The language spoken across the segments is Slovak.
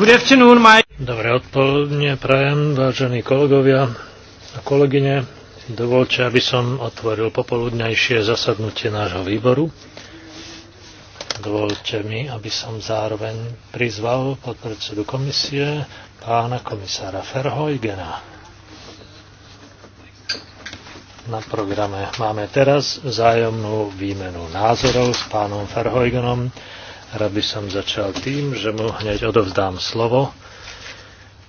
Dobré odpoludne, prajem, vážení kolegovia a kolegyne. Dovolte, aby som otvoril popoludnejšie zasadnutie nášho výboru. Dovolte mi, aby som zároveň prizval podpredsedu komisie pána komisára Ferhojgena. Na programe máme teraz vzájomnú výmenu názorov s pánom Ferhojgenom, Rád by som začal tým, že mu hneď odovzdám slovo.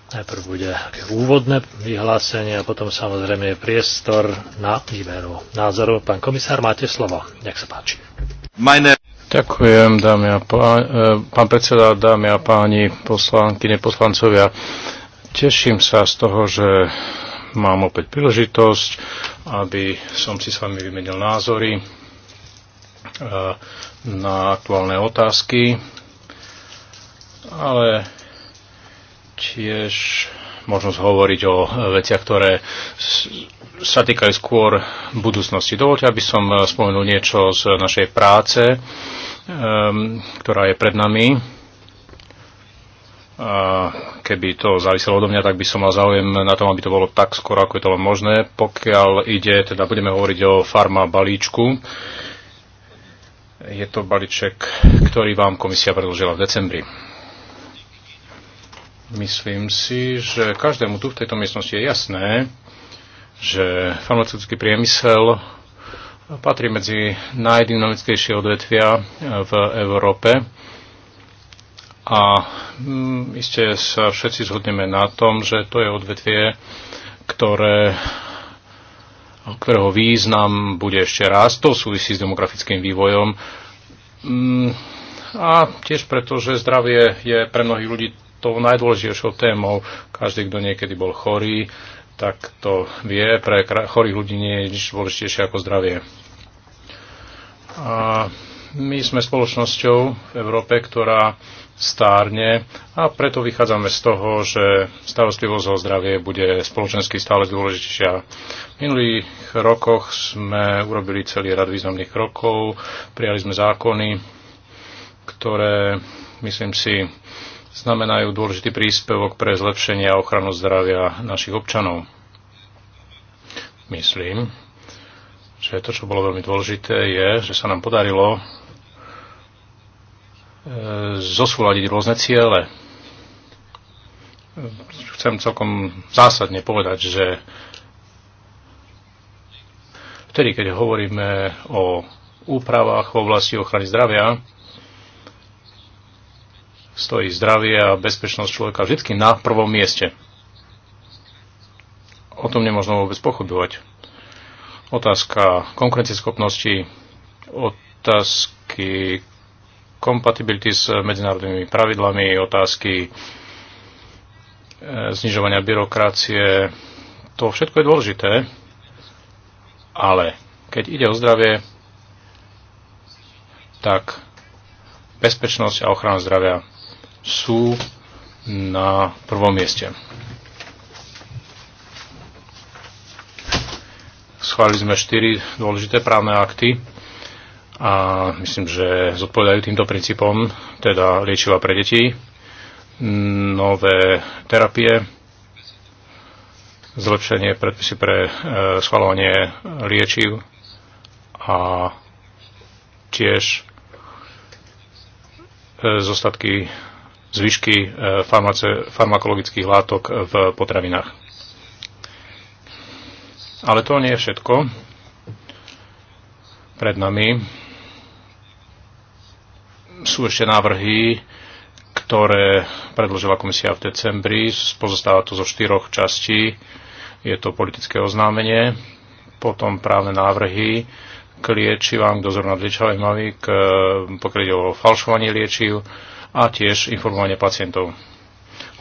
Najprv bude také úvodné vyhlásenie a potom samozrejme je priestor na výberu názoru. Pán komisár, máte slovo. Nech sa páči. Meine... Ďakujem, dámy a páni, e, pán predseda, dámy a páni, poslanky, neposlancovia. Teším sa z toho, že mám opäť príležitosť, aby som si s vami vymenil názory e, na aktuálne otázky, ale tiež možnosť hovoriť o veciach, ktoré sa týkajú skôr budúcnosti. Dovolte, aby som spomenul niečo z našej práce, ehm, ktorá je pred nami. A keby to záviselo od mňa, tak by som mal záujem na tom, aby to bolo tak skoro, ako je to len možné. Pokiaľ ide, teda budeme hovoriť o farma balíčku, je to balíček, ktorý vám komisia predložila v decembri. Myslím si, že každému tu v tejto miestnosti je jasné, že farmaceutický priemysel patrí medzi najdynamickejšie odvetvia v Európe. A mm, iste sa všetci zhodneme na tom, že to je odvetvie, ktoré ktorého význam bude ešte rásť. To súvisí s demografickým vývojom. Mm, a tiež preto, že zdravie je pre mnohých ľudí tou najdôležitejšou témou. Každý, kto niekedy bol chorý, tak to vie. Pre chorých ľudí nie je nič dôležitejšie ako zdravie. A my sme spoločnosťou v Európe, ktorá stárne a preto vychádzame z toho, že starostlivosť o zdravie bude spoločensky stále dôležitejšia. V minulých rokoch sme urobili celý rad významných krokov, prijali sme zákony, ktoré, myslím si, znamenajú dôležitý príspevok pre zlepšenie a ochranu zdravia našich občanov. Myslím, že to, čo bolo veľmi dôležité, je, že sa nám podarilo E, zosúľadiť rôzne ciele. Chcem celkom zásadne povedať, že vtedy, keď hovoríme o úpravách v oblasti ochrany zdravia, stojí zdravie a bezpečnosť človeka vždy na prvom mieste. O tom nemôžno vôbec pochybovať. Otázka konkurencieschopnosti, otázky kompatibility s medzinárodnými pravidlami, otázky e, znižovania byrokracie. To všetko je dôležité, ale keď ide o zdravie, tak bezpečnosť a ochrana zdravia sú na prvom mieste. Schválili sme štyri dôležité právne akty a myslím, že zodpovedajú týmto princípom, teda liečiva pre deti, nové terapie, zlepšenie predpisy pre e, schvalovanie liečiv a tiež e, zostatky zvyšky e, farmace, farmakologických látok v potravinách. Ale to nie je všetko. Pred nami sú ešte návrhy, ktoré predložila komisia v decembri. Pozostáva to zo štyroch častí. Je to politické oznámenie, potom právne návrhy k liečivám, k dozoru nad liečivami, k pokrytiu o falšovanie liečiv a tiež informovanie pacientov.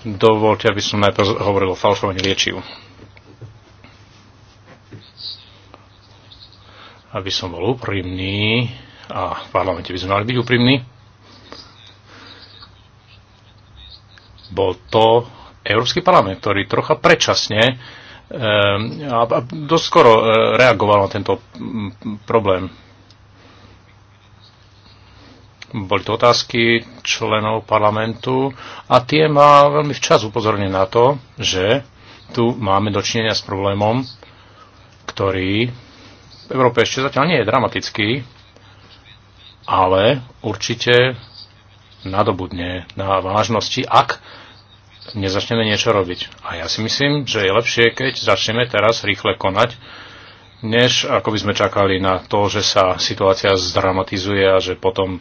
Dovolte, aby som najprv hovoril o falšovaní liečiv. Aby som bol úprimný, a v parlamente by sme mali byť úprimní, bol to Európsky parlament, ktorý trocha predčasne ehm, a dosť skoro e, reagoval na tento problém. Boli to otázky členov parlamentu a tie má veľmi včas upozornili na to, že tu máme dočinenia s problémom, ktorý v Európe ešte zatiaľ nie je dramatický, ale určite nadobudne na vážnosti, ak nezačneme niečo robiť. A ja si myslím, že je lepšie, keď začneme teraz rýchle konať, než ako by sme čakali na to, že sa situácia zdramatizuje a že potom e,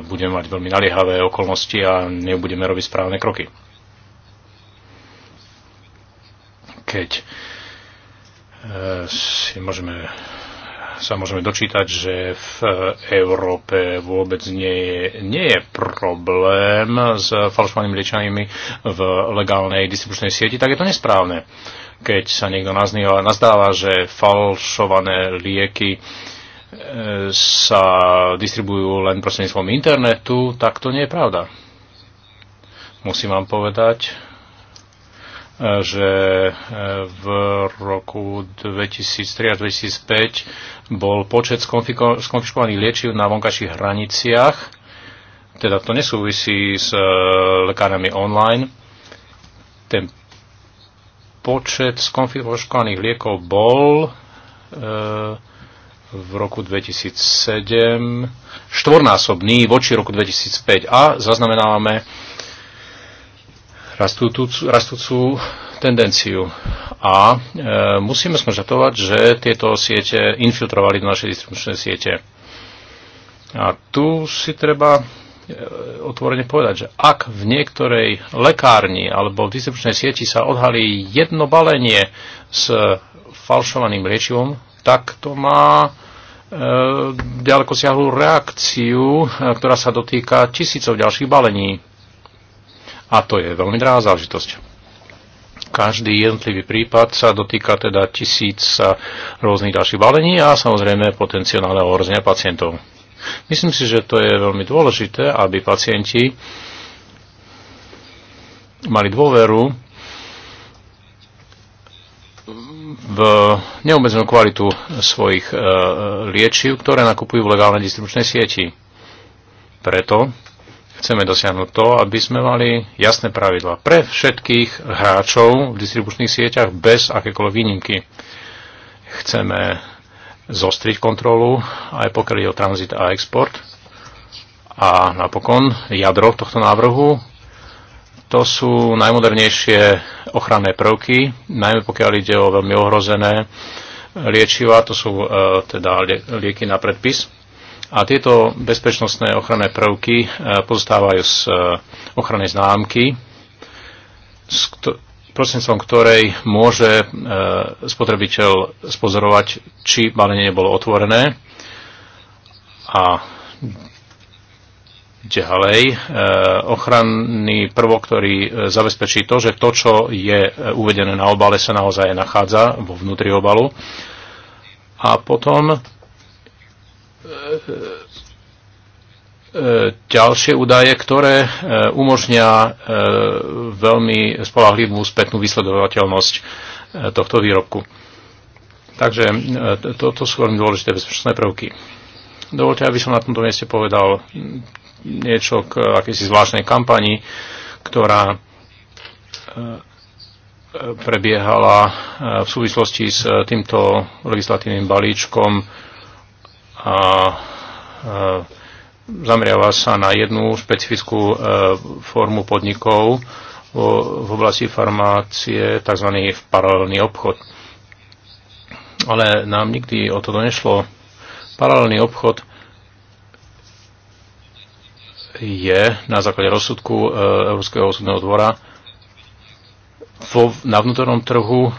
budeme mať veľmi naliehavé okolnosti a nebudeme robiť správne kroky. Keď e, si môžeme sa môžeme dočítať, že v Európe vôbec nie je, nie je problém s falšovanými liečanými v legálnej distribučnej sieti, tak je to nesprávne. Keď sa niekto nazdáva, nazdáva že falšované lieky e, sa distribujú len prostredníctvom internetu, tak to nie je pravda. Musím vám povedať, e, že e, v roku 2003 až 2005 bol počet skonfiškovaných liečiv na vonkajších hraniciach. Teda to nesúvisí s e, lekárami online. Ten počet skonfiškovaných liekov bol e, v roku 2007 štvornásobný voči roku 2005 a zaznamenávame rastúcu, rastúcu tendenciu a e, musíme skonštatovať, že tieto siete infiltrovali do našej distribučnej siete. A tu si treba e, otvorene povedať, že ak v niektorej lekárni alebo v distribučnej sieti sa odhalí jedno balenie s falšovaným liečivom, tak to má e, ďaleko siahlú reakciu, ktorá sa dotýka tisícov ďalších balení. A to je veľmi drahá záležitosť. Každý jednotlivý prípad sa dotýka teda tisíc rôznych ďalších balení a samozrejme potenciálne ohrozenia pacientov. Myslím si, že to je veľmi dôležité, aby pacienti mali dôveru v neobmedzenú kvalitu svojich e, e, liečiv, ktoré nakupujú v legálnej distribučnej sieti. Preto Chceme dosiahnuť to, aby sme mali jasné pravidla pre všetkých hráčov v distribučných sieťach bez akékoľvek výnimky. Chceme zostriť kontrolu, aj pokiaľ je o tranzit a export. A napokon jadro tohto návrhu to sú najmodernejšie ochranné prvky, najmä pokiaľ ide o veľmi ohrozené liečivá, to sú e, teda lieky na predpis. A tieto bezpečnostné ochranné prvky e, pozostávajú z e, ochrannej známky, prostredníctvom ktorej môže e, spotrebiteľ spozorovať, či balenie bolo otvorené. A ďalej, ochranný prvok, ktorý zabezpečí to, že to, čo je uvedené na obale, sa naozaj nachádza vo vnútri obalu. A potom ďalšie údaje, ktoré e, umožnia e, veľmi spolahlivú spätnú vysledovateľnosť e, tohto výrobku. Takže toto sú veľmi dôležité bezpečnostné prvky. Dovolte, aby som na tomto mieste povedal niečo k akýsi zvláštnej kampani, ktorá prebiehala v súvislosti s týmto legislatívnym balíčkom a e, zameriava sa na jednu špecifickú e, formu podnikov v oblasti farmácie, tzv. paralelný obchod. Ale nám nikdy o toto nešlo. Paralelný obchod je na základe rozsudku e, Európskeho súdneho dvora vo, na vnútornom trhu e,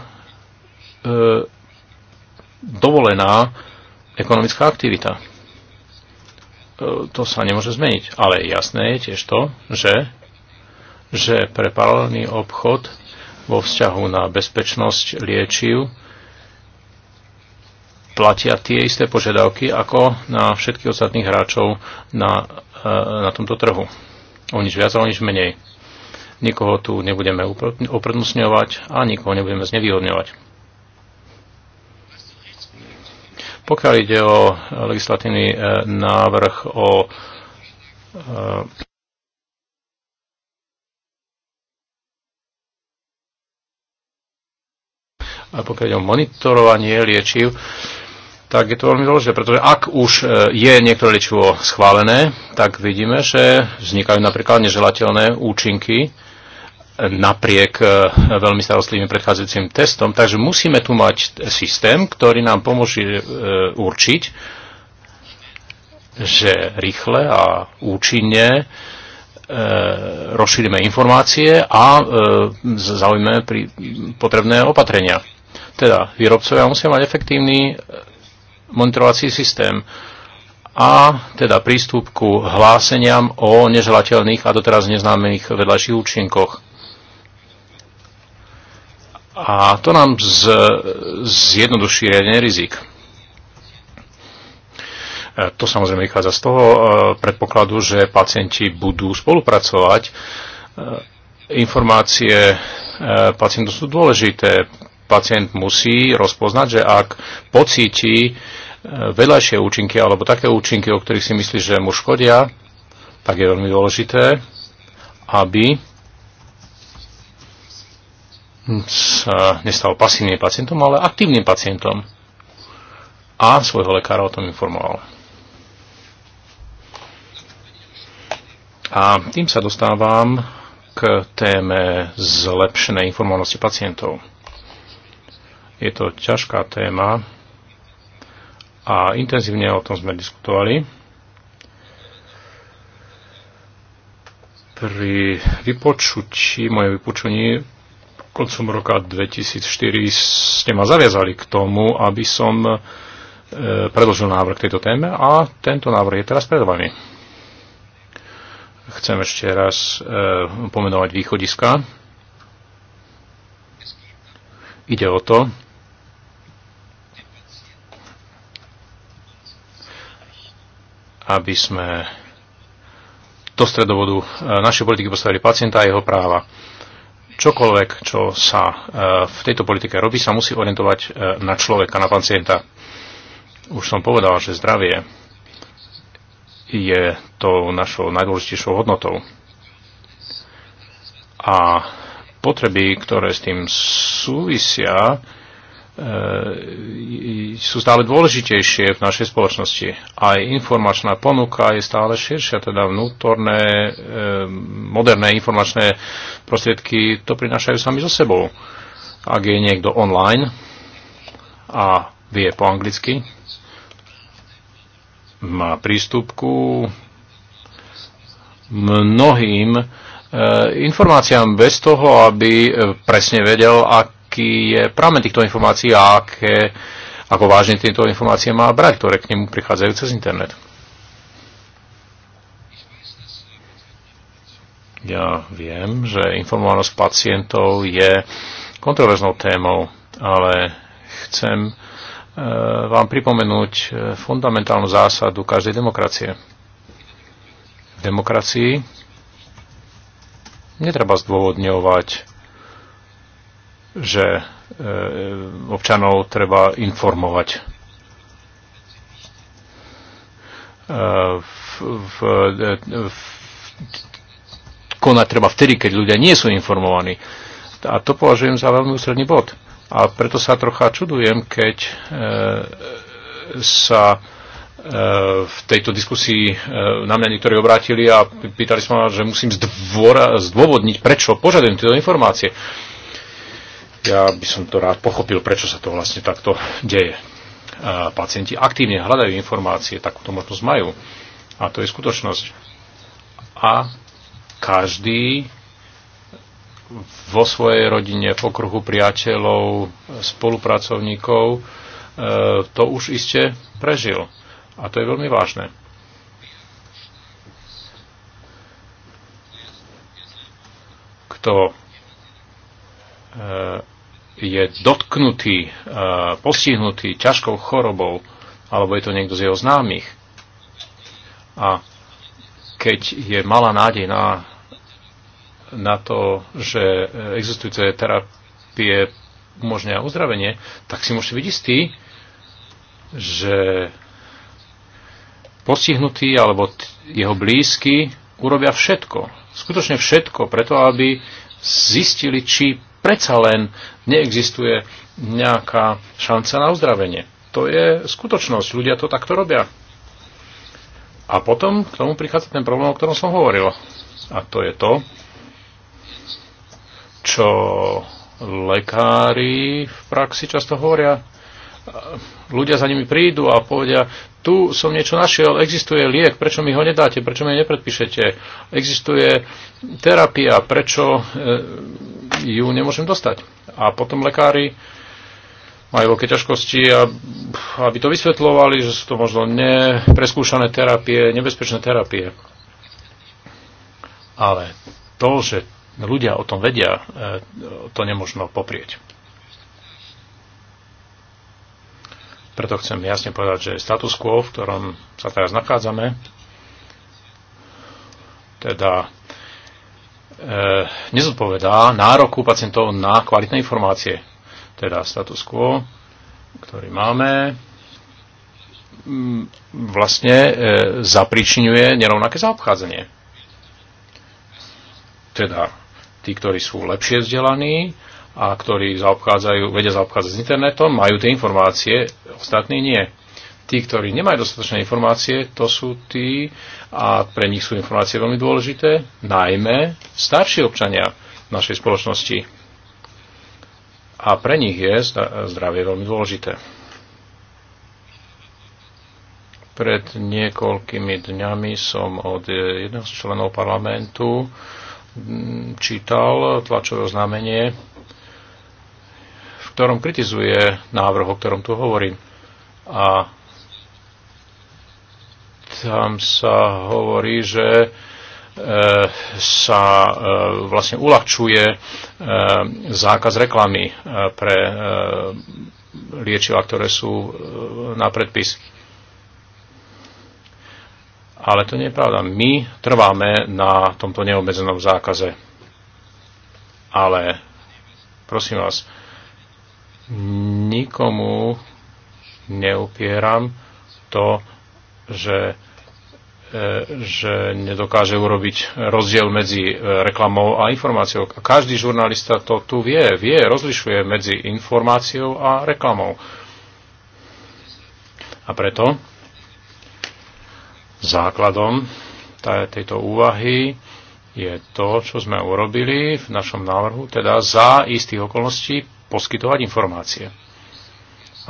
dovolená ekonomická aktivita. E, to sa nemôže zmeniť. Ale jasné je tiež to, že, že pre paralelný obchod vo vzťahu na bezpečnosť liečiv platia tie isté požiadavky ako na všetkých ostatných hráčov na, e, na tomto trhu. O nič viac, o nič menej. Nikoho tu nebudeme uprednostňovať a nikoho nebudeme znevýhodňovať. Pokiaľ ide o e, legislatívny e, návrh o e, a pokiaľ ide o monitorovanie liečiv, tak je to veľmi dôležité, pretože ak už je niektoré liečivo schválené, tak vidíme, že vznikajú napríklad neželateľné účinky, napriek e, veľmi starostlivým predchádzajúcim testom. Takže musíme tu mať systém, ktorý nám pomôže e, určiť, že rýchle a účinne e, rozšírime informácie a zaujíme pri potrebné opatrenia. Teda výrobcovia musia mať efektívny monitorovací systém a teda prístup ku hláseniam o neželateľných a doteraz neznámených vedľajších účinkoch a to nám z, zjednoduší riadenie rizik. E, to samozrejme vychádza z toho e, predpokladu, že pacienti budú spolupracovať. E, informácie pacientov sú dôležité. Pacient musí rozpoznať, že ak pocíti vedľajšie účinky alebo také účinky, o ktorých si myslí, že mu škodia, tak je veľmi dôležité, aby sa nestal pasívnym pacientom, ale aktívnym pacientom. A svojho lekára o tom informoval. A tým sa dostávam k téme zlepšenej informovanosti pacientov. Je to ťažká téma a intenzívne o tom sme diskutovali. Pri vypočutí, moje vypočutí koncom roka 2004 ste ma zaviazali k tomu, aby som e, predložil návrh k tejto téme a tento návrh je teraz pred vami. Chcem ešte raz e, pomenovať východiska. Ide o to, aby sme do stredovodu e, našej politiky postavili pacienta a jeho práva čokoľvek, čo sa e, v tejto politike robí, sa musí orientovať e, na človeka, na pacienta. Už som povedal, že zdravie je tou našou najdôležitejšou hodnotou. A potreby, ktoré s tým súvisia, E, sú stále dôležitejšie v našej spoločnosti. Aj informačná ponuka je stále širšia, teda vnútorné, e, moderné informačné prostriedky to prinášajú sami so sebou. Ak je niekto online a vie po anglicky, má prístup ku mnohým e, informáciám bez toho, aby presne vedel, ak aký je pramen týchto informácií a aké, ako vážne tieto informácie má brať, ktoré k nemu prichádzajú cez internet. Ja viem, že informovanosť pacientov je kontroverznou témou, ale chcem eh, vám pripomenúť eh, fundamentálnu zásadu každej demokracie. V demokracii netreba zdôvodňovať že e, občanov treba informovať. E, v, v, e, v, konať treba vtedy, keď ľudia nie sú informovaní. A to považujem za veľmi ústredný bod. A preto sa trocha čudujem, keď e, sa e, v tejto diskusii e, na mňa niektorí obrátili a pýtali sa ma, že musím zdôvodniť, prečo požadujem tieto informácie. E, ja by som to rád pochopil, prečo sa to vlastne takto deje. Pacienti aktívne hľadajú informácie, takúto možnosť majú. A to je skutočnosť. A každý vo svojej rodine, v okruhu priateľov, spolupracovníkov, e, to už iste prežil. A to je veľmi vážne. Kto E, je dotknutý, e, postihnutý ťažkou chorobou, alebo je to niekto z jeho známych. A keď je malá nádej na, na to, že existujúce terapie umožňuje uzdravenie, tak si môžete byť istý, že postihnutý alebo jeho blízky urobia všetko, skutočne všetko, preto aby zistili, či predsa len neexistuje nejaká šanca na uzdravenie. To je skutočnosť, ľudia to takto robia. A potom k tomu prichádza ten problém, o ktorom som hovoril. A to je to, čo lekári v praxi často hovoria. Ľudia za nimi prídu a povedia, tu som niečo našiel, existuje liek, prečo mi ho nedáte, prečo mi ho nepredpíšete, existuje terapia, prečo e, ju nemôžem dostať. A potom lekári majú veľké ťažkosti, aby to vysvetľovali, že sú to možno nepreskúšané terapie, nebezpečné terapie. Ale to, že ľudia o tom vedia, e, to nemôžno poprieť. Preto chcem jasne povedať, že status quo, v ktorom sa teraz nachádzame, teda e, nezodpovedá nároku pacientov na kvalitné informácie. Teda status quo, ktorý máme, vlastne e, zapričňuje nerovnaké zaobchádzanie. Teda tí, ktorí sú lepšie vzdelaní, a ktorí zaobchádzajú, vedia zaobchádzať s internetom, majú tie informácie, ostatní nie. Tí, ktorí nemajú dostatočné informácie, to sú tí, a pre nich sú informácie veľmi dôležité, najmä starší občania našej spoločnosti. A pre nich je zdravie veľmi dôležité. Pred niekoľkými dňami som od e, jedného z členov parlamentu čítal tlačové oznámenie ktorom kritizuje návrh, o ktorom tu hovorím. A tam sa hovorí, že e, sa e, vlastne uľahčuje e, zákaz reklamy e, pre e, liečiva, ktoré sú e, na predpis. Ale to nie je pravda. My trváme na tomto neobmedzenom zákaze. Ale prosím vás, nikomu neupieram to, že, e, že nedokáže urobiť rozdiel medzi e, reklamou a informáciou. Každý žurnalista to tu vie, vie, rozlišuje medzi informáciou a reklamou. A preto základom tejto úvahy je to, čo sme urobili v našom návrhu, teda za istých okolností poskytovať informácie.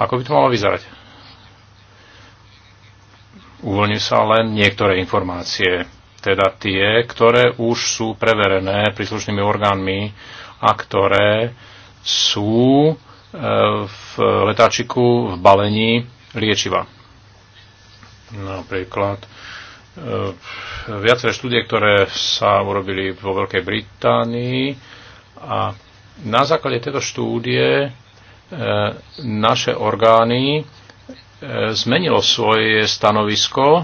Ako by to malo vyzerať? Uvoľňujú sa len niektoré informácie, teda tie, ktoré už sú preverené príslušnými orgánmi a ktoré sú e, v letáčiku v balení liečiva. Napríklad e, viaceré štúdie, ktoré sa urobili vo Veľkej Británii a na základe tejto štúdie e, naše orgány e, zmenilo svoje stanovisko e,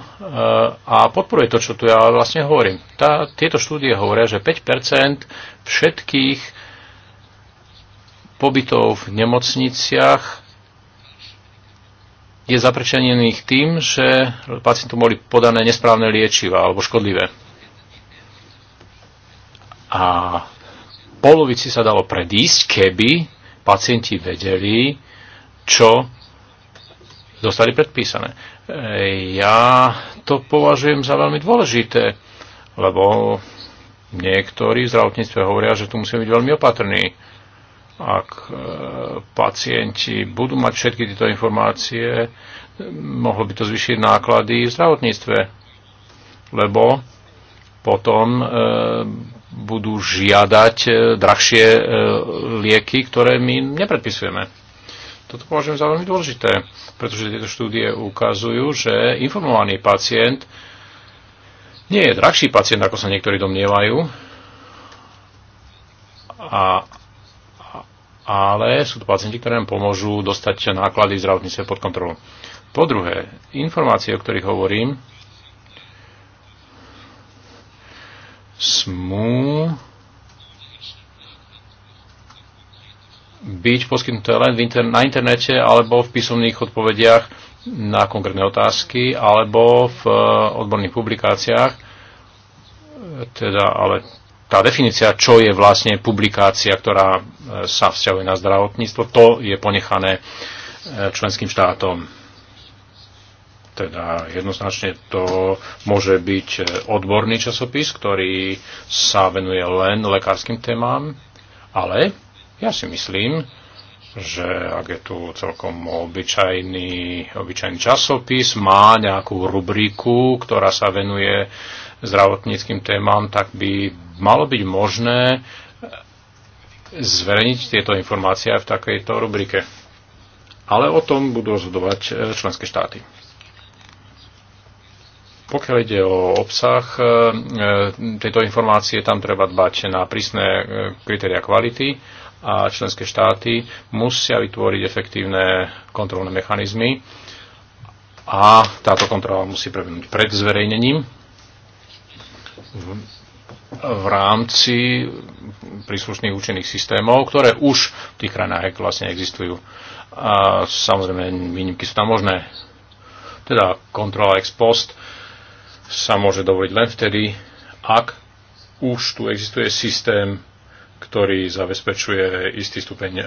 a podporuje to, čo tu ja vlastne hovorím. Tá, tieto štúdie hovoria, že 5 všetkých pobytov v nemocniciach je zaprečenených tým, že pacientom boli podané nesprávne liečiva alebo škodlivé. A polovici sa dalo predísť, keby pacienti vedeli, čo dostali predpísané. Ja to považujem za veľmi dôležité, lebo niektorí v zdravotníctve hovoria, že tu musíme byť veľmi opatrní. Ak e, pacienti budú mať všetky tieto informácie, mohlo by to zvyšiť náklady v zdravotníctve, lebo potom e, budú žiadať e, drahšie e, lieky, ktoré my nepredpisujeme. Toto považujem za veľmi dôležité, pretože tieto štúdie ukazujú, že informovaný pacient nie je drahší pacient, ako sa niektorí domnievajú, a, ale sú to pacienti, ktoré nám pomôžu dostať náklady zdravotníctve pod kontrolu. Po druhé, informácie, o ktorých hovorím, smú byť poskytnuté len inter- na internete alebo v písomných odpovediach na konkrétne otázky alebo v e, odborných publikáciách. Teda, ale tá definícia, čo je vlastne publikácia, ktorá e, sa vzťahuje na zdravotníctvo, to je ponechané e, členským štátom. Teda jednoznačne to môže byť odborný časopis, ktorý sa venuje len lekárskym témam, ale ja si myslím, že ak je tu celkom obyčajný, obyčajný časopis, má nejakú rubriku, ktorá sa venuje zdravotníckým témam, tak by malo byť možné zverejniť tieto informácie aj v takejto rubrike. Ale o tom budú rozhodovať eh, členské štáty. Pokiaľ ide o obsah e, e, tejto informácie, tam treba dbať na prísne e, kritéria kvality a členské štáty musia vytvoriť efektívne kontrolné mechanizmy a táto kontrola musí prebehnúť pred zverejnením v, rámci príslušných účinných systémov, ktoré už v tých krajinách vlastne existujú. A samozrejme, výnimky sú tam možné. Teda kontrola ex post sa môže dovoliť len vtedy, ak už tu existuje systém, ktorý zabezpečuje istý stupeň eh,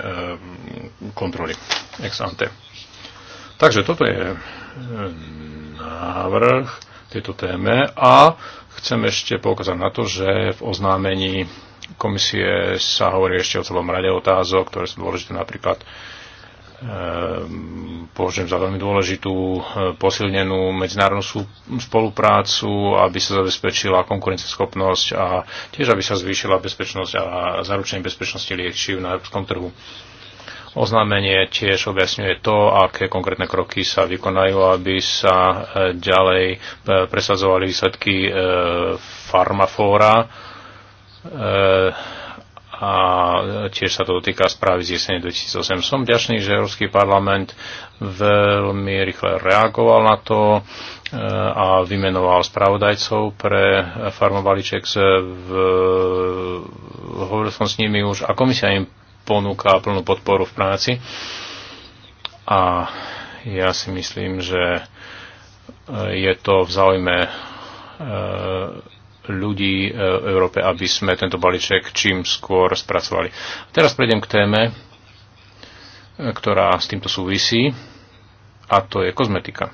kontroly ex ante. Takže toto je eh, návrh tejto téme a chcem ešte poukázať na to, že v oznámení komisie sa hovorí ešte o celom rade otázok, ktoré sú dôležité napríklad Ehm, považujem za veľmi dôležitú eh, posilnenú medzinárodnú spoluprácu, aby sa zabezpečila konkurenceschopnosť a tiež, aby sa zvýšila bezpečnosť a zaručenie bezpečnosti liečiv na európskom trhu. Oznámenie tiež objasňuje to, aké konkrétne kroky sa vykonajú, aby sa eh, ďalej eh, presadzovali výsledky farmafóra, a tiež sa to dotýka správy z jesene 2008. Som ďačný, že Európsky parlament veľmi rýchle reagoval na to e, a vymenoval spravodajcov pre farmovaliček. V... Hovoril som s nimi už a komisia im ponúka plnú podporu v práci. A ja si myslím, že e, je to v záujme e, ľudí e, v Európe, aby sme tento balíček čím skôr spracovali. Teraz prejdem k téme, e, ktorá s týmto súvisí, a to je kozmetika.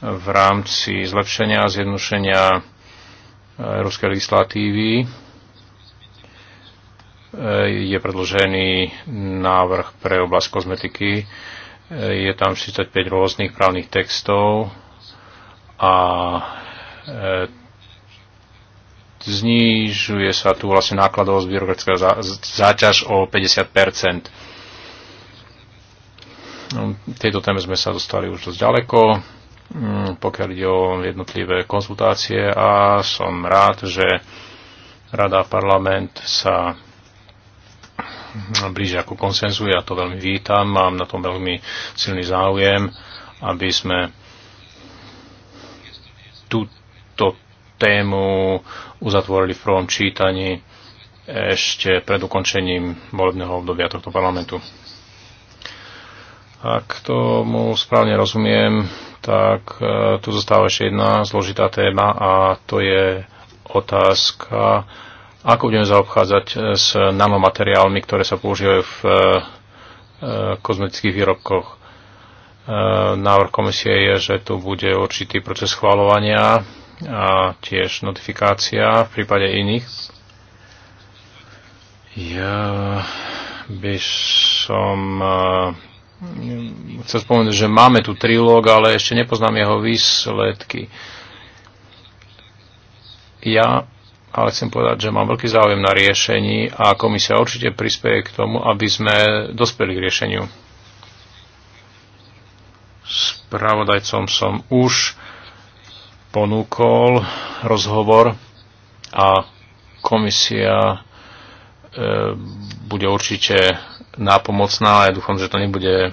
V rámci zlepšenia a zjednušenia európskej legislatívy e, je predložený návrh pre oblasť kozmetiky. Je tam 45 rôznych právnych textov a E, znižuje sa tu vlastne nákladovosť byrokratická záťaž o 50 No, tejto téme sme sa dostali už dosť ďaleko, mm, pokiaľ ide o jednotlivé konzultácie a som rád, že Rada a parlament sa blíži ako konsenzu, ja to veľmi vítam, mám na tom veľmi silný záujem, aby sme tu túto tému uzatvorili v prvom čítaní ešte pred ukončením volebného obdobia tohto parlamentu. Ak tomu správne rozumiem, tak e, tu zostáva ešte jedna zložitá téma a to je otázka, ako budeme zaobchádzať e, s nanomateriálmi, ktoré sa používajú v e, kozmetických výrobkoch. Návrh komisie je, že tu bude určitý proces schvalovania a tiež notifikácia v prípade iných. Ja by som eh, chcel spomenúť, že máme tu trilóg, ale ešte nepoznám jeho výsledky. Ja ale chcem povedať, že mám veľký záujem na riešení a komisia určite prispieje k tomu, aby sme dospeli k riešeniu. Spravodajcom som už ponúkol rozhovor a komisia e, bude určite nápomocná a ja dúfam, že to nebude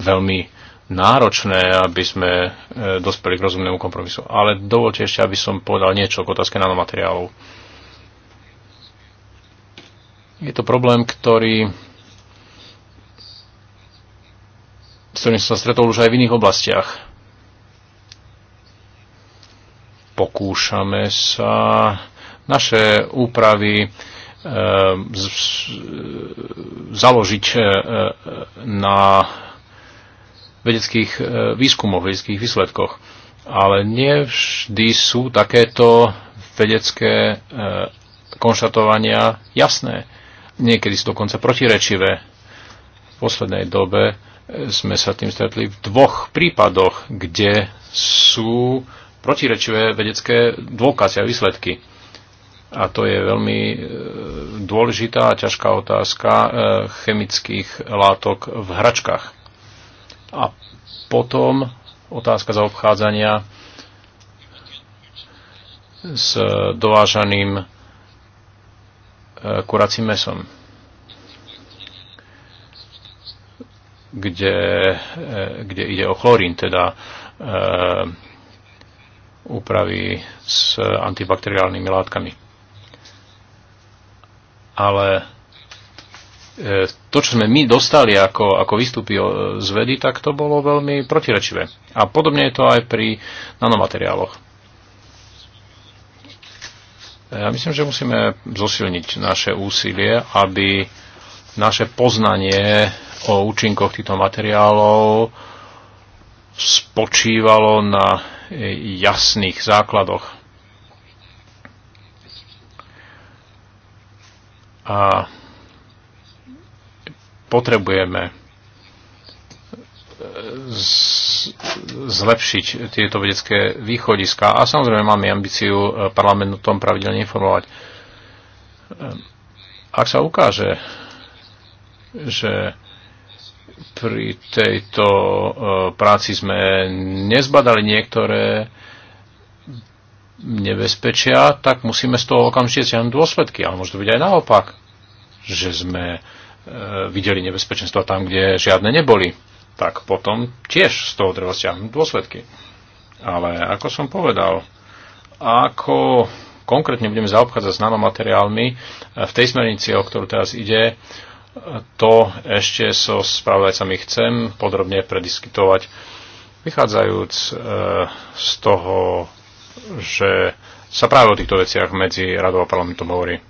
veľmi náročné, aby sme e, dospeli k rozumnému kompromisu. Ale dovolte ešte, aby som povedal niečo k otázke nanomateriálov. Je to problém, ktorý s ktorým som sa stretol už aj v iných oblastiach pokúšame sa naše úpravy e, založiť e, e, na vedeckých výskumoch, vedeckých výsledkoch. Ale nevždy sú takéto vedecké konštatovania jasné. Niekedy sú dokonca protirečivé. V poslednej dobe sme sa tým stretli v dvoch prípadoch, kde sú protirečivé vedecké dôkazy a výsledky. A to je veľmi e, dôležitá a ťažká otázka e, chemických látok v hračkách. A potom otázka zaobchádzania s dovážaným e, kuracím mesom, kde, kde ide o chlorín, teda úpravy s antibakteriálnymi látkami. Ale e, to, čo sme my dostali ako, ako výstupy z vedy, tak to bolo veľmi protirečivé. A podobne je to aj pri nanomateriáloch. E, ja myslím, že musíme zosilniť naše úsilie, aby naše poznanie o účinkoch týchto materiálov spočívalo na jasných základoch. A potrebujeme e, zlepšiť tieto vedecké východiska. A samozrejme máme ambíciu e, parlament o tom pravidelne informovať. E, ak sa ukáže, že pri tejto e, práci sme nezbadali niektoré nebezpečia, tak musíme z toho okamžite ťahnuť dôsledky. Ale môže to byť aj naopak, že sme e, videli nebezpečenstva tam, kde žiadne neboli. Tak potom tiež z toho treba stiahnuť dôsledky. Ale ako som povedal, ako konkrétne budeme zaobchádzať s nanomateriálmi e, v tej smernici, o ktorú teraz ide, to ešte so spravodajcami chcem podrobne prediskutovať, vychádzajúc e, z toho, že sa práve o týchto veciach medzi radou a parlamentom hovorí. E,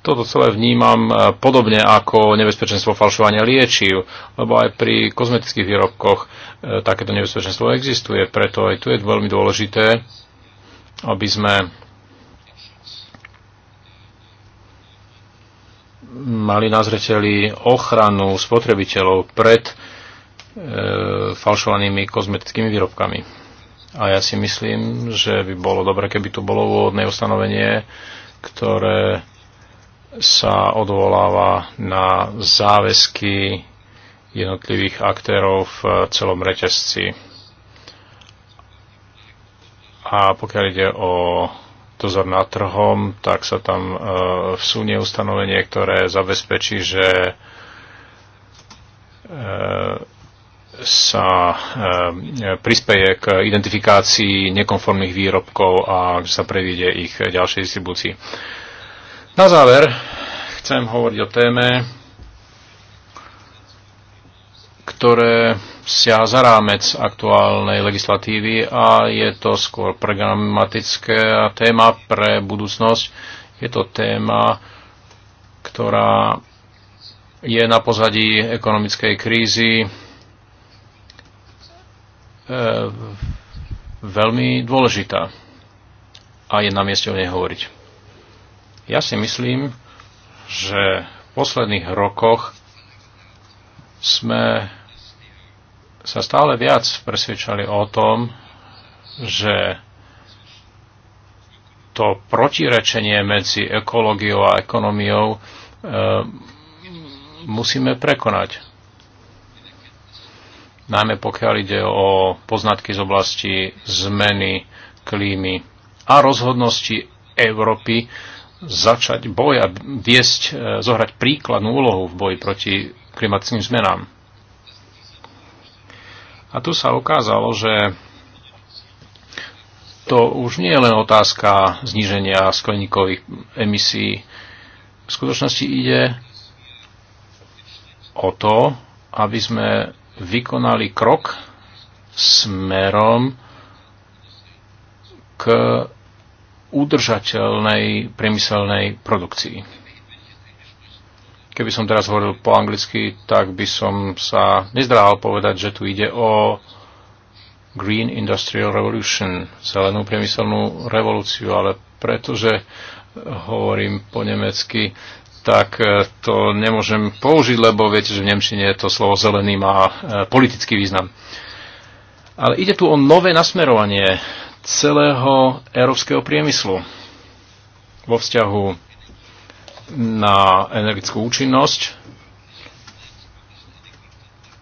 toto celé vnímam e, podobne ako nebezpečenstvo falšovania liečiv, lebo aj pri kozmetických výrobkoch takéto nebezpečenstvo existuje, preto aj tu je veľmi dôležité aby sme mali na zreteli ochranu spotrebiteľov pred e, falšovanými kozmetickými výrobkami. A ja si myslím, že by bolo dobre, keby tu bolo úvodné ustanovenie, ktoré sa odvoláva na záväzky jednotlivých aktérov v celom reťazci a pokiaľ ide o dozor nad trhom, tak sa tam e, vsunie ustanovenie, ktoré zabezpečí, že e, sa e, prispeje k identifikácii nekonformných výrobkov a že sa prevíde ich ďalšej distribúcii. Na záver chcem hovoriť o téme, ktoré sia za rámec aktuálnej legislatívy a je to skôr programatické téma pre budúcnosť. Je to téma, ktorá je na pozadí ekonomickej krízy e, veľmi dôležitá a je na mieste o nej hovoriť. Ja si myslím, že v posledných rokoch sme sa stále viac presvedčali o tom, že to protirečenie medzi ekológiou a ekonomiou e, musíme prekonať. Najmä pokiaľ ide o poznatky z oblasti zmeny klímy a rozhodnosti Európy začať boj a viesť, e, zohrať príkladnú úlohu v boji proti klimatickým zmenám. A tu sa ukázalo, že to už nie je len otázka zníženia skleníkových emisí. V skutočnosti ide o to, aby sme vykonali krok smerom k udržateľnej priemyselnej produkcii. Keby som teraz hovoril po anglicky, tak by som sa nezdráhal povedať, že tu ide o Green Industrial Revolution, zelenú priemyselnú revolúciu, ale pretože hovorím po nemecky, tak e, to nemôžem použiť, lebo viete, že v Nemčine to slovo zelený má e, politický význam. Ale ide tu o nové nasmerovanie celého európskeho priemyslu vo vzťahu na energetickú účinnosť,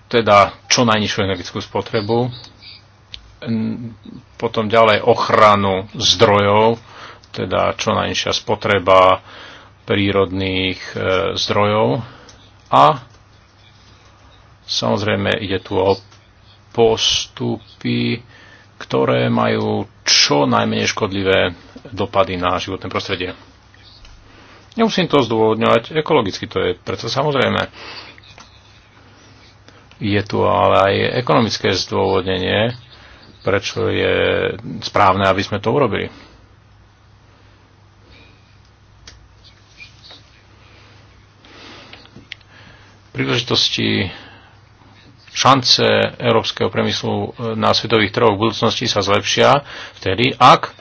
teda čo najnižšiu energetickú spotrebu, potom ďalej ochranu zdrojov, teda čo najnižšia spotreba prírodných e, zdrojov a samozrejme ide tu o postupy, ktoré majú čo najmenej škodlivé dopady na životné prostredie. Nemusím to zdôvodňovať, ekologicky to je preto samozrejme. Je tu ale aj ekonomické zdôvodnenie, prečo je správne, aby sme to urobili. Príležitosti, šance európskeho priemyslu na svetových trhoch v budúcnosti sa zlepšia vtedy, ak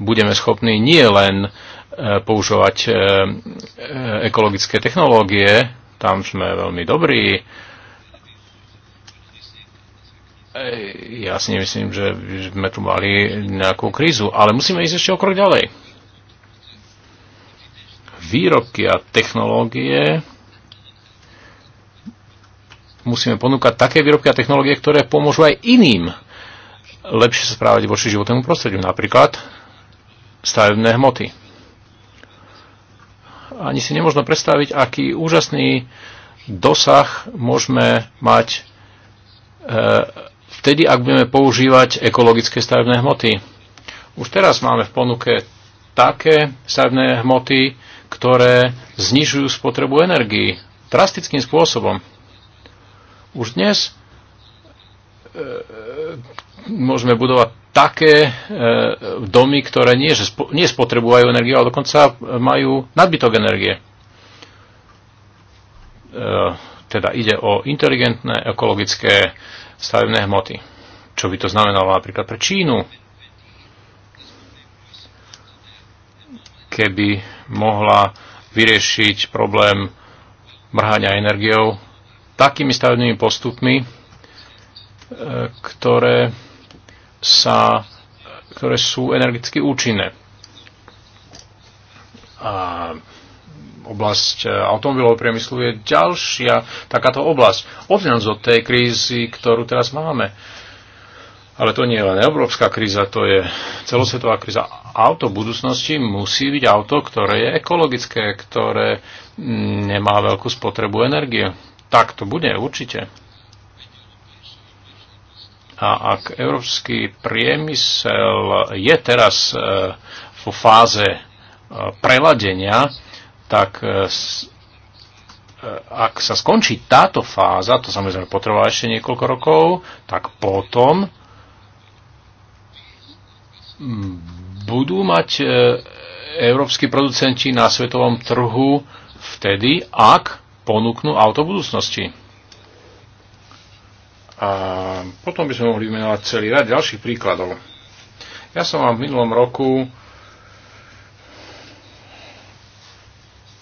budeme schopní nie len Eh, používať eh, eh, ekologické technológie, tam sme veľmi dobrí. Ja si nemyslím, že sme tu mali nejakú krízu, ale musíme ísť ešte okrok ďalej. Výrobky a technológie musíme ponúkať také výrobky a technológie, ktoré pomôžu aj iným lepšie sa správať voči životnému prostrediu, napríklad stavebné hmoty ani si nemôžno predstaviť, aký úžasný dosah môžeme mať e, vtedy, ak budeme používať ekologické stavebné hmoty. Už teraz máme v ponuke také stavebné hmoty, ktoré znižujú spotrebu energii drastickým spôsobom. Už dnes môžeme budovať také e, domy, ktoré nie, že spo, nie spotrebujú energiu, ale dokonca majú nadbytok energie. E, teda ide o inteligentné ekologické stavebné hmoty. Čo by to znamenalo napríklad pre Čínu, keby mohla vyriešiť problém mrhania energiou takými stavebnými postupmi, ktoré, sa, ktoré sú energeticky účinné. A oblasť automobilového priemyslu je ďalšia takáto oblasť. Odňať od tej krízy, ktorú teraz máme. Ale to nie je len európska kríza, to je celosvetová kríza. Auto v budúcnosti musí byť auto, ktoré je ekologické, ktoré mm, nemá veľkú spotrebu energie. Tak to bude určite. A ak európsky priemysel je teraz e, vo fáze e, preladenia, tak e, ak sa skončí táto fáza, to samozrejme potrvá ešte niekoľko rokov, tak potom budú mať európsky producenti na svetovom trhu vtedy, ak ponúknú auto budúcnosti. A potom by sme mohli vymenovať celý rad ďalších príkladov. Ja som vám v minulom roku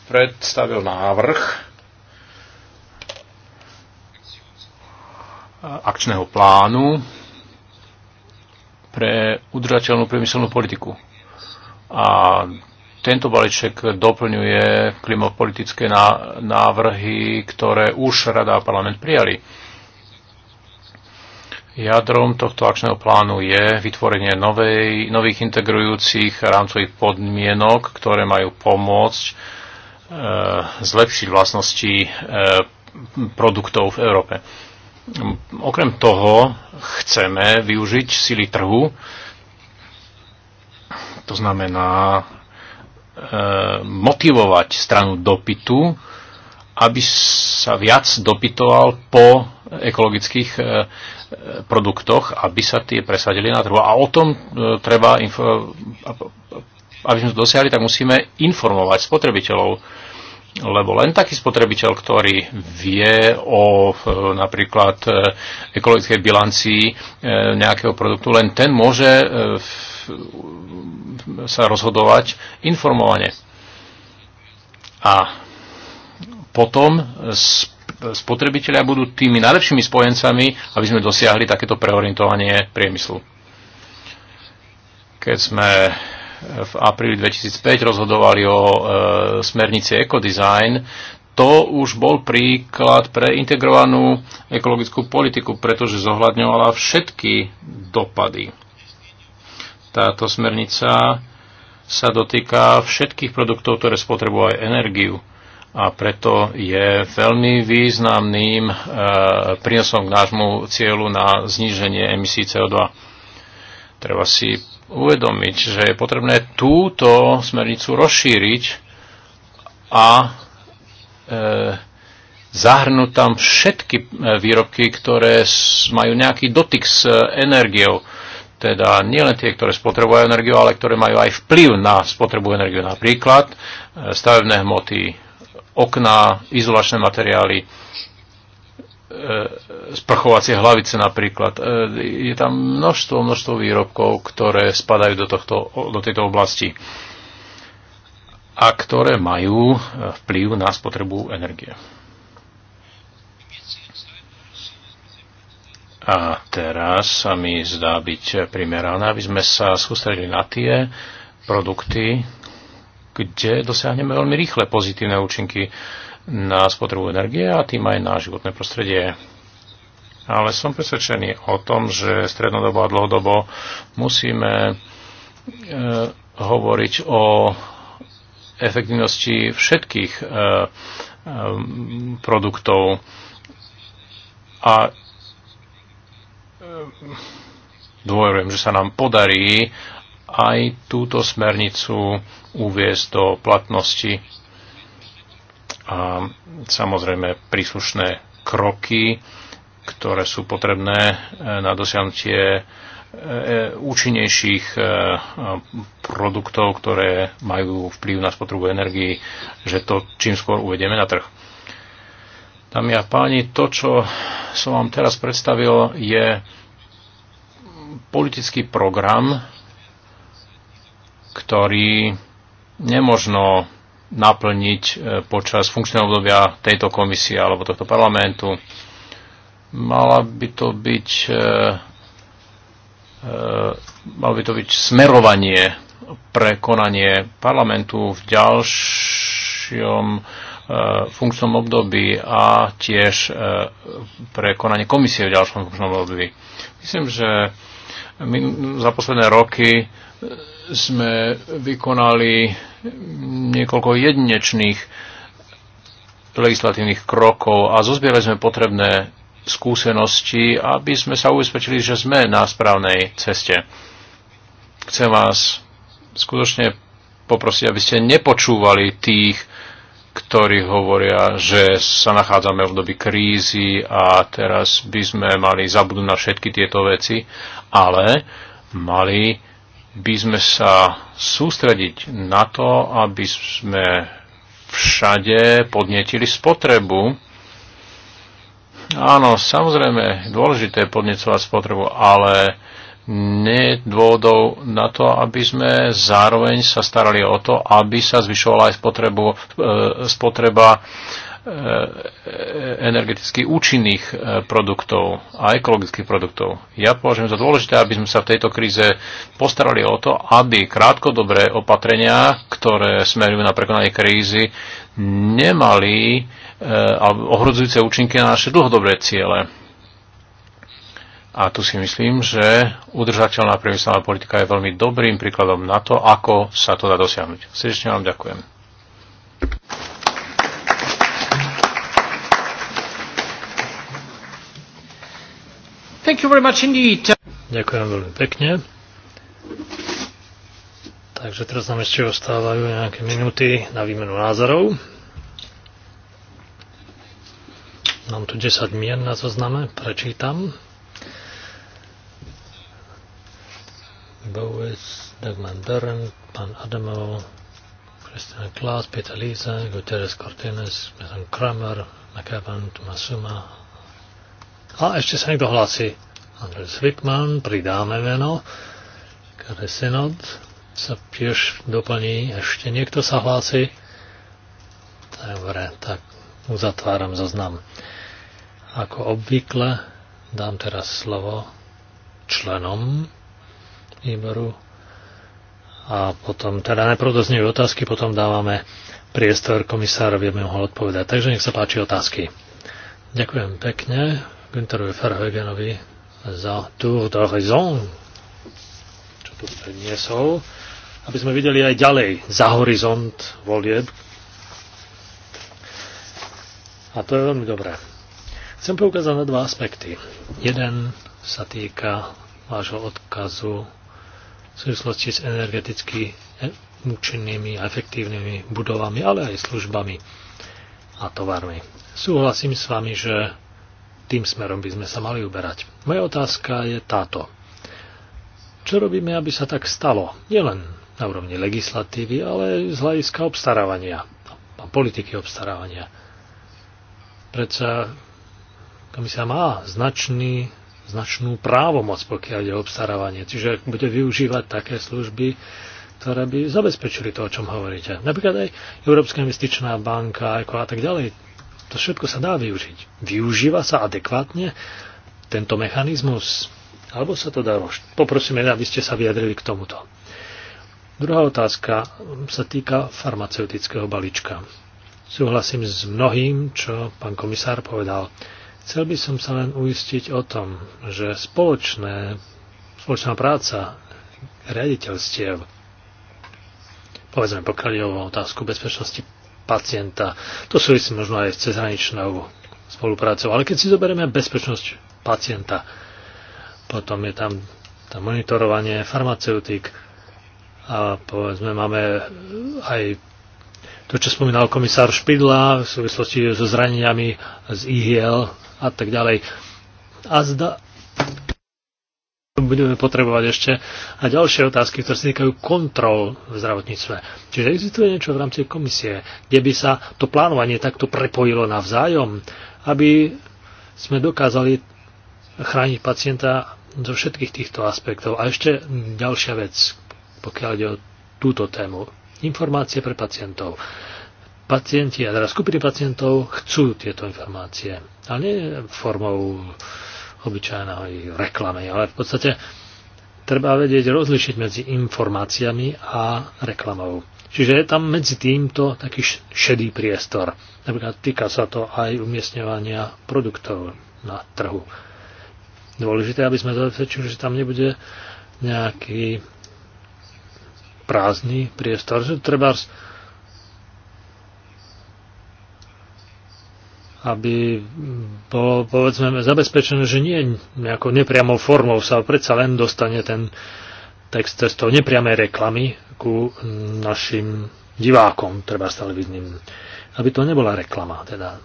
predstavil návrh akčného plánu pre udržateľnú priemyselnú politiku. A tento balíček doplňuje klimopolitické návrhy, ktoré už Rada a parlament prijali Jadrom tohto akčného plánu je vytvorenie novej, nových integrujúcich rámcových podmienok, ktoré majú pomôcť e, zlepšiť vlastnosti e, produktov v Európe. Okrem toho chceme využiť sily trhu, to znamená e, motivovať stranu dopytu, aby sa viac dopytoval po ekologických e, e, produktoch, aby sa tie presadili na trhu. A o tom e, treba, aby sme to dosiahli, tak musíme informovať spotrebiteľov, lebo len taký spotrebiteľ, ktorý vie o napríklad ekologickej bilancii nejakého produktu, len ten môže sa rozhodovať informovane. A potom e, spotrebitelia budú tými najlepšími spojencami, aby sme dosiahli takéto preorientovanie priemyslu. Keď sme e, v apríli 2005 rozhodovali o e, smernici ekodesign, to už bol príklad pre integrovanú ekologickú politiku, pretože zohľadňovala všetky dopady. Táto smernica sa dotýka všetkých produktov, ktoré spotrebujú aj energiu a preto je veľmi významným e, prínosom k nášmu cieľu na zníženie emisí CO2. Treba si uvedomiť, že je potrebné túto smernicu rozšíriť a e, zahrnúť tam všetky e, výrobky, ktoré majú nejaký dotyk s e, energiou. Teda nielen tie, ktoré spotrebujú energiu, ale ktoré majú aj vplyv na spotrebu energiu. Napríklad stavebné hmoty, okná, izolačné materiály, e, sprchovacie hlavice napríklad. E, je tam množstvo, množstvo výrobkov, ktoré spadajú do, tohto, do tejto oblasti a ktoré majú e, vplyv na spotrebu energie. A teraz sa mi zdá byť primerané, aby sme sa sústredili na tie produkty, kde dosiahneme veľmi rýchle pozitívne účinky na spotrebu energie a tým aj na životné prostredie. Ale som presvedčený o tom, že strednodobo a dlhodobo musíme e, hovoriť o efektivnosti všetkých e, e, produktov a e, dôverujem, že sa nám podarí aj túto smernicu uviezť do platnosti a samozrejme príslušné kroky, ktoré sú potrebné e, na dosiahnutie e, e, účinnejších produktov, ktoré majú vplyv na spotrebu energii, že to čím skôr uvedieme na trh. Dámy a páni, to, čo som vám teraz predstavil, je politický program ktorý nemožno naplniť e, počas funkčného obdobia tejto komisie alebo tohto parlamentu. Mala by to byť, e, e, malo by to byť smerovanie pre konanie parlamentu v ďalšom e, funkčnom období a tiež e, pre konanie komisie v ďalšom funkčnom období. Myslím, že my za posledné roky e, sme vykonali niekoľko jedinečných legislatívnych krokov a zozbierali sme potrebné skúsenosti, aby sme sa ubezpečili, že sme na správnej ceste. Chcem vás skutočne poprosiť, aby ste nepočúvali tých, ktorí hovoria, že sa nachádzame v období krízy a teraz by sme mali zabudnúť na všetky tieto veci, ale mali by sme sa sústrediť na to, aby sme všade podnetili spotrebu. Áno, samozrejme, dôležité je podnecovať spotrebu, ale nie dôvodov na to, aby sme zároveň sa starali o to, aby sa zvyšovala aj spotrebu, e, spotreba E, e, energeticky účinných e, produktov a ekologických produktov. Ja považujem za dôležité, aby sme sa v tejto kríze postarali o to, aby krátkodobré opatrenia, ktoré smerujú na prekonanie krízy, nemali ohrozujúce účinky na naše dlhodobé ciele. A tu si myslím, že udržateľná priemyselná politika je veľmi dobrým príkladom na to, ako sa to dá dosiahnuť. Srdečne vám ďakujem. Thank you very much indeed. Ďakujem veľmi pekne. Takže teraz nám ešte ostávajú nejaké minúty na výmenu názorov. Mám tu 10 mien na zozname, prečítam. Bowes, Dagman Beren, pán Adamo, Christian Klaas, Peter Lisa, Guterres Cortines, Metan Kramer, McEwan, Tomasuma, a ešte sa niekto hlási. Andres Wittmann, pridáme meno. Kresenot sa tiež doplní. Ešte niekto sa hlási. Dobre, tak uzatváram zoznam. Ako obvykle dám teraz slovo členom výboru a potom, teda najprv doznejú otázky, potom dávame priestor komisárovi, aby mohol odpovedať. Takže nech sa páči otázky. Ďakujem pekne. Günterovi Ferhojgenovi za Tour de Raison, čo tu predniesol, aby sme videli aj ďalej za horizont volieb. A to je veľmi dobré. Chcem poukázať na dva aspekty. Jeden sa týka vášho odkazu v súvislosti s energeticky účinnými a efektívnymi budovami, ale aj službami a tovarmi. Súhlasím s vami, že tým smerom by sme sa mali uberať. Moja otázka je táto. Čo robíme, aby sa tak stalo? Nielen na úrovni legislatívy, ale z hľadiska obstarávania a politiky obstarávania. Predsa komisia má značný, značnú právomoc, pokiaľ je obstarávanie. Čiže ak bude využívať také služby, ktoré by zabezpečili to, o čom hovoríte. Napríklad aj Európska investičná banka ako a tak ďalej. To všetko sa dá využiť. Využíva sa adekvátne tento mechanizmus? Alebo sa to dá rošť? Poprosíme, aby ste sa vyjadrili k tomuto. Druhá otázka sa týka farmaceutického balíčka. Súhlasím s mnohým, čo pán komisár povedal. Chcel by som sa len uistiť o tom, že spoločné, spoločná práca riaditeľstiev, povedzme pokiaľ je o otázku bezpečnosti pacienta. To súvisí možno aj s cezhraničnou spoluprácou. Ale keď si zoberieme bezpečnosť pacienta, potom je tam, tam monitorovanie farmaceutík a povedzme máme aj to, čo spomínal komisár Špidla v súvislosti so zraneniami z IHL a tak ďalej. A zda, budeme potrebovať ešte a ďalšie otázky, ktoré sa týkajú kontrol v zdravotníctve. Čiže existuje niečo v rámci komisie, kde by sa to plánovanie takto prepojilo navzájom, aby sme dokázali chrániť pacienta zo všetkých týchto aspektov. A ešte ďalšia vec, pokiaľ ide o túto tému. Informácie pre pacientov. Pacienti a teraz skupiny pacientov chcú tieto informácie, ale nie formou obyčajnej reklame. Ale v podstate treba vedieť rozlišiť medzi informáciami a reklamou. Čiže je tam medzi týmto taký šedý priestor. Napríklad týka sa to aj umiestňovania produktov na trhu. Dôležité, aby sme zabezpečili, že tam nebude nejaký prázdny priestor. Treba aby bolo, povedzme, zabezpečené, že nie nejakou nepriamou formou sa predsa len dostane ten text toho nepriamej reklamy ku našim divákom, treba televíznym. Aby to nebola reklama, teda.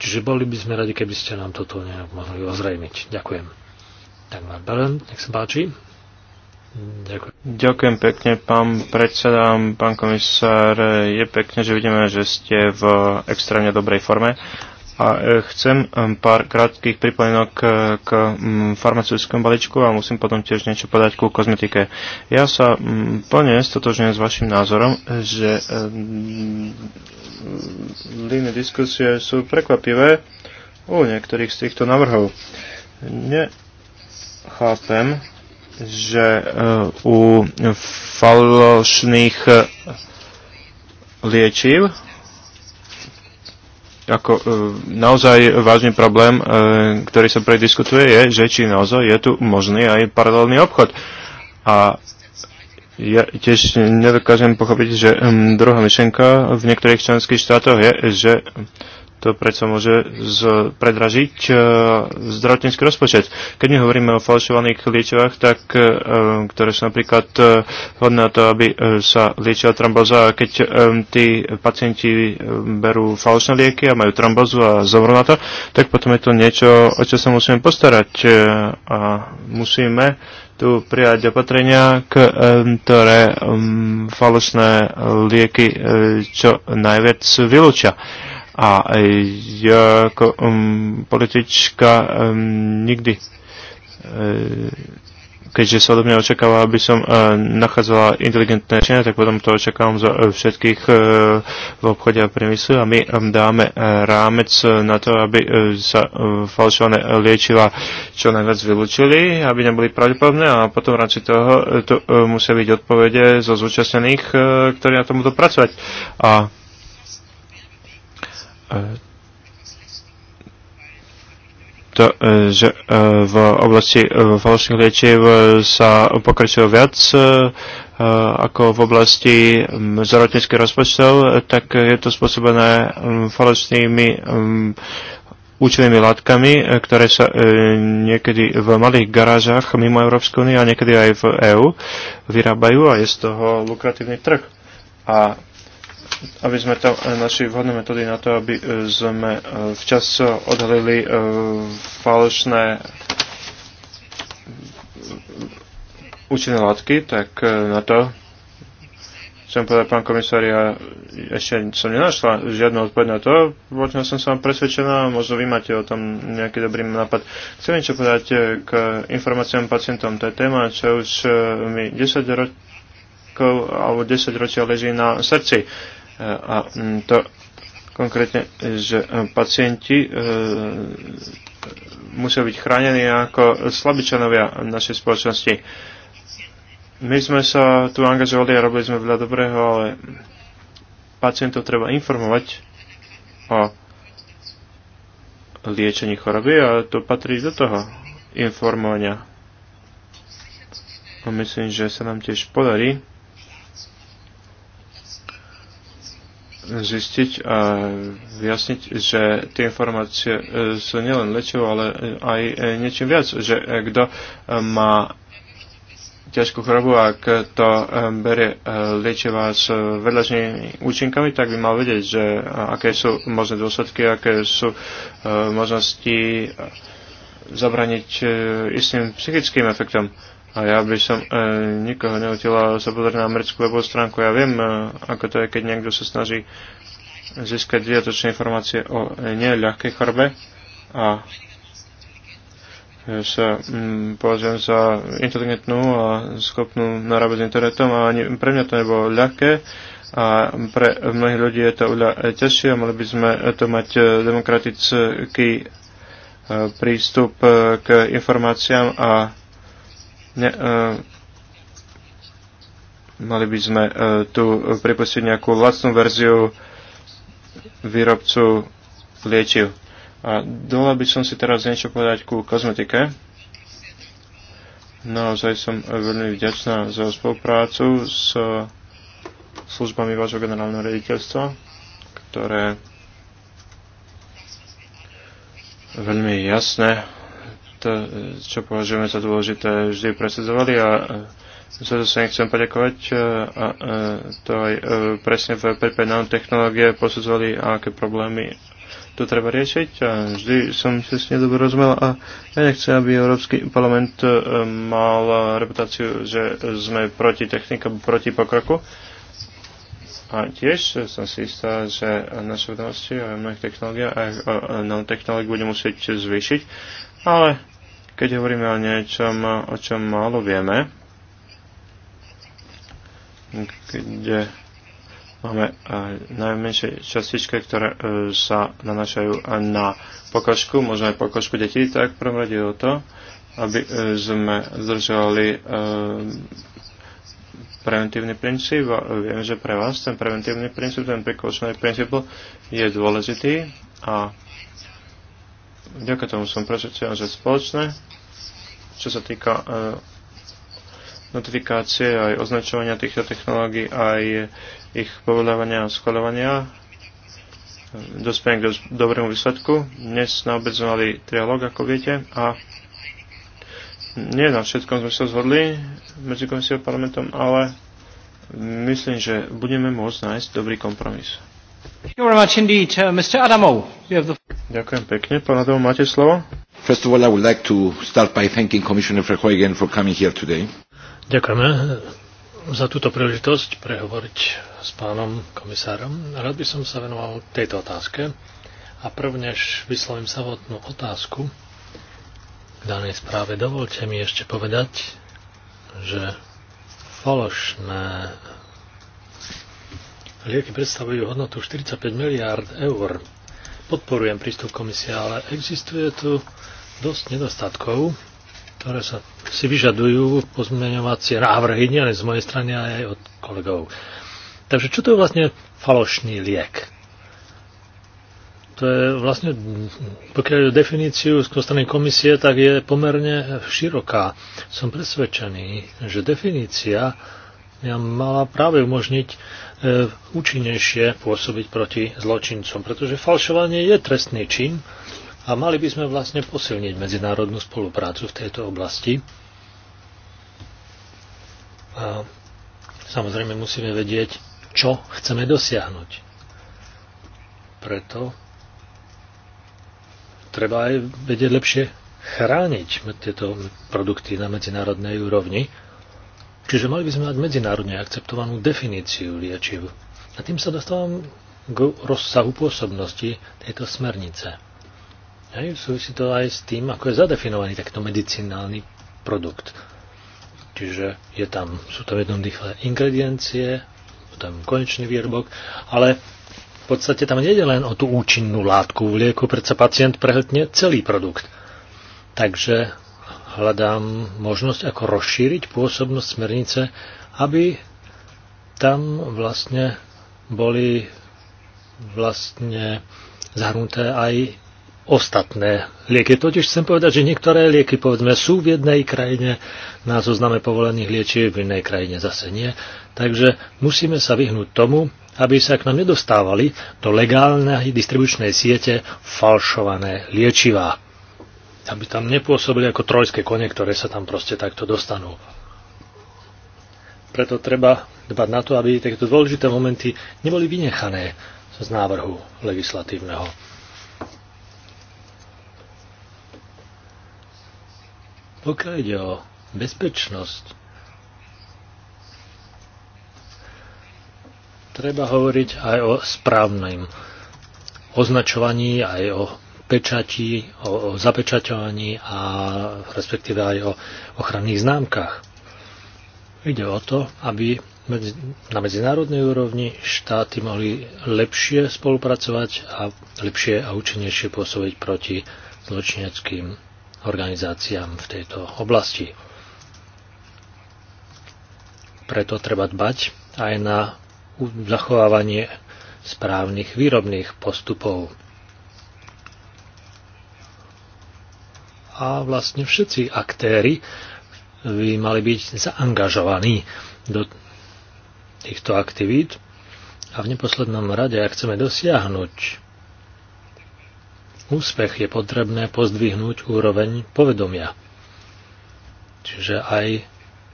Čiže boli by sme radi, keby ste nám toto nejak mohli ozrejmiť. Ďakujem. Tak, Barbara, nech sa páči. Ďakujem. Ďakujem pekne, pán predseda, pán komisár. Je pekne, že vidíme, že ste v extrémne dobrej forme. A e, chcem um, pár krátkých pripomienok e, k farmaceutickému balíčku a musím potom tiež niečo podať ku kozmetike. Ja sa plne stotožňujem s vašim názorom, že e, líny diskusie sú prekvapivé u niektorých z týchto návrhov. Nechápem, že e, u falošných e, liečiv ako e, naozaj vážny problém, ktorý sa prediskutuje, je, že či naozaj je tu možný aj paralelný obchod. A ja tiež nedokážem pochopiť, že druhá myšlenka v niektorých členských štátoch je, že to predsa môže z, predražiť e, zdravotnícky rozpočet. Keď my hovoríme o falšovaných liečivách, tak, e, ktoré sú napríklad e, hodné na to, aby e, sa liečila tromboza a keď e, tí pacienti e, berú falšné lieky a majú trombozu a zomrú na to, tak potom je to niečo, o čo sa musíme postarať e, a musíme tu prijať opatrenia, ktoré e, falošné e, lieky e, čo najviac vylúčia. A jako um, politička um, nikdy eh, keďže sa od mňa očakáva, aby som eh, nachádzala inteligentné riešenia, tak potom to očakávam za eh, všetkých v obchode a priemyslu a my dáme rámec na to, aby sa falšované liečiva čo najviac vylúčili, aby neboli pravdepodobné a potom v rámci toho tu musia byť odpovede zo zúčastnených, ktorí na tom budú pracovať. A E, to, e, že e, v oblasti falošných liečiv sa pokračuje viac ako v oblasti zdravotníckých rozpočtov, tak je to spôsobené falošnými účinnými látkami, ktoré sa niekedy v malých garážach mimo Európskej únie a niekedy aj v EÚ vyrábajú a je z toho lukratívny trh. A aby sme tam eh, našli vhodné metódy na to, aby eh, sme eh, včas odhalili falošné účinné látky, tak na to chcem povedať, pán komisár, ja ešte som nenašla žiadnu odpoveď na to, vočne som sa vám presvedčená, možno vy máte o tom nejaký dobrý nápad. Chcem niečo povedať k informáciám pacientom. To je téma, čo už mi 10 rokov alebo 10 ročia leží na srdci. Uh, a mm, to konkrétne, že e, pacienti e, musia byť chránení ako slabičanovia našej spoločnosti. My sme sa tu angažovali a robili sme veľa dobrého, ale pacientov treba informovať o liečení choroby a to patrí do toho informovania. A myslím, že sa nám tiež podarí zistiť a vyjasniť, že tie informácie e, sú nielen lečivo, ale e, aj e, niečím viac, že kto má ťažkú chorobu, ak to berie liečivá s vedľažnými účinkami, tak by mal vedieť, že aké sú možné dôsledky, aké sú možnosti zabraniť istým psychickým efektom. A ja by som e, nikoho neutila sa pozrieť na americkú webovú stránku. Ja viem, e, ako to je, keď niekto sa snaží získať dodatočné informácie o e, neľahkej chorbe A ja sa mm, považujem za inteligentnú a schopnú narábať s internetom a ani, pre mňa to nebolo ľahké a pre mnohých ľudí je to oveľa e, ťažšie a mali by sme to mať e, demokratický e, prístup k informáciám a Ne, e, mali by sme e, tu pripustiť nejakú vlastnú verziu výrobcu liečiv. A dole by som si teraz niečo povedať ku kozmetike. Naozaj som veľmi vďačná za spoluprácu s službami vášho generálneho rediteľstva, ktoré veľmi jasné to, čo považujeme za dôležité, vždy presadzovali a e, za to sa nechcem poďakovať e, a e, to aj presne v PP nanotechnológie posudzovali, aké problémy to treba riešiť a vždy som si s nedobre rozumel a ja nechcem, aby Európsky parlament mal reputáciu, že sme proti technike, proti pokroku. A tiež som si istá, že naše vedomosti o mnohých technológiách a nanotechnológiách budeme musieť zvýšiť, ale keď hovoríme o niečom, o čom málo vieme, kde máme eh, najmenšie častičky, ktoré eh, sa nanašajú na pokožku, možno aj pokožku detí, tak prvom rade o to, aby eh, sme zdržovali preventívny princíp. Viem, že pre vás ten preventívny princíp, ten prekočný princíp je dôležitý a vďaka tomu som presvedčený, že spoločné, čo sa týka e, notifikácie, aj označovania týchto technológií, aj ich povedávania a skladovania. E, dospiem k dobrému výsledku. Dnes na sme mali trialog, ako viete, a nie na všetkom sme sa zhodli medzi komisiou a parlamentom, ale myslím, že budeme môcť nájsť dobrý kompromis. Uh, Ďakujem pekne. Pán Adamo, máte slovo? First of all, I would like to start by thanking Commissioner Verheugen for coming here today. Ďakujeme uh, za túto príležitosť prehovoriť s pánom komisárom. Rád by som sa venoval tejto otázke a prvnež vyslovím samotnú otázku k danej správe. Dovolte mi ešte povedať, že falošné Lieky predstavujú hodnotu 45 miliárd eur. Podporujem prístup komisie, ale existuje tu dosť nedostatkov, ktoré sa si vyžadujú pozmeňovacie návrhy, nielen z mojej strany, ale aj od kolegov. Takže čo to je vlastne falošný liek? To je vlastne, pokiaľ je definíciu z strany komisie, tak je pomerne široká. Som presvedčený, že definícia ja mala práve umožniť e, účinnejšie pôsobiť proti zločincom, pretože falšovanie je trestný čin a mali by sme vlastne posilniť medzinárodnú spoluprácu v tejto oblasti. A samozrejme musíme vedieť, čo chceme dosiahnuť. Preto treba aj vedieť lepšie chrániť tieto produkty na medzinárodnej úrovni Čiže mali by sme mať medzinárodne akceptovanú definíciu liečiv. A tým sa dostávam k rozsahu pôsobnosti tejto smernice. Hej, súvisí to aj s tým, ako je zadefinovaný takto medicinálny produkt. Čiže je tam, sú tam jednoduché ingrediencie, potom konečný výrobok, ale v podstate tam nie je len o tú účinnú látku v lieku, predsa pacient prehltne celý produkt. Takže hľadám možnosť, ako rozšíriť pôsobnosť smernice, aby tam vlastne boli vlastne zahrnuté aj ostatné lieky. Totiž chcem povedať, že niektoré lieky povedzme sú v jednej krajine na zozname povolených liečiv, v inej krajine zase nie. Takže musíme sa vyhnúť tomu, aby sa k nám nedostávali do legálnej distribučnej siete falšované liečivá aby tam nepôsobili ako trojské kone, ktoré sa tam proste takto dostanú. Preto treba dbať na to, aby takéto dôležité momenty neboli vynechané z návrhu legislatívneho. Pokiaľ ide o bezpečnosť, treba hovoriť aj o správnom označovaní, aj o pečati, o, o zapečaťovaní a respektíve aj o ochranných známkach. Ide o to, aby medzi, na medzinárodnej úrovni štáty mohli lepšie spolupracovať a lepšie a účinnejšie pôsobiť proti zločineckým organizáciám v tejto oblasti. Preto treba dbať aj na zachovávanie správnych výrobných postupov a vlastne všetci aktéry by mali byť zaangažovaní do týchto aktivít. A v neposlednom rade, ak chceme dosiahnuť úspech, je potrebné pozdvihnúť úroveň povedomia. Čiže aj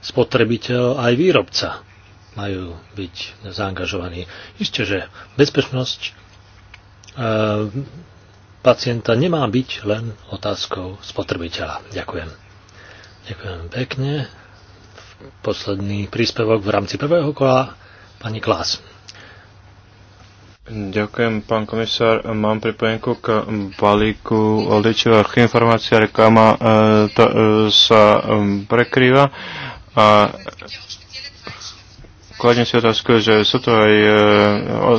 spotrebiteľ, aj výrobca majú byť zaangažovaní. Isté, že bezpečnosť e, pacienta nemá byť len otázkou spotrebiteľa. Ďakujem. Ďakujem pekne. Posledný príspevok v rámci prvého kola pani Klás. Ďakujem, pán komisár. Mám pripojenku k balíku odličov liečivách informácií a reklama e, to, e, sa e, prekrýva. A kladem si otázku, že sú to aj e,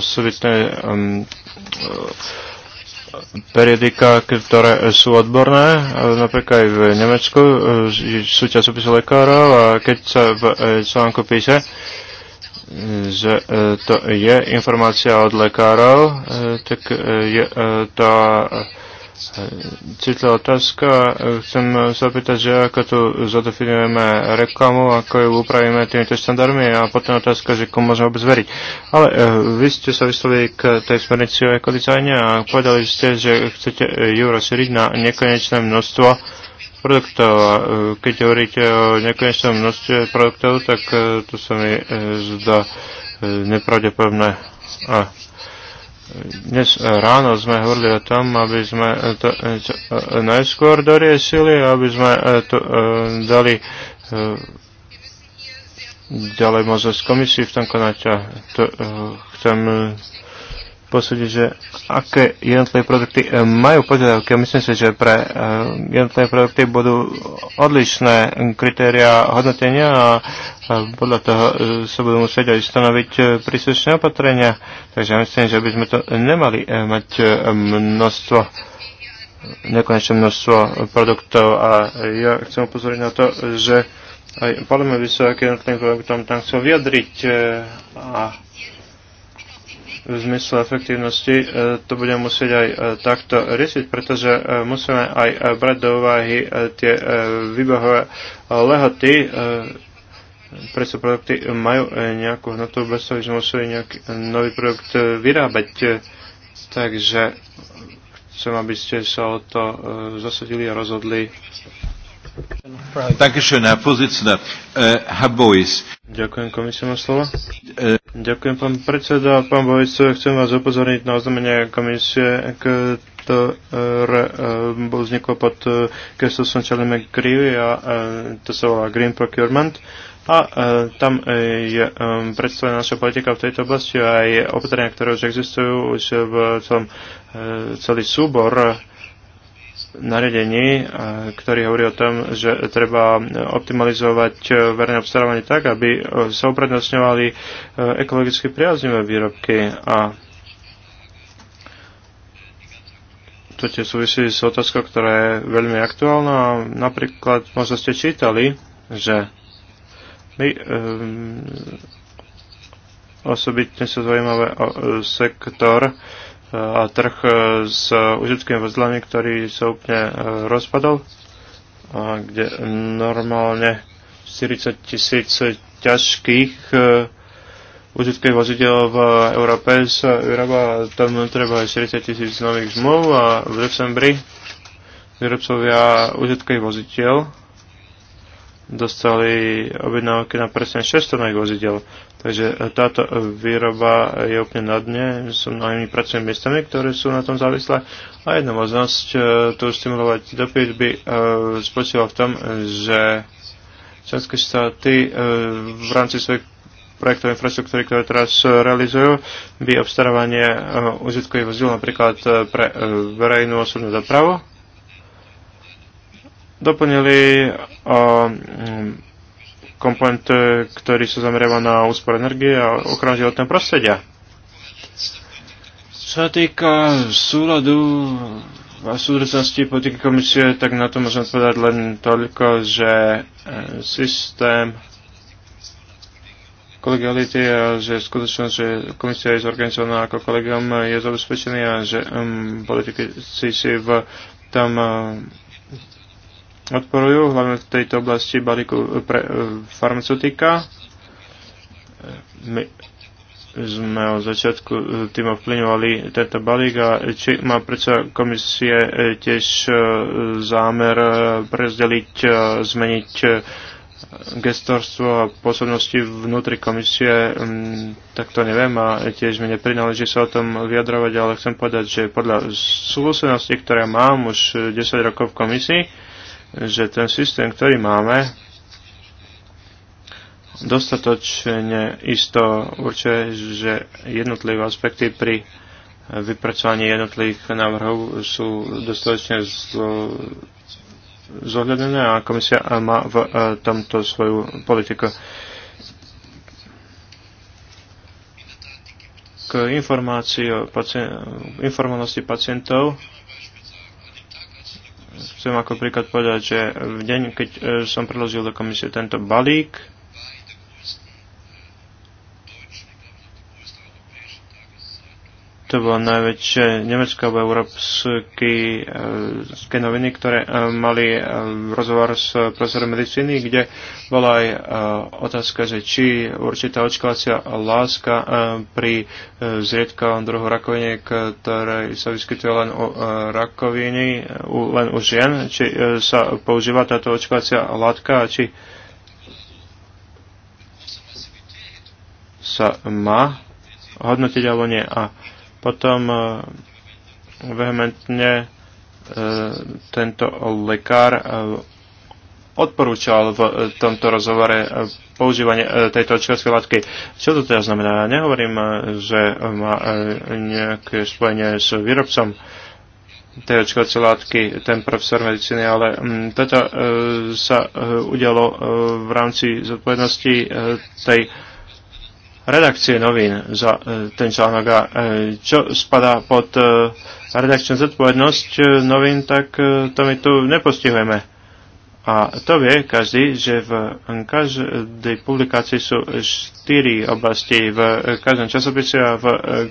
osobitné e, periodika, ktoré sú odborné, napríklad aj v Nemecku e, sú časopisy lekárov a keď sa v e, článku píše, e, že to je informácia od lekárov, tak je to Čítla otázka. Chcem sa opýtať, že ako tu zadefinujeme reklamu, ako ju upravíme týmito štandardmi a potom otázka, že komu môžeme vôbec veriť. Ale eh, vy ste sa vyslovili k tej smernici o ekodizajne a povedali ste, že chcete ju rozšíriť na nekonečné množstvo produktov. a eh, Keď hovoríte o nekonečnom množstve produktov, tak eh, to sa mi zdá nepravdepodobné. A dnes ráno sme hovorili o tom, aby sme to e, najskôr doriešili, aby sme e, to e, dali ďalej možnosť komisii v tom konať. A to chcem posúdiť, že aké jednotlivé produkty e, majú požiadavky. Myslím si, že pre e, jednotlivé produkty budú odlišné kritéria hodnotenia a e, podľa toho sa budú musieť aj stanoviť príslušné opatrenia. Takže myslím, že by sme to nemali mať množstvo nekonečné množstvo produktov a ja chcem upozoriť na to, že aj parlament by sa k jednotlivým produktom tam chcel vyjadriť a v zmysle efektívnosti, e, to budeme musieť aj e, takto riešiť, pretože e, musíme aj brať do úvahy tie výbehové lehoty, prečo produkty majú nejakú hodnotu, bez toho, že museli nejaký nový produkt vyrábať. Takže chcem, aby ste sa o to zasadili a rozhodli. Äh, Ďakujem komisiu slovo. Äh, Ďakujem pán predseda. Pán Bois, chcem vás upozorniť na oznamenie komisie, ktoré äh, vzniklo pod Kestosom Charlie McCreevy a to sa volá Green Procurement. A e, tam e, je e, predstavená naša politika v tejto oblasti a aj opatrenia, ktoré už existujú už v celom, e, celý súbor nariadení, eh, ktorý hovorí o tom, že treba optimalizovať eh, verejné obstarávanie tak, aby eh, sa uprednostňovali ekologicky priaznivé výrobky a to tiež súvisí s otázkou, ktorá je veľmi aktuálna. Napríklad možno ste čítali, že my um, osobitne sa zaujímavé o sektor uh, a trh e, s užitkovými vozlami, ktorý sa úplne e, rozpadol, a kde normálne 40 tisíc ťažkých e, užitkových vozidel v Európe sa vyrába, tam treba 40 tisíc nových zmluv a v decembri výrobcovia užitkových vozidel dostali objednávky na presne 600 vozidel. Takže táto výroba je úplne na dne s mnohými pracovnými miestami, ktoré sú na tom závislé. A jedna možnosť e, tu stimulovať dopyt by e, spočívala v tom, že členské štáty e, v rámci svojich projektov infraštruktúry, ktoré teraz realizujú, by obstarávanie užitkových vozidel napríklad pre verejnú osobnú dopravu doplnili o mm, komponent, ktorý sa zameriava na úspor energie a ochranu životného prostredia. Čo sa týka súladu a súdržnosti politiky komisie, tak na to môžem povedať len toľko, že e, systém kolegiality a že skutočnosť, že komisia je zorganizovaná ako kolegium, je zabezpečený a že um, politici si v tam um, odporujú, hlavne v tejto oblasti baliku eh, pre eh, farmaceutika. Eh, my sme od začiatku tým ovplyvňovali tento balík a či má predsa komisie tiež zámer prezdeliť, zmeniť gestorstvo a pôsobnosti vnútri komisie, mm, tak to neviem a tiež mi neprináleží sa o tom vyjadrovať, ale chcem povedať, že podľa súhlasenosti, ktoré mám už 10 rokov v komisii, že ten systém, ktorý máme, dostatočne isto určuje, že jednotlivé aspekty pri vypracovaní jednotlivých návrhov sú dostatočne zohľadené a komisia má v e, tomto svoju politiku. K informácii o informovanosti pacientov chcem ako príklad povedať, že v deň, keď e, som predložil do komisie tento balík, To bolo najväčšie nemecké alebo európske eh, noviny, ktoré eh, mali eh, rozhovor s profesorom medicíny, kde bola aj otázka, že či určitá očkovacia láska pri zriedka druhu rakoviny, ktoré sa vyskytuje len u rakoviny, len u žien, či sa používa táto očkovacia látka či sa má hodnotiť alebo nie. A potom e, vehementne e, tento lekár e, odporúčal v tomto rozhovore používanie tejto očkovacej látky. Čo to teda znamená? Ja nehovorím, že má nejaké spojenie s výrobcom tej očkovacej látky, ten profesor medicíny, ale toto sa udialo v rámci zodpovednosti tej redakcie novín za e, ten článok a e, čo spadá pod e, redakčnú zodpovednosť novín, tak to my tu nepostihujeme. A to vie každý, že v každej publikácii sú štyri oblasti. V každom časopise a v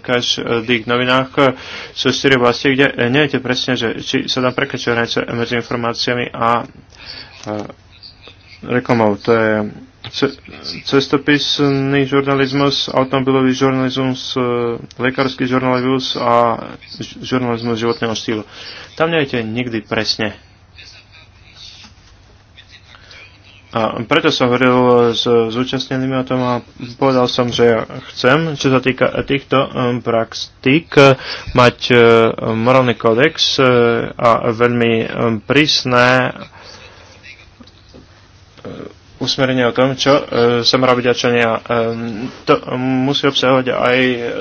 každých novinách sú štyri oblasti, kde neviete presne, že či sa tam prekračuje hranice medzi informáciami a reklamou. To je cestopisný žurnalizmus, automobilový žurnalizmus, e, lekársky žurnalizmus a žurnalizmus životného štýlu. Tam nejete nikdy presne. A preto som hovoril s zúčastnenými o tom a povedal som, že ja chcem, čo sa týka týchto e, praktík, mať e, morálny kódex a veľmi prísne usmerenie o tom, čo e, sa má robiť a čo nie. E, to musí obsahovať aj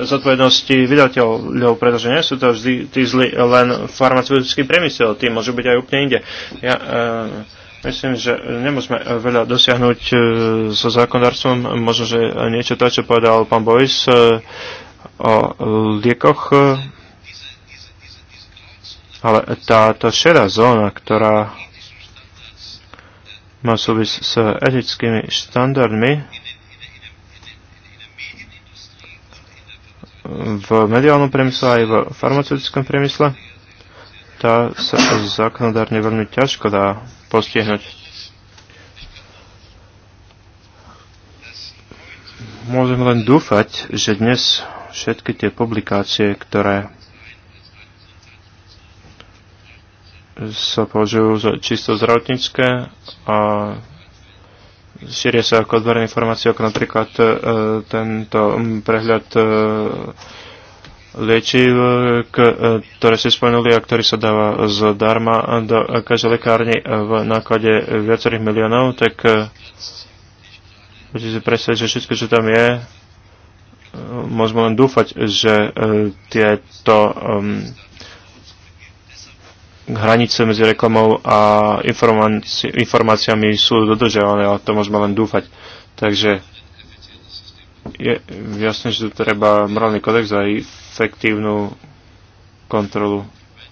zodpovednosti vydateľov, pretože nie sú to vždy tí zlí len farmaceutický priemysel, tí môžu byť aj úplne inde. Ja e, myslím, že nemôžeme veľa dosiahnuť e, so zákonodárstvom, možno, že niečo to, čo povedal pán Bois e, o liekoch, e, ale táto šedá zóna, ktorá má súvis s etickými štandardmi v mediálnom priemysle aj v farmaceutickom priemysle. Tá sa zákonodárne veľmi ťažko dá postihnúť. Môžem len dúfať, že dnes všetky tie publikácie, ktoré sa považujú za čisto zdravotnícke a šíria sa ako odborné informácie, ako napríklad e, tento prehľad e, liečiv, e, ktoré si spomenuli a ktorý sa dáva zdarma do každej lekárni v náklade viacerých miliónov, tak budete e, si predstaviť, že všetko, čo tam je, e, môžeme len dúfať, že tieto hranice medzi reklamou a informáci- informáciami sú dodržiavané, ale to môžeme len dúfať. Takže je jasné, že tu treba morálny kodex a efektívnu kontrolu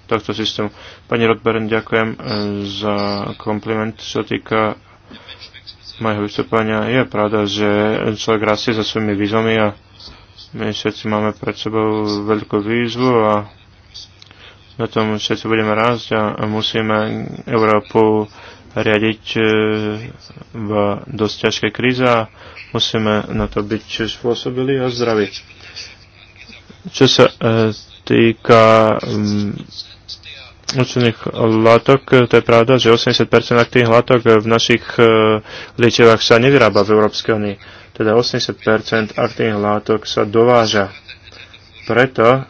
tohto systému. Pani Rodberen, ďakujem e, za kompliment, čo týka mojho vystúpania. Je pravda, že človek rastie za svojimi výzvami a my všetci máme pred sebou veľkú výzvu a na tom všetci budeme rásť a musíme Európu riadiť e, v dosť ťažkej kríze a musíme na to byť spôsobili a zdraví. Čo sa e, týka mm, účinných látok, to je pravda, že 80% aktívnych látok v našich e, liečivách sa nevyrába v Európskej unii. Teda 80% aktívnych látok sa dováža. Preto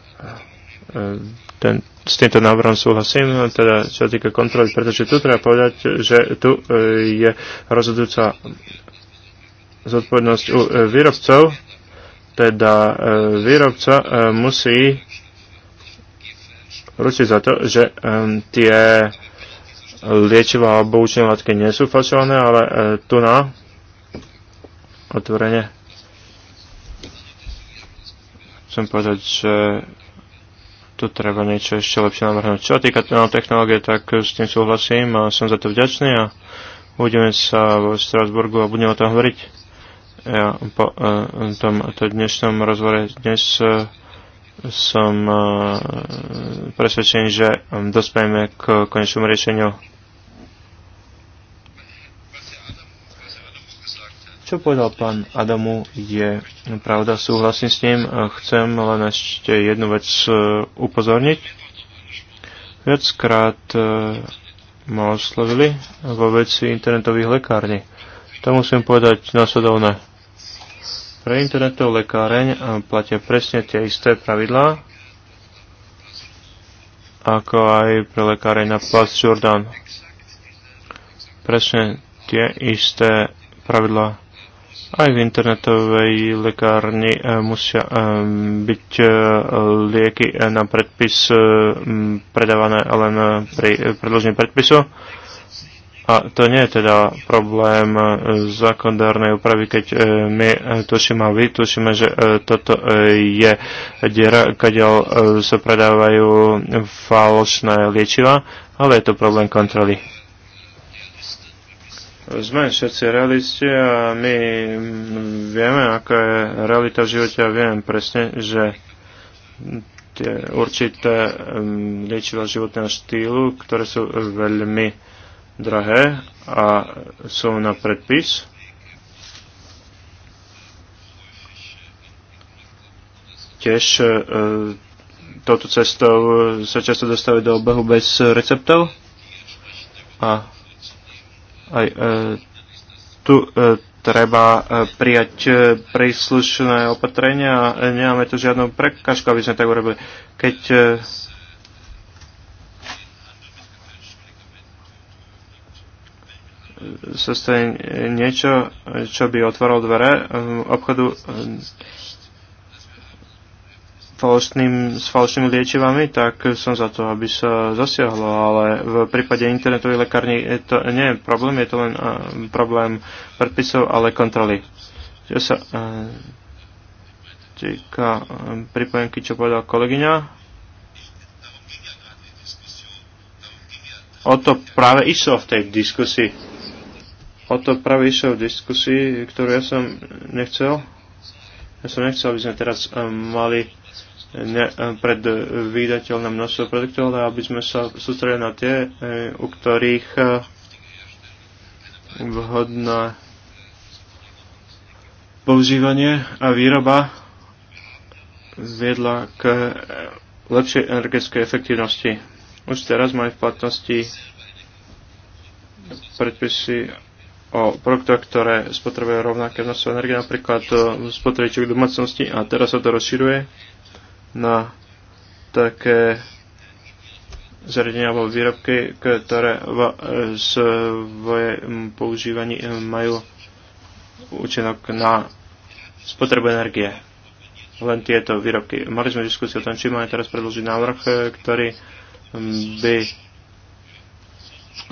ten s týmto návrhom súhlasím, teda čo týka kontroly, pretože tu treba povedať, že tu e, je rozhodujúca zodpovednosť u e, výrobcov, teda e, výrobca musí ručiť za to, že tie liečivá alebo účinné látky nie sú falšované, ale tu na otvorenie chcem povedať, že tu treba niečo ešte lepšie navrhnúť. Čo týka technológie, tak s tým súhlasím a som za to vďačný a budeme sa v Strasburgu a budeme o tom hovoriť. Ja po uh, tom to dnešnom rozvore dnes uh, som uh, presvedčený, že um, dospejeme k konečnému riešeniu Čo povedal pán Adamu je pravda, súhlasím s ním. Chcem len ešte jednu vec e, upozorniť. Viackrát e, ma oslovili vo veci internetových lekární. To musím povedať následovné. Pre internetov lekáreň e, platia presne tie isté pravidlá, ako aj pre lekáreň na Place Jordan. Presne tie isté pravidlá aj v internetovej lekárni eh, musia eh, byť eh, lieky na predpis predávané len pri predložení predpisu. A to nie je teda problém zákonodárnej úpravy, keď my tušíme a vy tušíme, že toto je diera, kadeľ sa predávajú falošné liečiva, ale je to problém kontroly sme všetci realisti a my vieme, aká je realita v živote a viem presne, že tie určité mm, liečiva životného štýlu, ktoré sú veľmi drahé a sú na predpis. Tiež e, touto cestou sa často dostávajú do obehu bez receptov a aj, e, tu e, treba e, prijať príslušné opatrenia a nemáme tu žiadnu prekažku, aby sme tak urobili. Keď sa stane niečo, čo by otvoril dvere obchodu falošným, s falošnými liečivami, tak som za to, aby sa zasiahlo, ale v prípade internetových lekární to nie je problém, je to len eh, problém predpisov, ale kontroly. Čo sa eh, týka eh, pripojenky, čo povedal kolegyňa, o to práve išlo v tej diskusii. O to práve išlo v diskusii, ktorú ja som nechcel. Ja som nechcel, aby sme teraz um, mali predvídateľné množstvo produktov, ale aby sme sa sústredili na tie, eh, u ktorých eh, vhodná používanie a výroba viedla k eh, lepšej energetickej efektivnosti. Už teraz majú v platnosti predpisy o produktoch, ktoré spotrebujú rovnaké množstvo energie, napríklad spotrebičok domácnosti a teraz sa to rozširuje na také zariadenia alebo výrobky, ktoré v svojom používaní majú účinok na spotrebu energie. Len tieto výrobky. Mali sme diskusiu o tom, či máme teraz predložiť návrh, ktorý by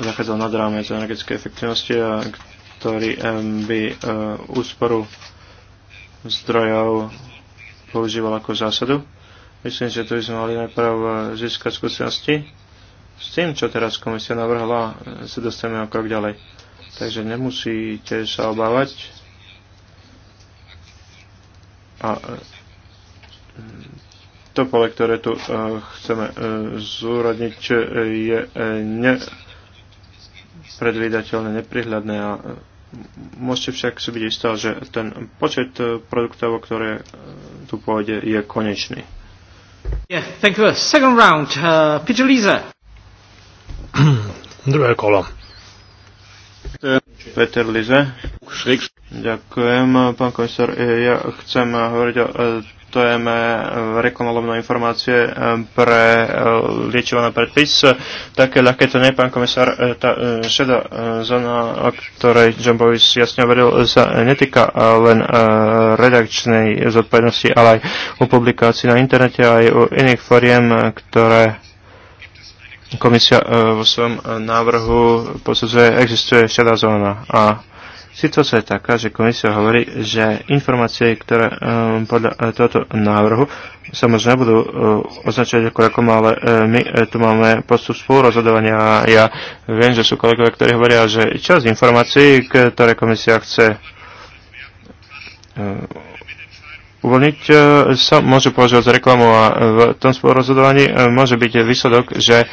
zachádzal nad rámec energetické efektivnosti a ktorý eh, by eh, úsporu zdrojov používal ako zásadu Myslím, že to by sme mali najprv e, získať skúsenosti. S tým, čo teraz komisia navrhla, e, sa dostaneme o krok ďalej. Takže nemusíte sa obávať. A e, to pole, ktoré tu chceme zúradniť, je nepredvídateľné, neprihľadné a môžete však si byť istá, že ten počet produktov, ktoré tu pôjde, je konečný. Yeah, thank you. Second round, uh, Peter Lisa. Druhé kolo. Peter Lize. Ďakujem, pán komisár. E, ja chcem hovoriť o e, téme reklamolovnej informácie e, pre liečivo na predpis. Také ľahké to nie, pán komisár. Tá šedá zóna, o ktorej John Bovis jasne hovoril, sa netýka len redakčnej zodpovednosti, ale aj u publikácií na internete, aj u iných foriem, ktoré komisia vo svojom návrhu posudzuje, existuje šedá zóna. A Situácia je taká, že komisia hovorí, že informácie, ktoré um, podľa eh, tohoto návrhu sa možno nebudú uh, eh, označovať ako rakom, ale uh, my uh, tu máme postup spolurozhodovania a ja viem, že sú kolegovia, ktorí hovoria, že časť informácií, ktoré komisia chce uh, uvoľniť, e, sa môžu považovať za reklamu a v tom spolurozhodovaní e, môže byť výsledok, že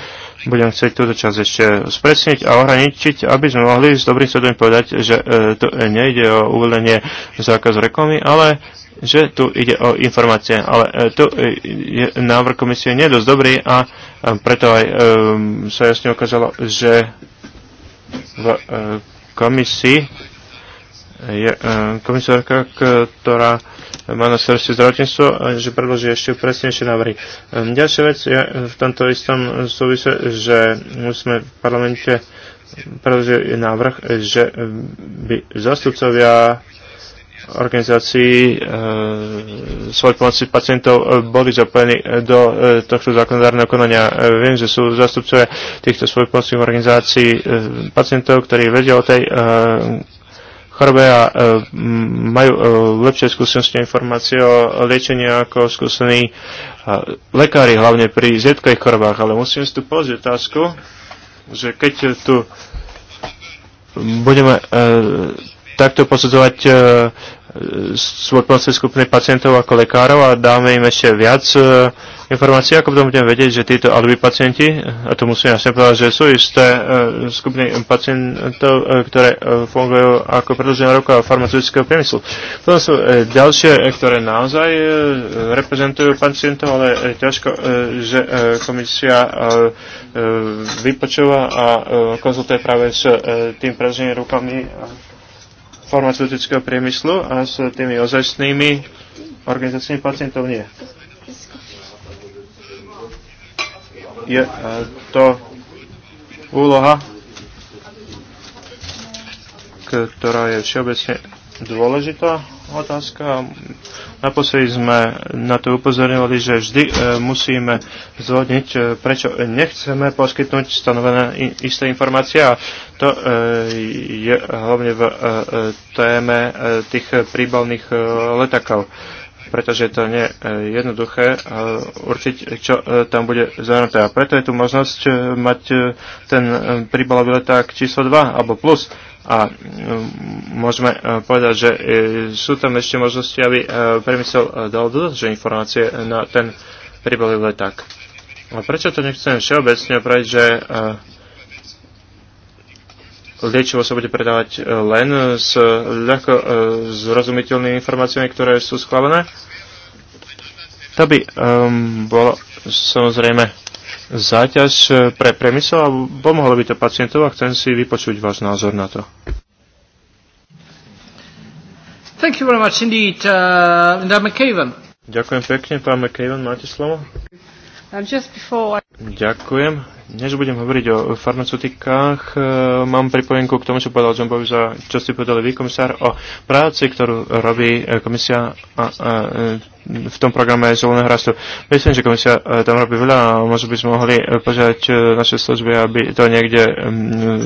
budem chcieť túto časť ešte spresniť a ohraničiť, aby sme mohli s dobrým svedomím povedať, že e, tu nejde o uvolenie zákazu reklamy, ale že tu ide o informácie. Ale tu je, návrh komisie nie je dosť dobrý a preto aj sa jasne ukázalo, že v komisii je komisárka, ktorá má na starosti zdravotníctvo a že predloží ešte presnejšie návrhy. Ehm, ďalšia vec je ehm, v tomto istom súvisle, že musíme v parlamente predložiť návrh, že ehm, by zastupcovia organizácií e, svoj pomoci pacientov boli zapojení do e, tohto zákonodárneho konania. E, viem, že sú zastupcovia týchto svoj pomoci organizácií e, pacientov, ktorí vedia o tej e, chorobe a e, majú e, lepšie skúsenosti a informácie o liečení ako skúsení e, lekári, hlavne pri zjedkových chorobách. Ale musím si tu pozrieť otázku, že keď tu budeme takto posudzovať e, e, svoj proces skupiny pacientov ako lekárov a dáme im ešte viac e, informácií, ako potom budeme vedieť, že títo alibi pacienti, a to musíme jasne povedať, že sú isté skupiny pacientov, ktoré fungujú ako predlžená ruka farmaceutického priemyslu. Potom sú ďalšie, ktoré naozaj reprezentujú pacientov, ale ťažko, že komisia vypočúva a konzultuje práve s tým predlženým rukami farmaceutického priemyslu a s tými ozajstnými organizáciami pacientov nie. Je e, to úloha, ktorá je všeobecne dôležitá otázka. Naposledy sme na to upozorňovali, že vždy e, musíme zvodniť, e, prečo nechceme poskytnúť stanovené isté informácie a to e, je hlavne v téme tých príbalných letakov pretože to nie je jednoduché určiť, čo tam bude zahrnuté. A preto je tu možnosť mať ten príbalový leták číslo 2 alebo plus a e, môžeme e, povedať, že e, sú tam ešte možnosti, aby premysel dal dodatočné informácie na ten príbalý leták. A prečo to nechcem všeobecne opraviť, že liečivo sa bude predávať len s ľahko zrozumiteľnými informáciami, ktoré sú schválené? To by um, bolo samozrejme záťaž eh, pre priemysel a pomohlo by to pacientov a chcem si vypočuť váš názor na to. Thank you very much indeed, uh, McCaven. Ďakujem pekne, pán McCaven, máte slovo? And uh, just before I... Ďakujem. Než budem hovoriť o farmaceutikách, e, mám pripojenku k tomu, čo povedal John Bovisa, čo ste povedali vy, komisár, o práci, ktorú robí eh, komisia a, a v tom programe zeleného rastu. Myslím, že komisia e, tam robí veľa a možno by sme mohli e, požiadať e, naše služby, aby to niekde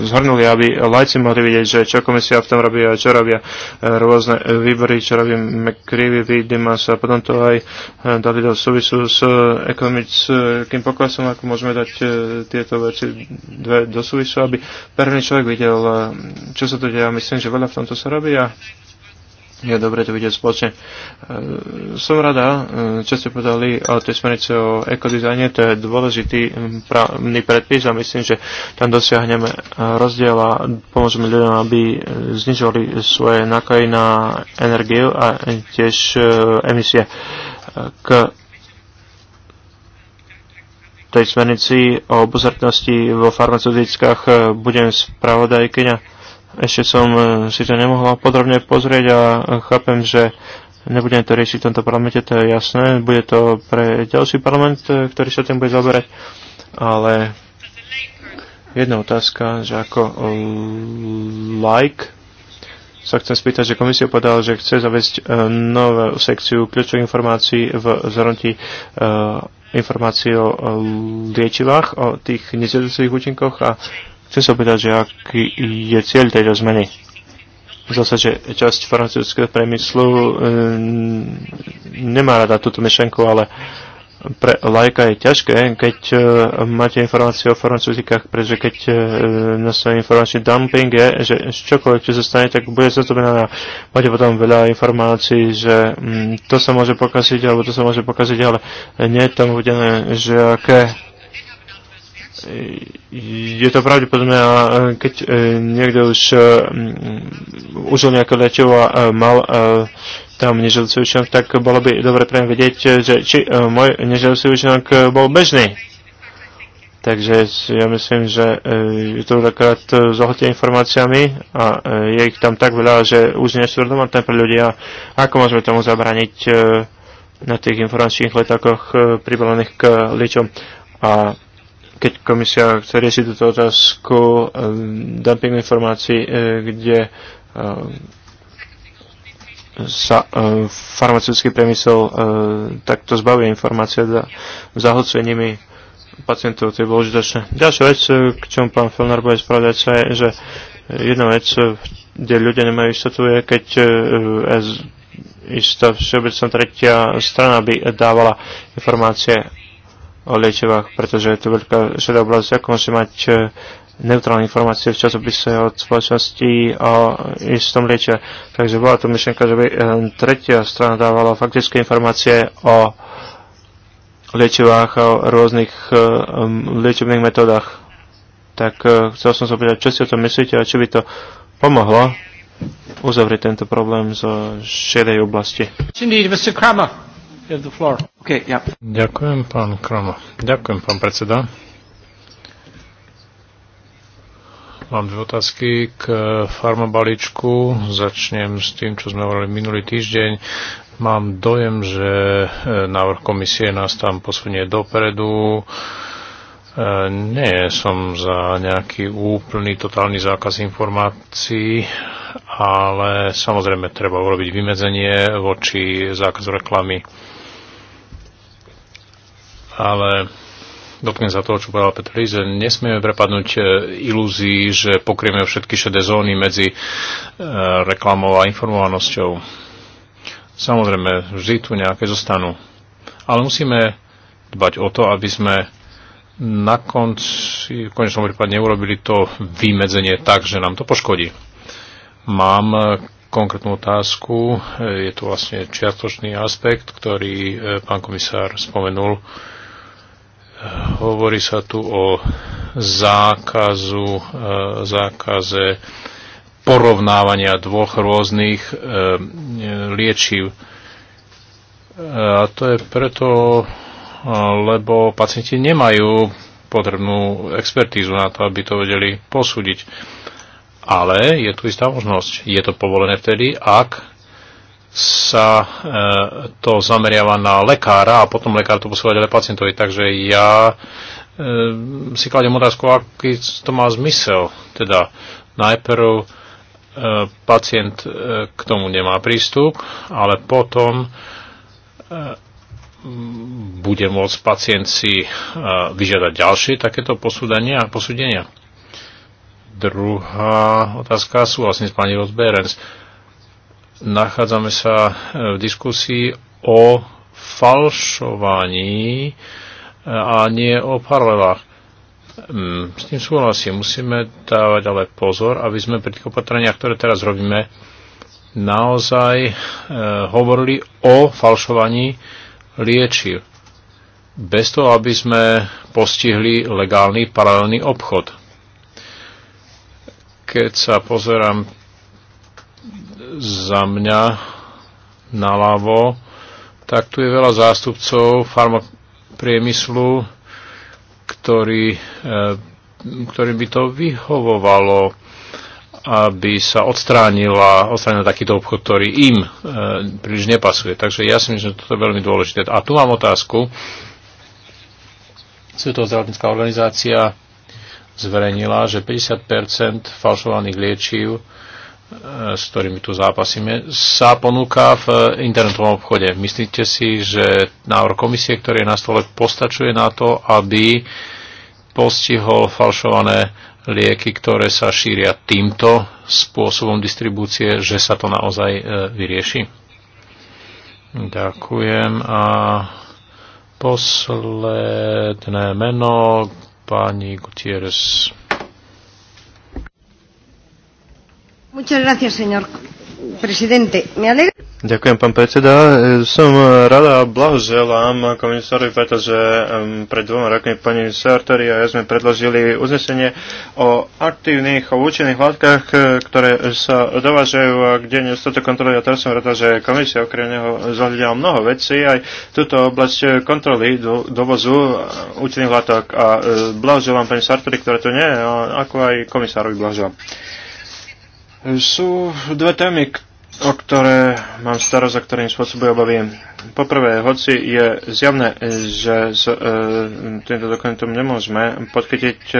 zhrnuli, aby lajci mohli vidieť, že čo komisia v tom robí a čo robia rôzne výbory, čo robí McCreevy, Vidimas a potom to aj dali do súvisu s ekonomickým poklesom, ako môžeme dať tieto veci dve do súvisu, aby prvý človek videl, čo sa to deje. Myslím, že veľa v tomto sa robí a je dobre to vidieť spoločne. E, som rada, e, čo ste povedali o tej smernici o ekodizajne, to je dôležitý právny predpis a myslím, že tam dosiahneme rozdiel a pomôžeme ľuďom, aby e, znižovali svoje náklady na energiu a tiež emisie k tej smernici o obozretnosti vo farmaceutickách budem spravodajkyňa ešte som e, si to nemohla podrobne pozrieť a chápem, že nebudeme to riešiť v tomto parlamente, to je jasné. Bude to pre ďalší parlament, e, ktorý sa tým bude zaberať. Ale jedna otázka, že ako e, like sa chcem spýtať, že komisia povedala, že chce zaviesť novú sekciu kľúčových informácií v zhrnutí informácií o liečivách, o tých nezjednocových účinkoch a Chcem sa opýtať, že aký je cieľ tejto zmeny. Už sa, že časť farmaceutického priemyslu e, nemá rada túto myšlenku, ale pre lajka je ťažké, keď e, máte informácie o farmaceutikách, pretože keď e, nastane informačný dumping, je, že čokoľvek, čo sa stane, tak bude zastupená. Máte potom veľa informácií, že m, mm, to sa môže pokaziť, alebo to sa môže pokaziť, ale nie je tam uvedené, že aké E, je to pravdepodobné, a keď e, niekto už e, užil nejaké liečivo a mal tam neželúci účinok, tak bolo by dobre pre vedieť, že či môj neželúci účinok bol bežný. Takže ja myslím, že je to veľakrát zahlté informáciami a je ich tam tak veľa, že už nie sú relevantné pre ľudia. Ako môžeme tomu zabraniť na tých informačných letákoch pribalených k liečom? A keď komisia chce riešiť túto otázku ehm, dumpingu informácií, eh, kde ehm, sa ehm, farmaceutický priemysel eh, takto zbavuje informácie za nimi pacientov, to je bolo užitočné. Ďalšia vec, eh, k čomu pán Filner bude spravdať sa, je, že jedna vec, kde ľudia nemajú istotu, je, keď istá všeobecná tretia strana by dávala informácie o liečivách, pretože je to veľká šedá oblasť, ako môže mať eh, neutrálne informácie v časopise od spoločnosti o istom lieče. Takže bola to myšlenka, že by eh, tretia strana dávala faktické informácie o liečivách, o rôznych eh, liečebných metodách. Tak chcel som sa opýtať, čo si o tom myslíte a či by to pomohlo uzavrieť tento problém zo šedej oblasti. Indeed, Mr. Kramer have the floor. Okay, yeah. Ďakujem, pán Kromo. Ďakujem, pán predseda. Mám dve otázky k farmabalíčku. Začnem s tým, čo sme hovorili minulý týždeň. Mám dojem, že e, návrh komisie nás tam posunie dopredu. E, nie som za nejaký úplný totálny zákaz informácií, ale samozrejme treba urobiť vymedzenie voči zákazu reklamy. Ale dotknem sa toho, čo povedal Petr Líze, nesmieme prepadnúť e, ilúzii, že pokrieme všetky šedé zóny medzi e, reklamou a informovanosťou. Samozrejme, vždy tu nejaké zostanú. Ale musíme dbať o to, aby sme na konci, v konečnom prípade neurobili to vymedzenie tak, že nám to poškodí. Mám e, konkrétnu otázku. E, je to vlastne čiastočný aspekt, ktorý e, pán komisár spomenul. Hovorí sa tu o zákazu, zákaze porovnávania dvoch rôznych liečiv. A to je preto, lebo pacienti nemajú potrebnú expertízu na to, aby to vedeli posúdiť ale je tu istá možnosť. Je to povolené vtedy, ak sa e, to zameriava na lekára a potom lekár to posiela ďalej pacientovi. Takže ja e, si kladem otázku, aký to má zmysel. Teda najprv e, pacient e, k tomu nemá prístup, ale potom e, bude môcť pacient si e, vyžiadať ďalšie takéto posúdania a posúdenia druhá otázka, súhlasím s pani Rosberens. Nachádzame sa e, v diskusii o falšovaní e, a nie o paralelách. Mm, s tým súhlasím. Musíme dávať ale pozor, aby sme pri tých opatreniach, ktoré teraz robíme, naozaj e, hovorili o falšovaní liečiv. Bez toho, aby sme postihli legálny paralelný obchod keď sa pozerám za mňa naľavo, tak tu je veľa zástupcov farmapriemyslu, ktorý, eh, ktorým by to vyhovovalo, aby sa odstránila, odstránila takýto obchod, ktorý im eh, príliš nepasuje. Takže ja si myslím, že toto je veľmi dôležité. A tu mám otázku. Svetová zdravotnícká organizácia zverejnila, že 50 falšovaných liečiv, e, s ktorými tu zápasíme, sa ponúka v internetovom obchode. Myslíte si, že návrh komisie, ktorý je na stole, postačuje na to, aby postihol falšované lieky, ktoré sa šíria týmto spôsobom distribúcie, že sa to naozaj e, vyrieši? Ďakujem. A posledné meno pani Gutierrez. Muchas gracias, señor Ďakujem, pán predseda. E, som rada a blahoželám komisárovi, pretože pred dvoma rokmi pani Sartori a ja sme predložili uznesenie o aktívnych a účinných látkach, e, ktoré sa dovážajú a kde to kontroly. A teraz som rada, že komisia okrem neho zahľadila mnoho vecí, aj túto oblasť kontroly do, dovozu e, účinných látok. A blahoželám pani Sartori, ktorá tu nie je, ako aj komisárovi blahoželám. Sú dve témy, o ktoré mám starosť a ktorým spôsobujem obavy. Poprvé, hoci je zjavné, že s e, týmto dokumentom nemôžeme podchytiť e,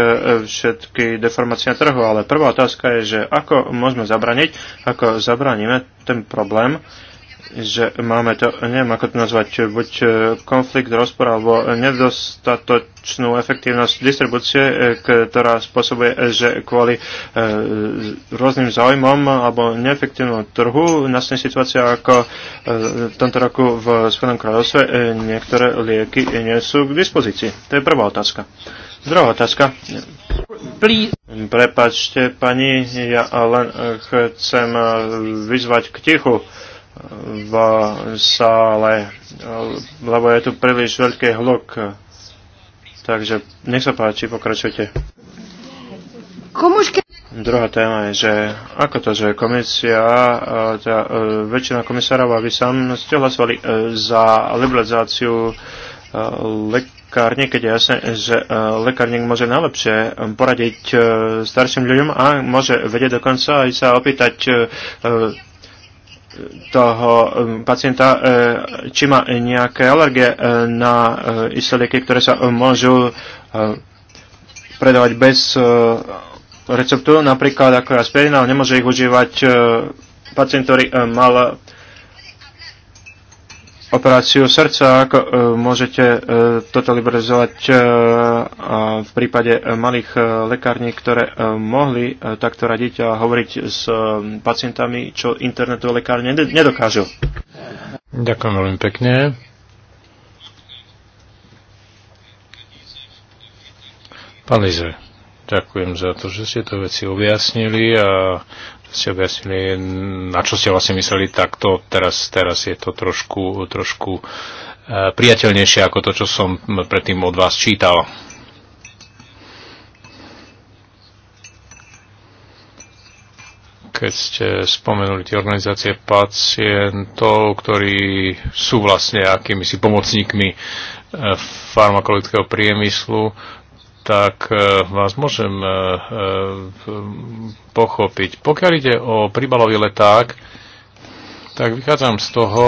všetky deformácie na trhu, ale prvá otázka je, že ako môžeme zabraniť, ako zabraníme ten problém, že máme to, neviem ako to nazvať, buď e, konflikt, rozpor alebo nedostatočnú efektívnosť distribúcie, e, ktorá spôsobuje, že kvôli e, rôznym záujmom alebo neefektívnom trhu nastane situácia ako v tomto roku v Spojenom kráľovstve niektoré lieky nie sú k dispozícii. To je prvá otázka. Druhá otázka. Prepačte, pani, ja len chcem vyzvať k tichu v sále, lebo je tu príliš veľký hluk. Takže nech sa páči, pokračujte. Komuške... Druhá téma je, že ako to, že komisia, teda, e, väčšina komisárov aby sa sám ste hlasovali e, za liberalizáciu e, lekárne, keď je jasné, že lekárnik môže najlepšie poradiť starším ľuďom a môže vedieť dokonca aj sa opýtať toho um, pacienta, e, či má nejaké alergie e, na e, isté lieky, ktoré sa môžu predávať bez receptu, napríklad ako aspirin, ale nemôže ich užívať pacient, ktorý mal operáciu srdca, ako e, môžete e, toto liberalizovať e, v prípade malých lekární, ktoré mohli takto radiť a hovoriť s pacientami, čo internetové lekárne nedokážu. Ďakujem veľmi pekne. Pán Lize, ďakujem za to, že ste to veci objasnili a ste objasnili, na čo ste vlastne mysleli, tak to teraz, teraz je to trošku, trošku e, priateľnejšie ako to, čo som predtým od vás čítal. keď ste spomenuli tie organizácie pacientov, ktorí sú vlastne si pomocníkmi e, farmakologického priemyslu, tak e, vás môžem e, e, pochopiť. Pokiaľ ide o príbalový leták, tak vychádzam z toho,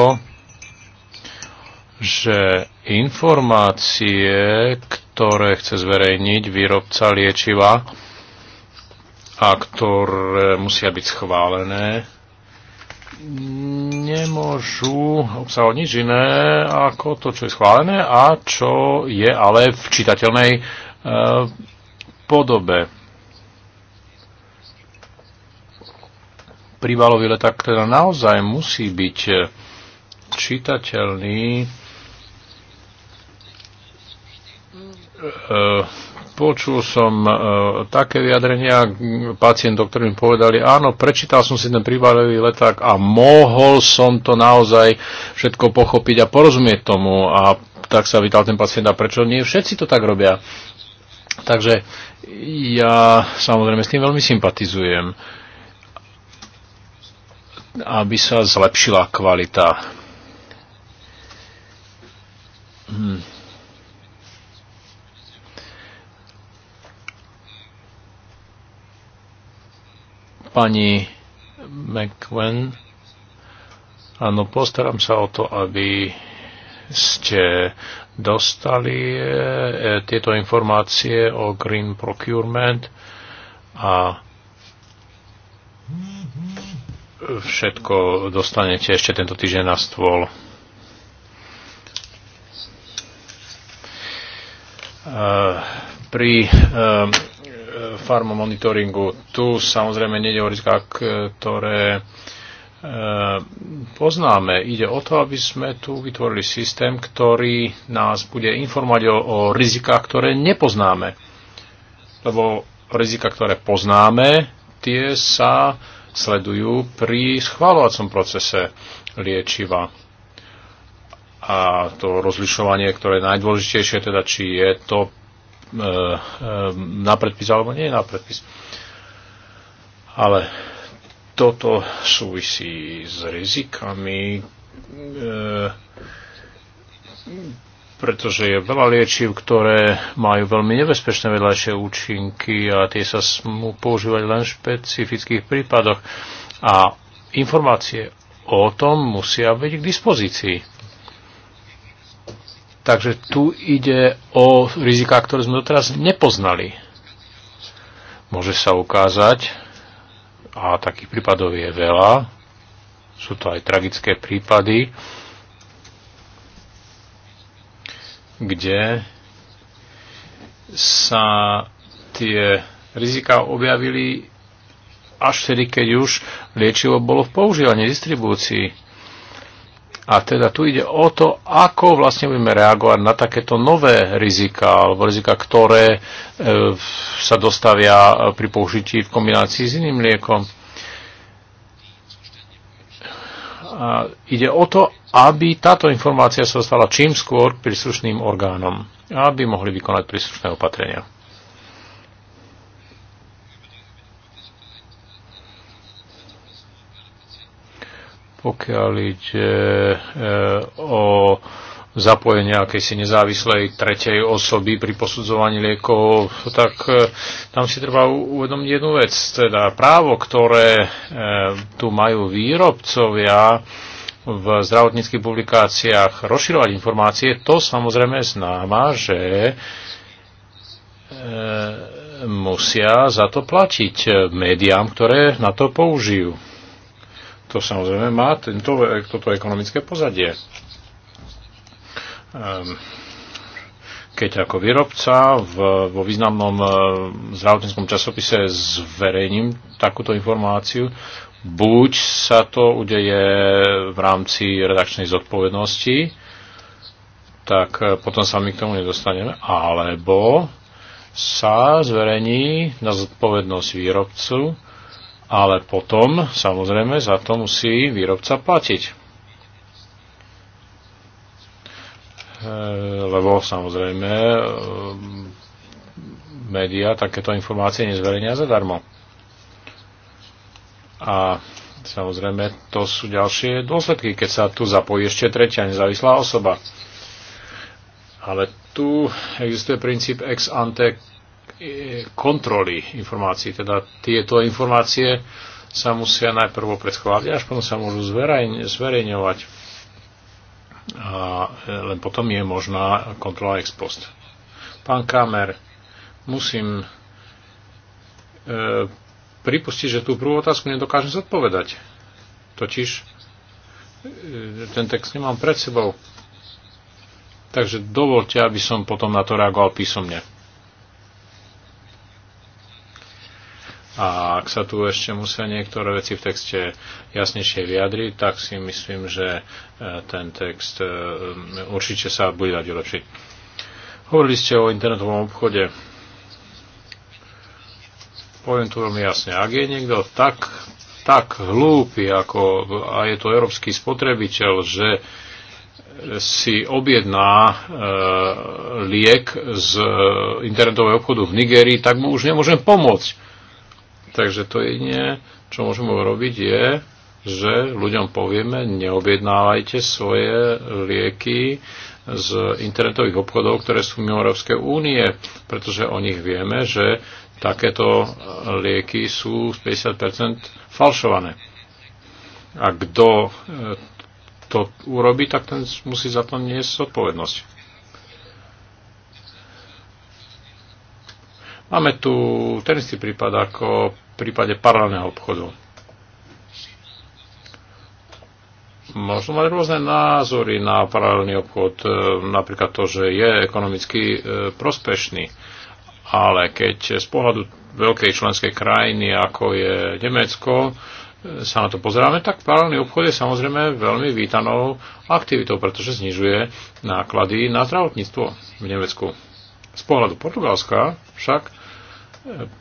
že informácie, ktoré chce zverejniť výrobca liečiva a ktoré musia byť schválené, nemôžu obsahovať nič iné ako to, čo je schválené a čo je ale v čitateľnej podobe. Privalový leták teda naozaj musí byť eh, čitateľný eh, počul som eh, také vyjadrenia pacientov, ktorí mi povedali, áno, prečítal som si ten príbalový leták a mohol som to naozaj všetko pochopiť a porozumieť tomu a tak sa vytal ten pacient a prečo nie všetci to tak robia. Takže ja samozrejme s tým veľmi sympatizujem, aby sa zlepšila kvalita. Hm. Pani McWen, áno, postaram sa o to, aby ste dostali eh, eh, tieto informácie o Green Procurement a všetko dostanete ešte tento týždeň na stôl. Eh, pri farmomonitoringu tu samozrejme nede o rizika, ktoré E, poznáme. Ide o to, aby sme tu vytvorili systém, ktorý nás bude informovať o, o rizikách, ktoré nepoznáme. Lebo rizika, ktoré poznáme, tie sa sledujú pri schváľovacom procese liečiva. A to rozlišovanie, ktoré je najdôležitejšie, teda či je to e, e, na predpis alebo nie je na predpis. Ale toto súvisí s rizikami, e, pretože je veľa liečiv, ktoré majú veľmi nebezpečné vedľajšie účinky a tie sa smú používať len v špecifických prípadoch. A informácie o tom musia byť k dispozícii. Takže tu ide o rizika, ktoré sme doteraz nepoznali. Môže sa ukázať, a takých prípadov je veľa. Sú to aj tragické prípady, kde sa tie rizika objavili až vtedy, keď už liečivo bolo v používaní, distribúcii a teda tu ide o to, ako vlastne budeme reagovať na takéto nové rizika, alebo rizika, ktoré e, sa dostavia e, pri použití v kombinácii s iným liekom. A ide o to, aby táto informácia sa dostala čím skôr príslušným orgánom, aby mohli vykonať príslušné opatrenia. pokiaľ ide e, o zapojenie akejsi nezávislej tretej osoby pri posudzovaní liekov, tak e, tam si treba uvedomiť jednu vec. Teda právo, ktoré e, tu majú výrobcovia v zdravotníckých publikáciách rozširovať informácie, to samozrejme známa, že musia za to platiť médiám, ktoré na to použijú to samozrejme má tento, e, toto ekonomické pozadie. Ehm, keď ako výrobca v, vo významnom e, zdravotníckom časopise zverejním takúto informáciu, buď sa to udeje v rámci redakčnej zodpovednosti, tak e, potom sa my k tomu nedostaneme, alebo sa zverejní na zodpovednosť výrobcu, ale potom samozrejme za to musí výrobca platiť. E, lebo samozrejme e, média takéto informácie nezverejnia zadarmo. A samozrejme to sú ďalšie dôsledky, keď sa tu zapojí ešte tretia nezávislá osoba. Ale tu existuje princíp ex ante E, kontroly informácií. Teda tieto informácie sa musia najprv predchovávať, až potom sa môžu zverejňovať. A e, len potom je možná kontrola ex post. Pán Kamer, musím e, pripustiť, že tú prvú otázku nedokážem zodpovedať. Totiž e, ten text nemám pred sebou. Takže dovolte, aby som potom na to reagoval písomne. A ak sa tu ešte musia niektoré veci v texte jasnejšie vyjadriť, tak si myslím, že e, ten text e, určite sa bude dať ulepšiť. Hovorili ste o internetovom obchode. Poviem tu veľmi jasne. Ak je niekto tak, tak hlúpy, ako, a je to európsky spotrebiteľ, že si objedná e, liek z e, internetového obchodu v Nigerii, tak mu už nemôžem pomôcť Takže to jediné, čo môžeme urobiť, je, že ľuďom povieme, neobjednávajte svoje lieky z internetových obchodov, ktoré sú mimo Európskej únie, pretože o nich vieme, že takéto lieky sú 50% falšované. A kto e, to urobí, tak ten musí za to niesť zodpovednosť. Máme tu ten istý prípad ako v prípade paralelného obchodu. Možno mať rôzne názory na paralelný obchod, e, napríklad to, že je ekonomicky e, prospešný, ale keď z pohľadu veľkej členskej krajiny, ako je Nemecko, e, sa na to pozeráme, tak paralelný obchod je samozrejme veľmi vítanou aktivitou, pretože znižuje náklady na zdravotníctvo v Nemecku. Z pohľadu Portugalska však e,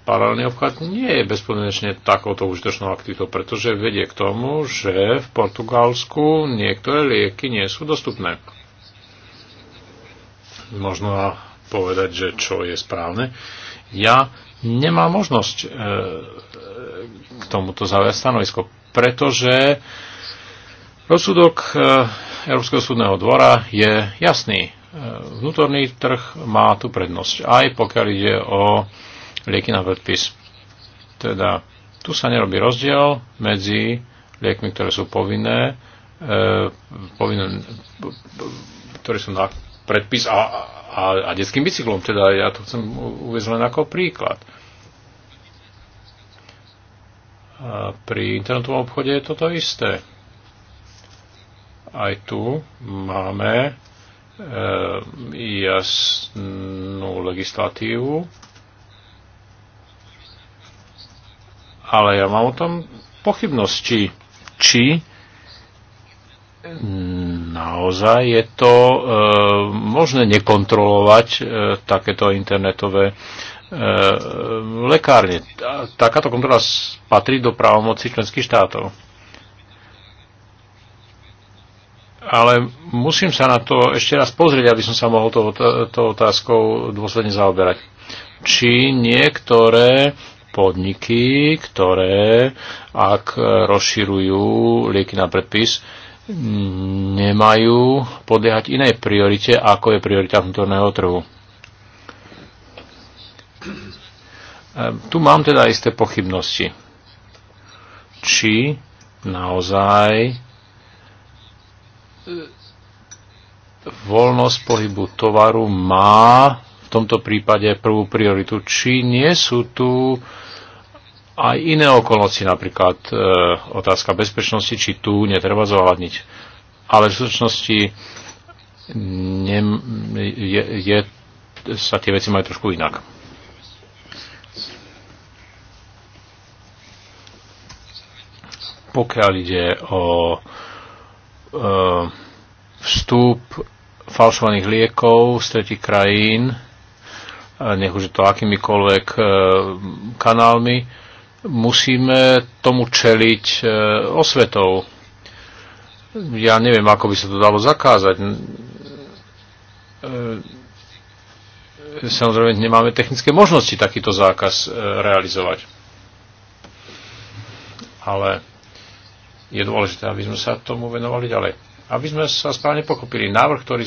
paralelný obchod nie je bezpodmienečne takouto užitočnou aktivitou, pretože vedie k tomu, že v Portugalsku niektoré lieky nie sú dostupné. Možno povedať, že čo je správne. Ja nemám možnosť e, k tomuto zaujať stanovisko, pretože rozsudok e, Európskeho súdneho dvora je jasný vnútorný trh má tu prednosť, aj pokiaľ ide o lieky na predpis. Teda tu sa nerobí rozdiel medzi liekmi, ktoré sú povinné, e, povinné ktoré sú na predpis a, a, a detským bicyklom. Teda ja to chcem uvieť len ako príklad. A pri internetovom obchode je toto isté. Aj tu máme Ehm, jasnú legislatívu, ale ja mám o tom pochybnosti, či naozaj je to e, možné nekontrolovať e, takéto internetové e, lekárne. Takáto kontrola patrí do právomoci členských štátov. ale musím sa na to ešte raz pozrieť, aby som sa mohol tou to, to otázkou dôsledne zaoberať. Či niektoré podniky, ktoré ak rozširujú lieky na predpis, nemajú podliehať inej priorite, ako je priorita vnútorného trhu. Tu mám teda isté pochybnosti. Či naozaj voľnosť pohybu tovaru má v tomto prípade prvú prioritu. Či nie sú tu aj iné okolnosti, napríklad e, otázka bezpečnosti, či tu netreba zohľadniť. Ale v skutočnosti ne, je, je, sa tie veci majú trošku inak. Pokiaľ ide o e, Eh, vstup falšovaných liekov z tretich krajín, eh, nech už je to akýmikoľvek eh, kanálmi, musíme tomu čeliť osvetou. Ja neviem, ako by sa to dalo zakázať. Samozrejme, nemáme technické možnosti takýto zákaz realizovať. Ale je dôležité, aby sme sa tomu venovali ďalej. Aby sme sa správne pochopili, návrh, ktorý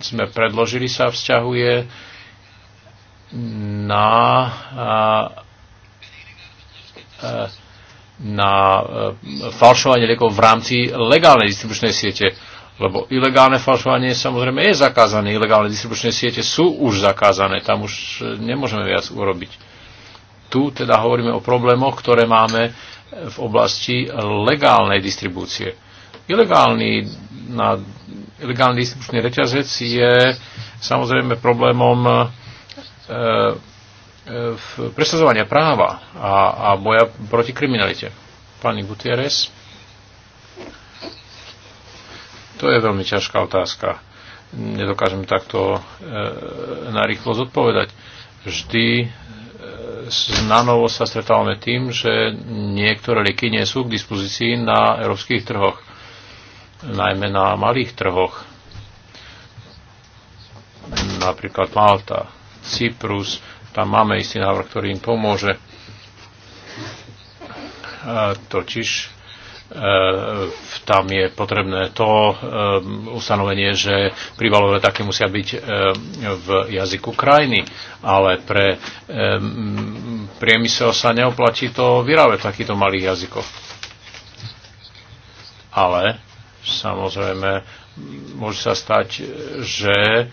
sme predložili, sa vzťahuje na, e, na e, falšovanie liekov v rámci legálnej distribučnej siete. Lebo ilegálne falšovanie samozrejme je zakázané. Ilegálne distribučné siete sú už zakázané. Tam už e, nemôžeme viac urobiť. Tu teda hovoríme o problémoch, ktoré máme v oblasti legálnej distribúcie. Ilegálny, na, ilegálny distribučný reťazec je samozrejme problémom e, e, presadzovania práva a, a boja proti kriminalite. Pani Gutierrez? To je veľmi ťažká otázka. Nedokážem takto e, narýchlo zodpovedať. Vždy nanovo sa stretávame tým, že niektoré lieky nie sú k dispozícii na európskych trhoch, najmä na malých trhoch. Napríklad Malta, Cyprus, tam máme istý návrh, ktorý im pomôže. Totiž E, tam je potrebné to e, ustanovenie, že prívalové také musia byť e, v jazyku krajiny, ale pre priemysel sa neoplatí to vyrábať v takýchto malých jazykoch. Ale samozrejme môže sa stať, že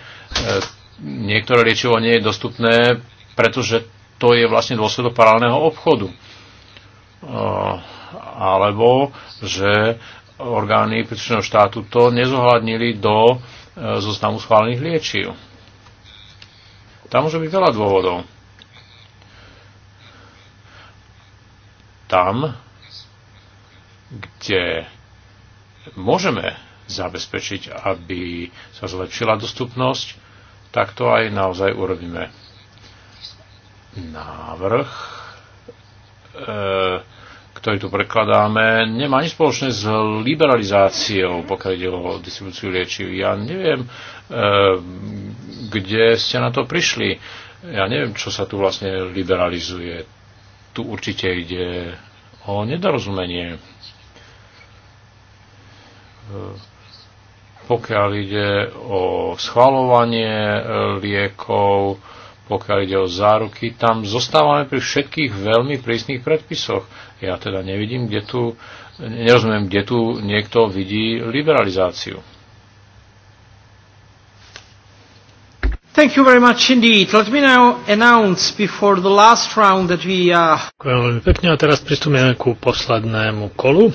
niektoré liečivo nie je dostupné, pretože to je vlastne dôsledok paralelného obchodu alebo že orgány príslušného štátu to nezohľadnili do e, zoznamu schválených liečiv. Tam môže byť veľa dôvodov. Tam, kde môžeme zabezpečiť, aby sa zlepšila dostupnosť, tak to aj naozaj urobíme. Návrh e, ktorý tu prekladáme, nemá nič spoločné s liberalizáciou, pokiaľ ide o distribúciu liečiv. Ja neviem, eh, kde ste na to prišli. Ja neviem, čo sa tu vlastne liberalizuje. Tu určite ide o nedorozumenie. Eh, pokiaľ ide o schvalovanie eh, liekov, pokiaľ ide o záruky, tam zostávame pri všetkých veľmi prísnych predpisoch. Ja teda nevidím, kde tu, nerozumiem, kde tu niekto vidí liberalizáciu. Thank you very much indeed. Let me now announce before the last round that we uh, are... Veľmi pekne a teraz pristúpime ku poslednému kolu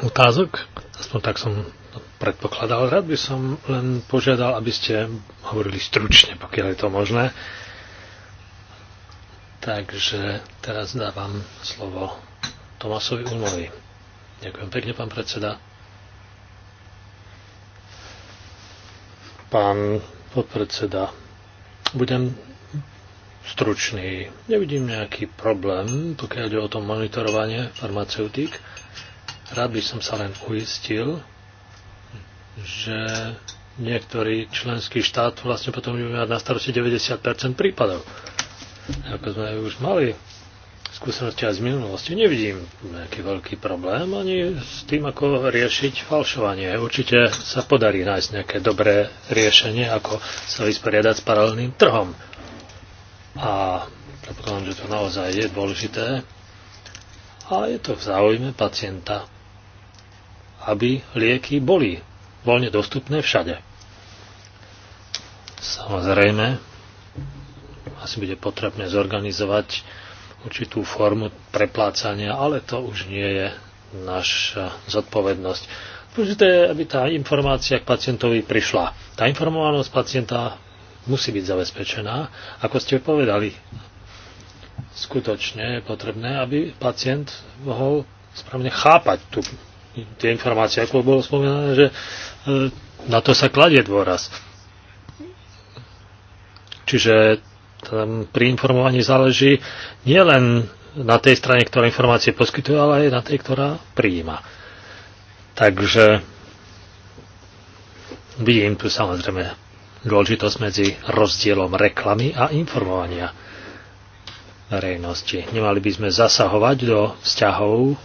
otázok. Aspoň tak som predpokladal. Rád by som len požiadal, aby ste hovorili stručne, pokiaľ je to možné. Takže teraz dávam slovo Tomasovi Ulmovi. Ďakujem pekne, pán predseda. Pán podpredseda, budem stručný. Nevidím nejaký problém, pokiaľ ide o to monitorovanie farmaceutík. Rád by som sa len uistil, že niektorý členský štát vlastne potom by mať na starosti 90% prípadov ako sme už mali skúsenosti aj z minulosti, nevidím nejaký veľký problém ani s tým, ako riešiť falšovanie. Určite sa podarí nájsť nejaké dobré riešenie, ako sa vysporiadať s paralelným trhom. A predpokladám, že to naozaj je dôležité. A je to v záujme pacienta, aby lieky boli voľne dostupné všade. Samozrejme, asi bude potrebné zorganizovať určitú formu preplácania, ale to už nie je naša zodpovednosť. Dôležité je, aby tá informácia k pacientovi prišla. Tá informovanosť pacienta musí byť zabezpečená. Ako ste povedali, skutočne je potrebné, aby pacient mohol správne chápať tú, tie informácie, ako bolo spomenané, že e, na to sa kladie dôraz. Čiže tam teda pri informovaní záleží nielen na tej strane, ktorá informácie poskytuje, ale aj na tej, ktorá prijíma. Takže vidím tu samozrejme dôležitosť medzi rozdielom reklamy a informovania verejnosti. Nemali by sme zasahovať do vzťahov e,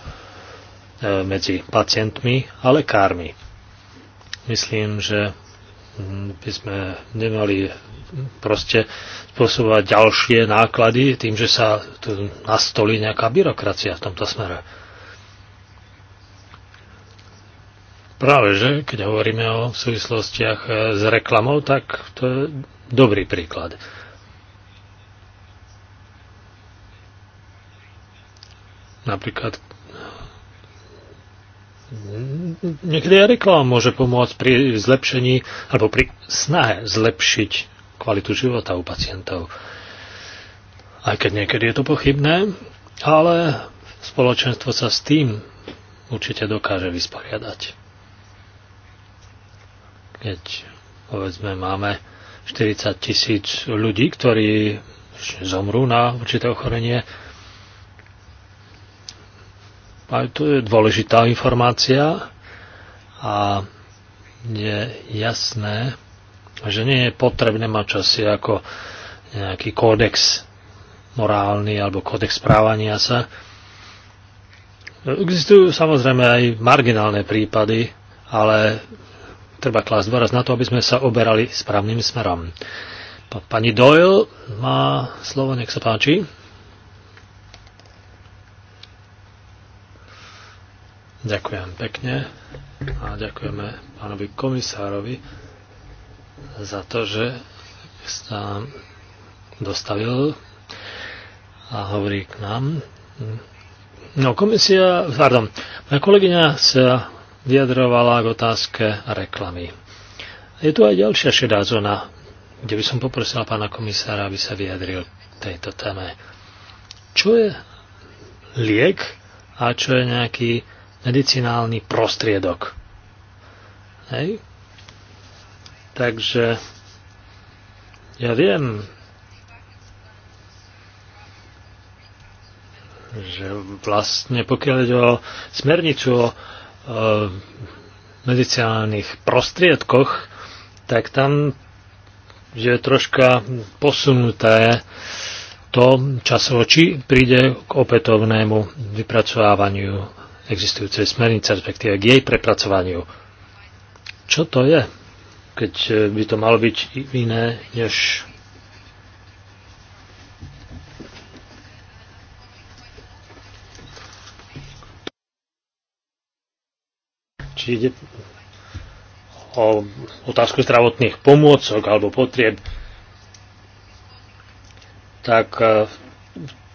medzi pacientmi a lekármi. Myslím, že mm, by sme nemali proste spôsobovať ďalšie náklady tým, že sa tu nastolí nejaká byrokracia v tomto smere. Práve, že keď hovoríme o súvislostiach eh, s reklamou, tak to je dobrý príklad. Napríklad eh, niekedy aj reklama môže pomôcť pri zlepšení alebo pri snahe zlepšiť kvalitu života u pacientov. Aj keď niekedy je to pochybné, ale spoločenstvo sa s tým určite dokáže vysporiadať. Keď povedzme máme 40 tisíc ľudí, ktorí zomrú na určité ochorenie, aj to je dôležitá informácia a je jasné, že nie je potrebné mať časy ako nejaký kódex morálny alebo kódex správania sa. Existujú samozrejme aj marginálne prípady, ale treba klásť dôraz na to, aby sme sa oberali správnym smerom. Pani Doyle má slovo, nech sa páči. Ďakujem pekne a ďakujeme pánovi komisárovi za to, že sa dostavil a hovorí k nám. No, komisia, pardon, moja kolegyňa sa vyjadrovala k otázke reklamy. Je tu aj ďalšia šedá zóna, kde by som poprosila pána komisára, aby sa vyjadril k tejto téme. Čo je liek a čo je nejaký medicinálny prostriedok? Hej? Takže ja viem, že vlastne pokiaľ ide o smernicu o e, medicinálnych prostriedkoch, tak tam je troška posunuté to časovo, či príde k opätovnému vypracovávaniu existujúcej smernice, respektíve k jej prepracovaniu. Čo to je? keď e, by to malo byť iné než či ide o otázku zdravotných pomôcok alebo potrieb, tak e,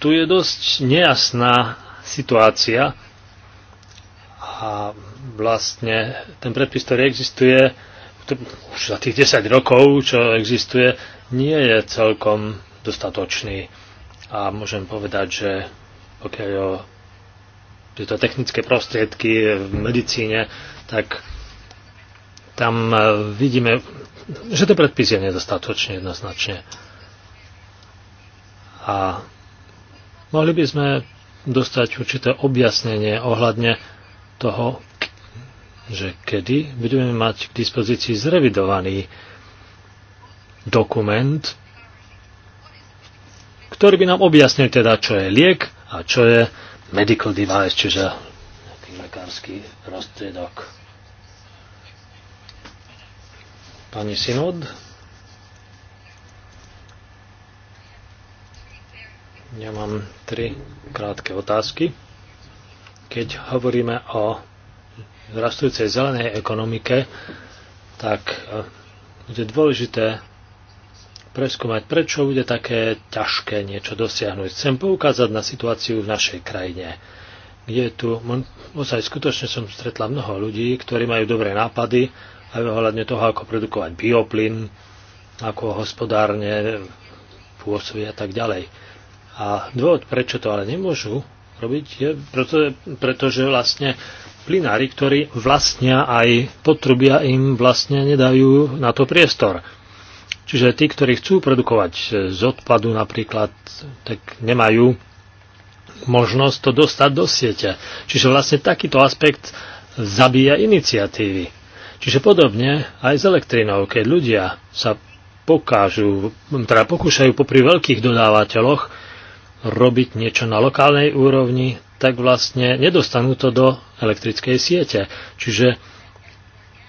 tu je dosť nejasná situácia a vlastne ten predpis, ktorý existuje, už za tých 10 rokov, čo existuje, nie je celkom dostatočný. A môžem povedať, že pokiaľ o tieto technické prostriedky v medicíne, tak tam e, vidíme, že ten predpis je nedostatočný jednoznačne. A mohli by sme dostať určité objasnenie ohľadne toho, že kedy budeme mať k dispozícii zrevidovaný dokument, ktorý by nám objasnil teda, čo je liek a čo je medical device, čiže lekársky prostriedok. Pani Synod? Ja mám tri krátke otázky. Keď hovoríme o rastujúcej zelenej ekonomike, tak e, bude dôležité preskúmať, prečo bude také ťažké niečo dosiahnuť. Chcem poukázať na situáciu v našej krajine, kde tu, ozaj skutočne som stretla mnoho ľudí, ktorí majú dobré nápady aj ohľadne toho, ako produkovať bioplyn, ako hospodárne pôsobiť a tak ďalej. A dôvod, prečo to ale nemôžu robiť, je preto, pretože vlastne plinári, ktorí vlastnia aj potrubia, im vlastne nedajú na to priestor. Čiže tí, ktorí chcú produkovať z odpadu napríklad, tak nemajú možnosť to dostať do siete. Čiže vlastne takýto aspekt zabíja iniciatívy. Čiže podobne aj s elektrinou, keď ľudia sa pokážu, teda pokúšajú popri veľkých dodávateľoch robiť niečo na lokálnej úrovni, tak vlastne nedostanú to do elektrickej siete. Čiže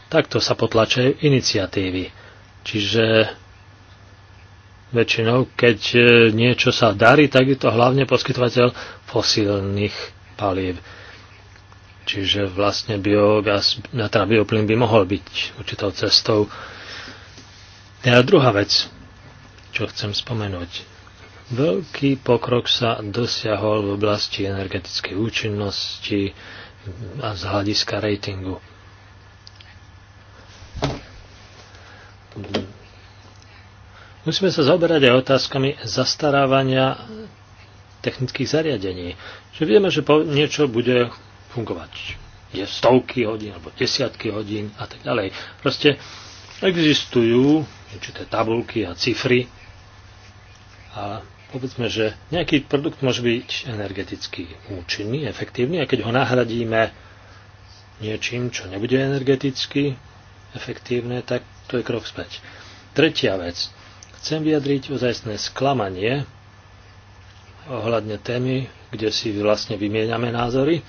takto sa potlačajú iniciatívy. Čiže väčšinou, keď e, niečo sa darí, tak je to hlavne poskytovateľ fosílnych palív. Čiže vlastne biogaz, teda bioplyn by mohol byť určitou cestou. No a druhá vec, čo chcem spomenúť. Veľký pokrok sa dosiahol v oblasti energetickej účinnosti a z hľadiska ratingu. Musíme sa zaoberať aj otázkami zastarávania technických zariadení. Že vieme, že niečo bude fungovať. Je stovky hodín, alebo desiatky hodín a tak ďalej. Proste existujú určité tabulky a cifry a povedzme, že nejaký produkt môže byť energeticky účinný, efektívny a keď ho nahradíme niečím, čo nebude energeticky efektívne, tak to je krok späť. Tretia vec. Chcem vyjadriť ozajstné sklamanie ohľadne témy, kde si vlastne vymieňame názory.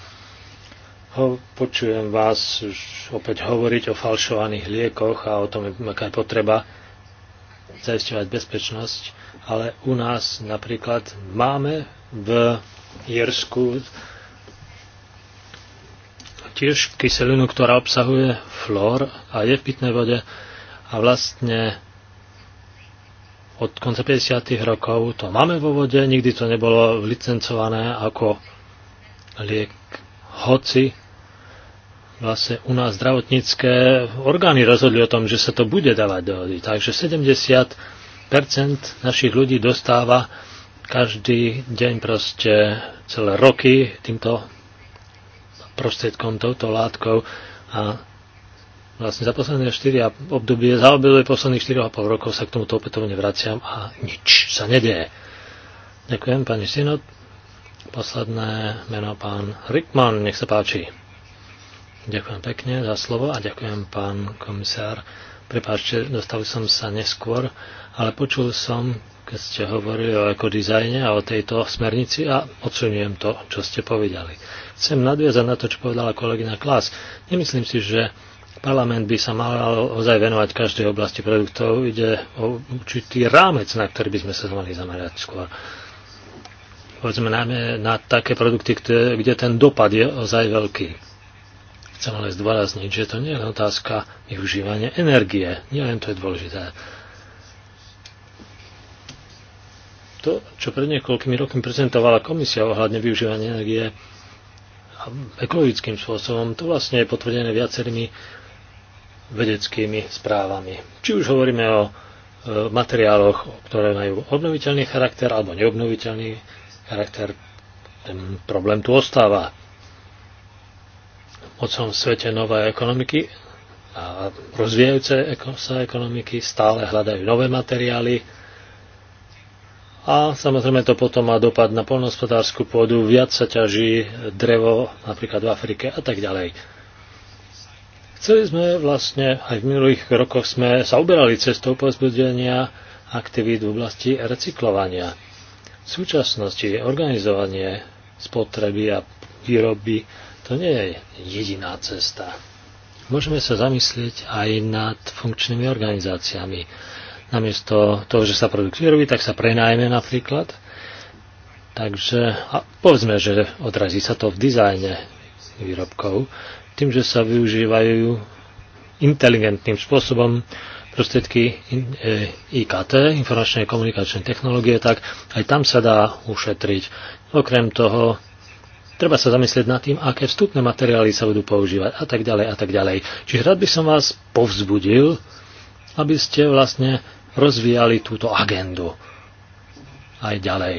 Ho, počujem vás už opäť hovoriť o falšovaných liekoch a o tom, aká je potreba zaisťovať bezpečnosť ale u nás napríklad máme v Jersku tiež kyselinu, ktorá obsahuje flór a je v pitnej vode a vlastne od konca 50. rokov to máme vo vode, nikdy to nebolo licencované ako liek, hoci vlastne u nás zdravotnícke orgány rozhodli o tom, že sa to bude dávať do vody. Takže 70 našich ľudí dostáva každý deň proste celé roky týmto prostriedkom, touto látkou a vlastne za posledné 4 obdobie, za obdobie posledných 4,5 rokov sa k tomuto opätovne vraciam a nič sa nedieje. Ďakujem, pani Sinot. Posledné meno pán Rickman, nech sa páči. Ďakujem pekne za slovo a ďakujem pán komisár. Prepáčte, dostal som sa neskôr ale počul som, keď ste hovorili o ekodizajne a o tejto smernici a ocenujem to, čo ste povedali. Chcem nadviazať na to, čo povedala kolegyňa Klas. Nemyslím si, že parlament by sa mal ozaj venovať každej oblasti produktov. Ide o určitý rámec, na ktorý by sme sa mali zamerať skôr povedzme najmä na také produkty, kde, kde ten dopad je ozaj veľký. Chcem ale zdôrazniť, že to nie je len otázka využívania energie, nie len to je dôležité, to, čo pred niekoľkými rokmi prezentovala komisia ohľadne využívania energie ekologickým spôsobom, to vlastne je potvrdené viacerými vedeckými správami. Či už hovoríme o e, materiáloch, ktoré majú obnoviteľný charakter alebo neobnoviteľný charakter, ten problém tu ostáva. V celom svete nové ekonomiky a rozvíjajúce sa ekonomiky stále hľadajú nové materiály, a samozrejme to potom má dopad na polnohospodárskú pôdu, viac sa ťaží drevo napríklad v Afrike a tak ďalej. Chceli sme vlastne, aj v minulých rokoch sme sa uberali cestou pozbudenia aktivít v oblasti recyklovania. V súčasnosti organizovanie spotreby a výroby to nie je jediná cesta. Môžeme sa zamyslieť aj nad funkčnými organizáciami Namiesto toho, že sa produkt vyrobí, tak sa prenajme napríklad. Takže a povedzme, že odrazí sa to v dizajne výrobkov, tým, že sa využívajú inteligentným spôsobom prostriedky IKT, e, informačné a komunikačné technológie, tak aj tam sa dá ušetriť. Okrem toho, treba sa zamyslieť nad tým, aké vstupné materiály sa budú používať a tak ďalej a tak ďalej. Čiže rád by som vás povzbudil, aby ste vlastne rozvíjali túto agendu aj ďalej.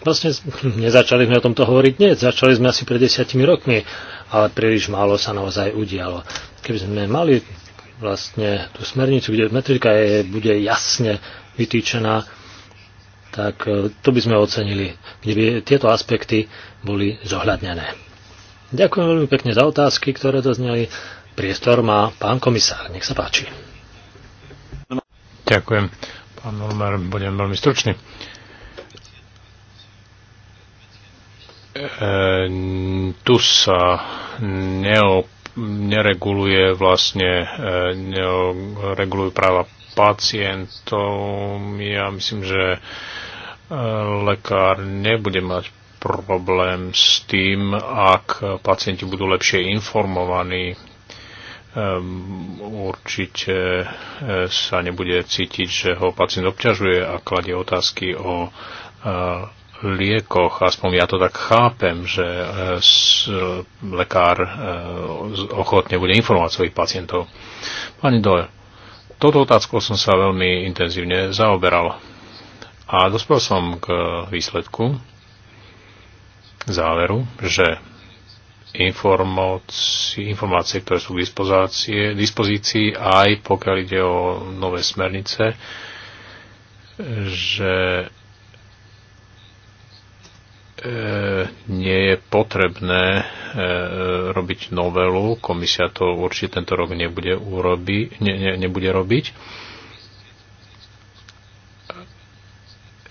Vlastne nezačali sme o tomto hovoriť dnes, začali sme asi pred desiatimi rokmi, ale príliš málo sa naozaj udialo. Keby sme mali vlastne tú smernicu, kde metrika je, bude jasne vytýčená, tak e, to by sme ocenili, kde by tieto aspekty boli zohľadnené. Ďakujem veľmi pekne za otázky, ktoré dozneli. Priestor má pán komisár, nech sa páči. Ďakujem. Pán Olmer, budem veľmi stručný. E, tu sa neop, nereguluje vlastne, e, neregulujú práva pacientov. Ja myslím, že e, lekár nebude mať problém s tým, ak pacienti budú lepšie informovaní Ehm, určite eh, sa nebude cítiť, že ho pacient obťažuje a kladie otázky o eh, liekoch, aspoň ja to tak chápem, že eh, lekár ochotne bude informovať svojich pacientov. Pani Doyle, toto otázkou som sa veľmi intenzívne zaoberal a dospel som k výsledku, záveru, že informácie, ktoré sú k dispozícii, aj pokiaľ ide o nové smernice, že e, nie je potrebné e, robiť novelu. Komisia to určite tento rok nebude, urobi, ne, ne, nebude robiť.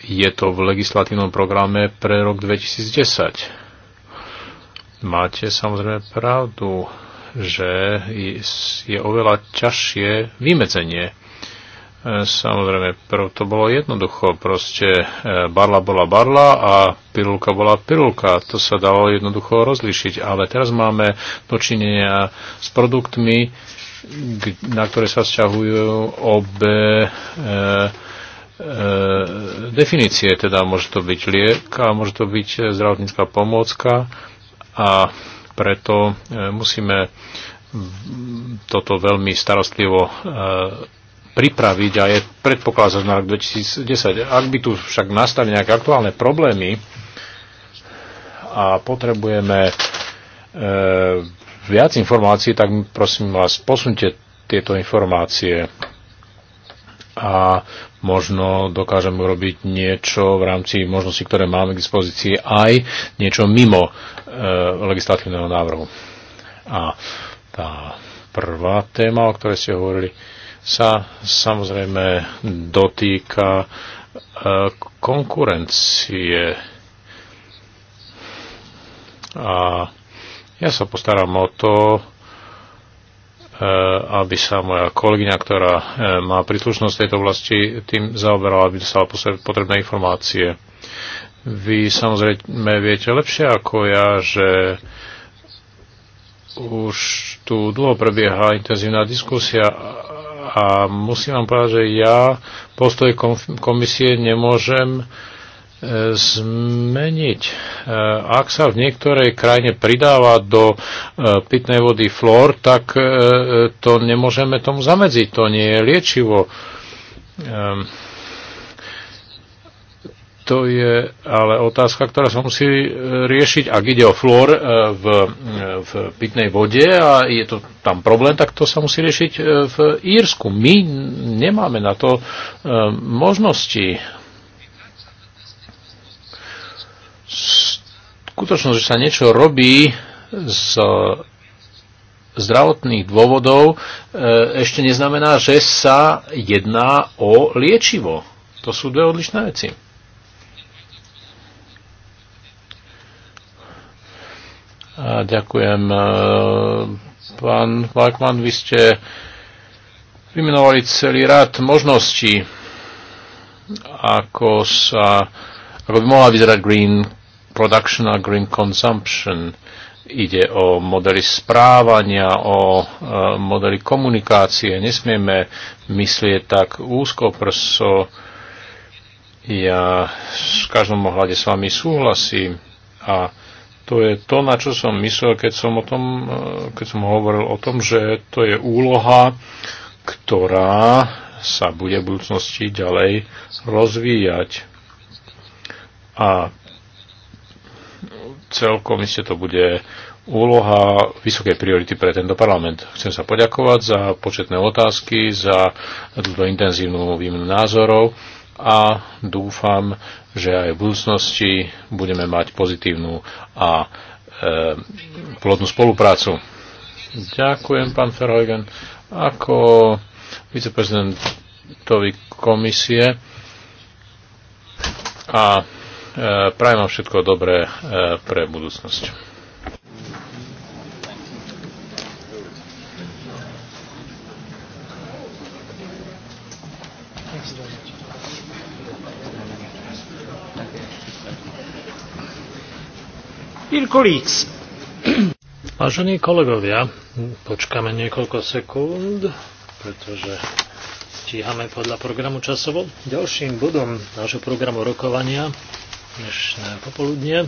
Je to v legislatívnom programe pre rok 2010 Máte samozrejme pravdu, že je oveľa ťažšie vymedzenie. E, samozrejme, to bolo jednoducho, proste e, barla bola barla a pilulka bola pilulka. To sa dalo jednoducho rozlišiť, ale teraz máme dočinenia s produktmi, na ktoré sa vzťahujú obe e, e, definície, teda môže to byť liek a môže to byť zdravotnícká pomôcka a preto e, musíme toto veľmi starostlivo e, pripraviť a je predpoklad na rok 2010. Ak by tu však nastali nejaké aktuálne problémy a potrebujeme e, viac informácií, tak prosím vás, posunte tieto informácie a možno dokážeme urobiť niečo v rámci možností, ktoré máme k dispozícii, aj niečo mimo E, legislatívneho návrhu. A tá prvá téma, o ktorej ste hovorili, sa samozrejme dotýka e, konkurencie. A ja sa postaram o to, e, aby sa moja kolegyňa, ktorá má príslušnosť tejto oblasti, tým zaoberala, aby dostala potrebné informácie. Vy samozrejme viete lepšie ako ja, že už tu dlho prebieha intenzívna diskusia a musím vám povedať, že ja postoj komisie nemôžem e, zmeniť. E, ak sa v niektorej krajine pridáva do e, pitnej vody flór, tak to nemôžeme tomu zamedziť. To nie je liečivo. Um, to je ale otázka, ktorá sa musí e, riešiť. Ak ide o flór e, v, e, v pitnej vode a je to tam problém, tak to sa musí riešiť v Írsku. My nemáme na to možnosti. Skutočnosť, že sa niečo robí z zdravotných dôvodov, ešte neznamená, že sa jedná o liečivo. To sú dve odlišné veci. ďakujem. E, pán Vlákman, vy ste vymenovali celý rad možností, ako, sa, ako by mohla vyzerať green production a green consumption. Ide o modely správania, o e, modely komunikácie. Nesmieme myslieť tak úzko prso. Ja v každom ohľade s vami súhlasím a to je to, na čo som myslel, keď som, o tom, e, keď som hovoril o tom, že to je úloha, ktorá sa bude v budúcnosti ďalej rozvíjať. A celkom iste to bude úloha vysokej priority pre tento parlament. Chcem sa poďakovať za početné otázky, za túto intenzívnu výmenu názorov a dúfam, že aj v budúcnosti budeme mať pozitívnu a e, plodnú spoluprácu. Ďakujem, pán Ferhojgen. Ako viceprezidentovi komisie a e, prajem vám všetko dobré e, pre budúcnosť. Vážení kolegovia, počkáme niekoľko sekúnd, pretože stíhame podľa programu časovo. Ďalším bodom nášho programu rokovania dnešné popoludnie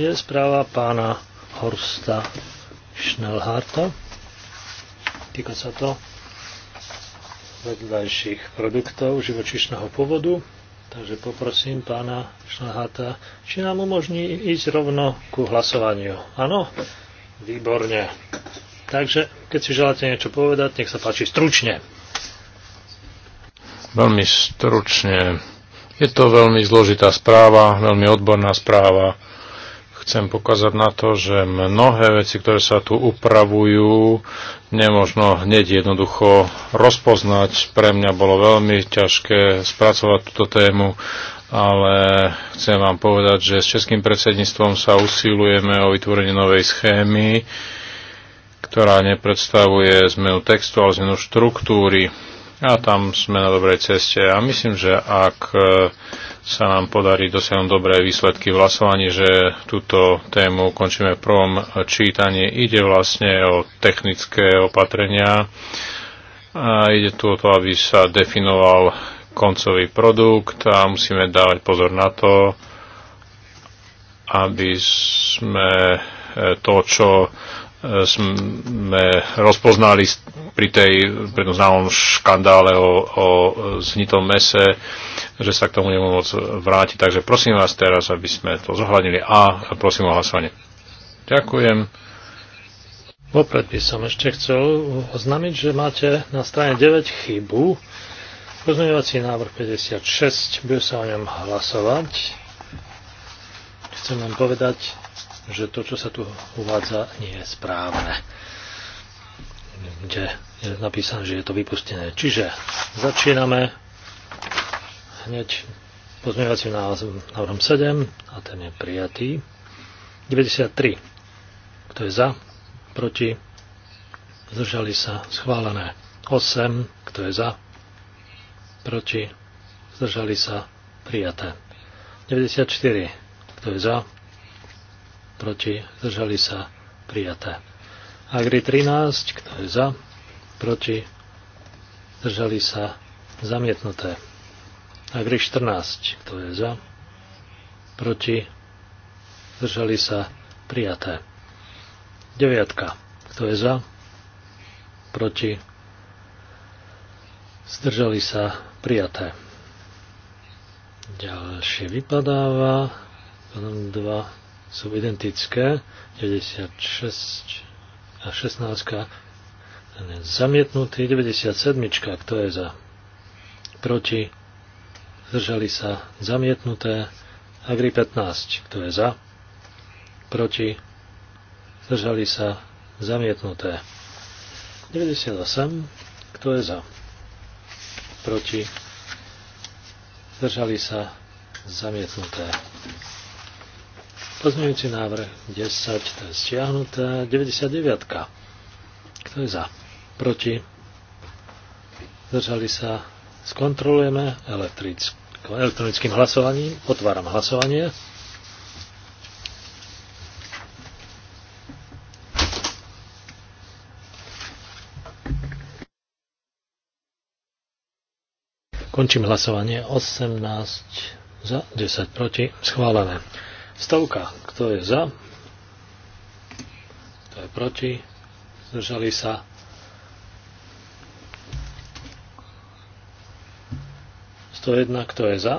je správa pána Horsta Schnellharta. Týka sa to vedľajších produktov živočišného pôvodu Takže poprosím pána Šlahata, či nám umožní ísť rovno ku hlasovaniu. Áno? Výborne. Takže, keď si želáte niečo povedať, nech sa páči stručne. Veľmi stručne. Je to veľmi zložitá správa, veľmi odborná správa chcem pokázať na to, že mnohé veci, ktoré sa tu upravujú, nemožno hneď jednoducho rozpoznať. Pre mňa bolo veľmi ťažké spracovať túto tému, ale chcem vám povedať, že s českým predsedníctvom sa usilujeme o vytvorenie novej schémy, ktorá nepredstavuje zmenu textu, ale zmenu štruktúry a tam sme na dobrej ceste a myslím, že ak e, sa nám podarí dosiahnuť dobré výsledky v hlasovaní, že túto tému končíme v prvom čítaní. Ide vlastne o technické opatrenia a ide tu o to, aby sa definoval koncový produkt a musíme dávať pozor na to, aby sme e, to, čo sme rozpoznali pri tej prednom známom škandále o, o znitom mese, že sa k tomu nebudeme môcť vrátiť. Takže prosím vás teraz, aby sme to zohľadnili a prosím o hlasovanie. Ďakujem. Vopred by som ešte chcel oznámiť, že máte na strane 9 chybu. Pozmeňovací návrh 56, bude sa o ňom hlasovať. Chcem vám povedať, že to, čo sa tu uvádza, nie je správne. Kde je napísané, že je to vypustené. Čiže začíname hneď pozmeňovacím návrhom 7 a ten je prijatý. 93. Kto je za? Proti? Zdržali sa? Schválené. 8. Kto je za? Proti? Zdržali sa? Prijaté. 94. Kto je za? proti, zdržali sa, prijaté. Agri 13, kto je za, proti, zdržali sa, zamietnuté. Agri 14, kto je za, proti, zdržali sa, prijaté. Deviatka, kto je za, proti, zdržali sa, prijaté. Ďalšie vypadáva, potom 2, sú identické. 96 a 16 ten je zamietnutý. 97, kto je za? Proti? Zdržali sa zamietnuté. Agri 15, kto je za? Proti? Zdržali sa zamietnuté. 98, kto je za? Proti? Zdržali sa zamietnuté. Pozmeňujúci návrh 10, to je stiahnutá. 99. Kto je za? Proti? Zdržali sa? Skontrolujeme elektronickým hlasovaním. Otváram hlasovanie. Končím hlasovanie. 18 za, 10 proti. Schválené. Stovka. Kto je za? Kto je proti? Zdržali sa? Sto jedna. Kto je za?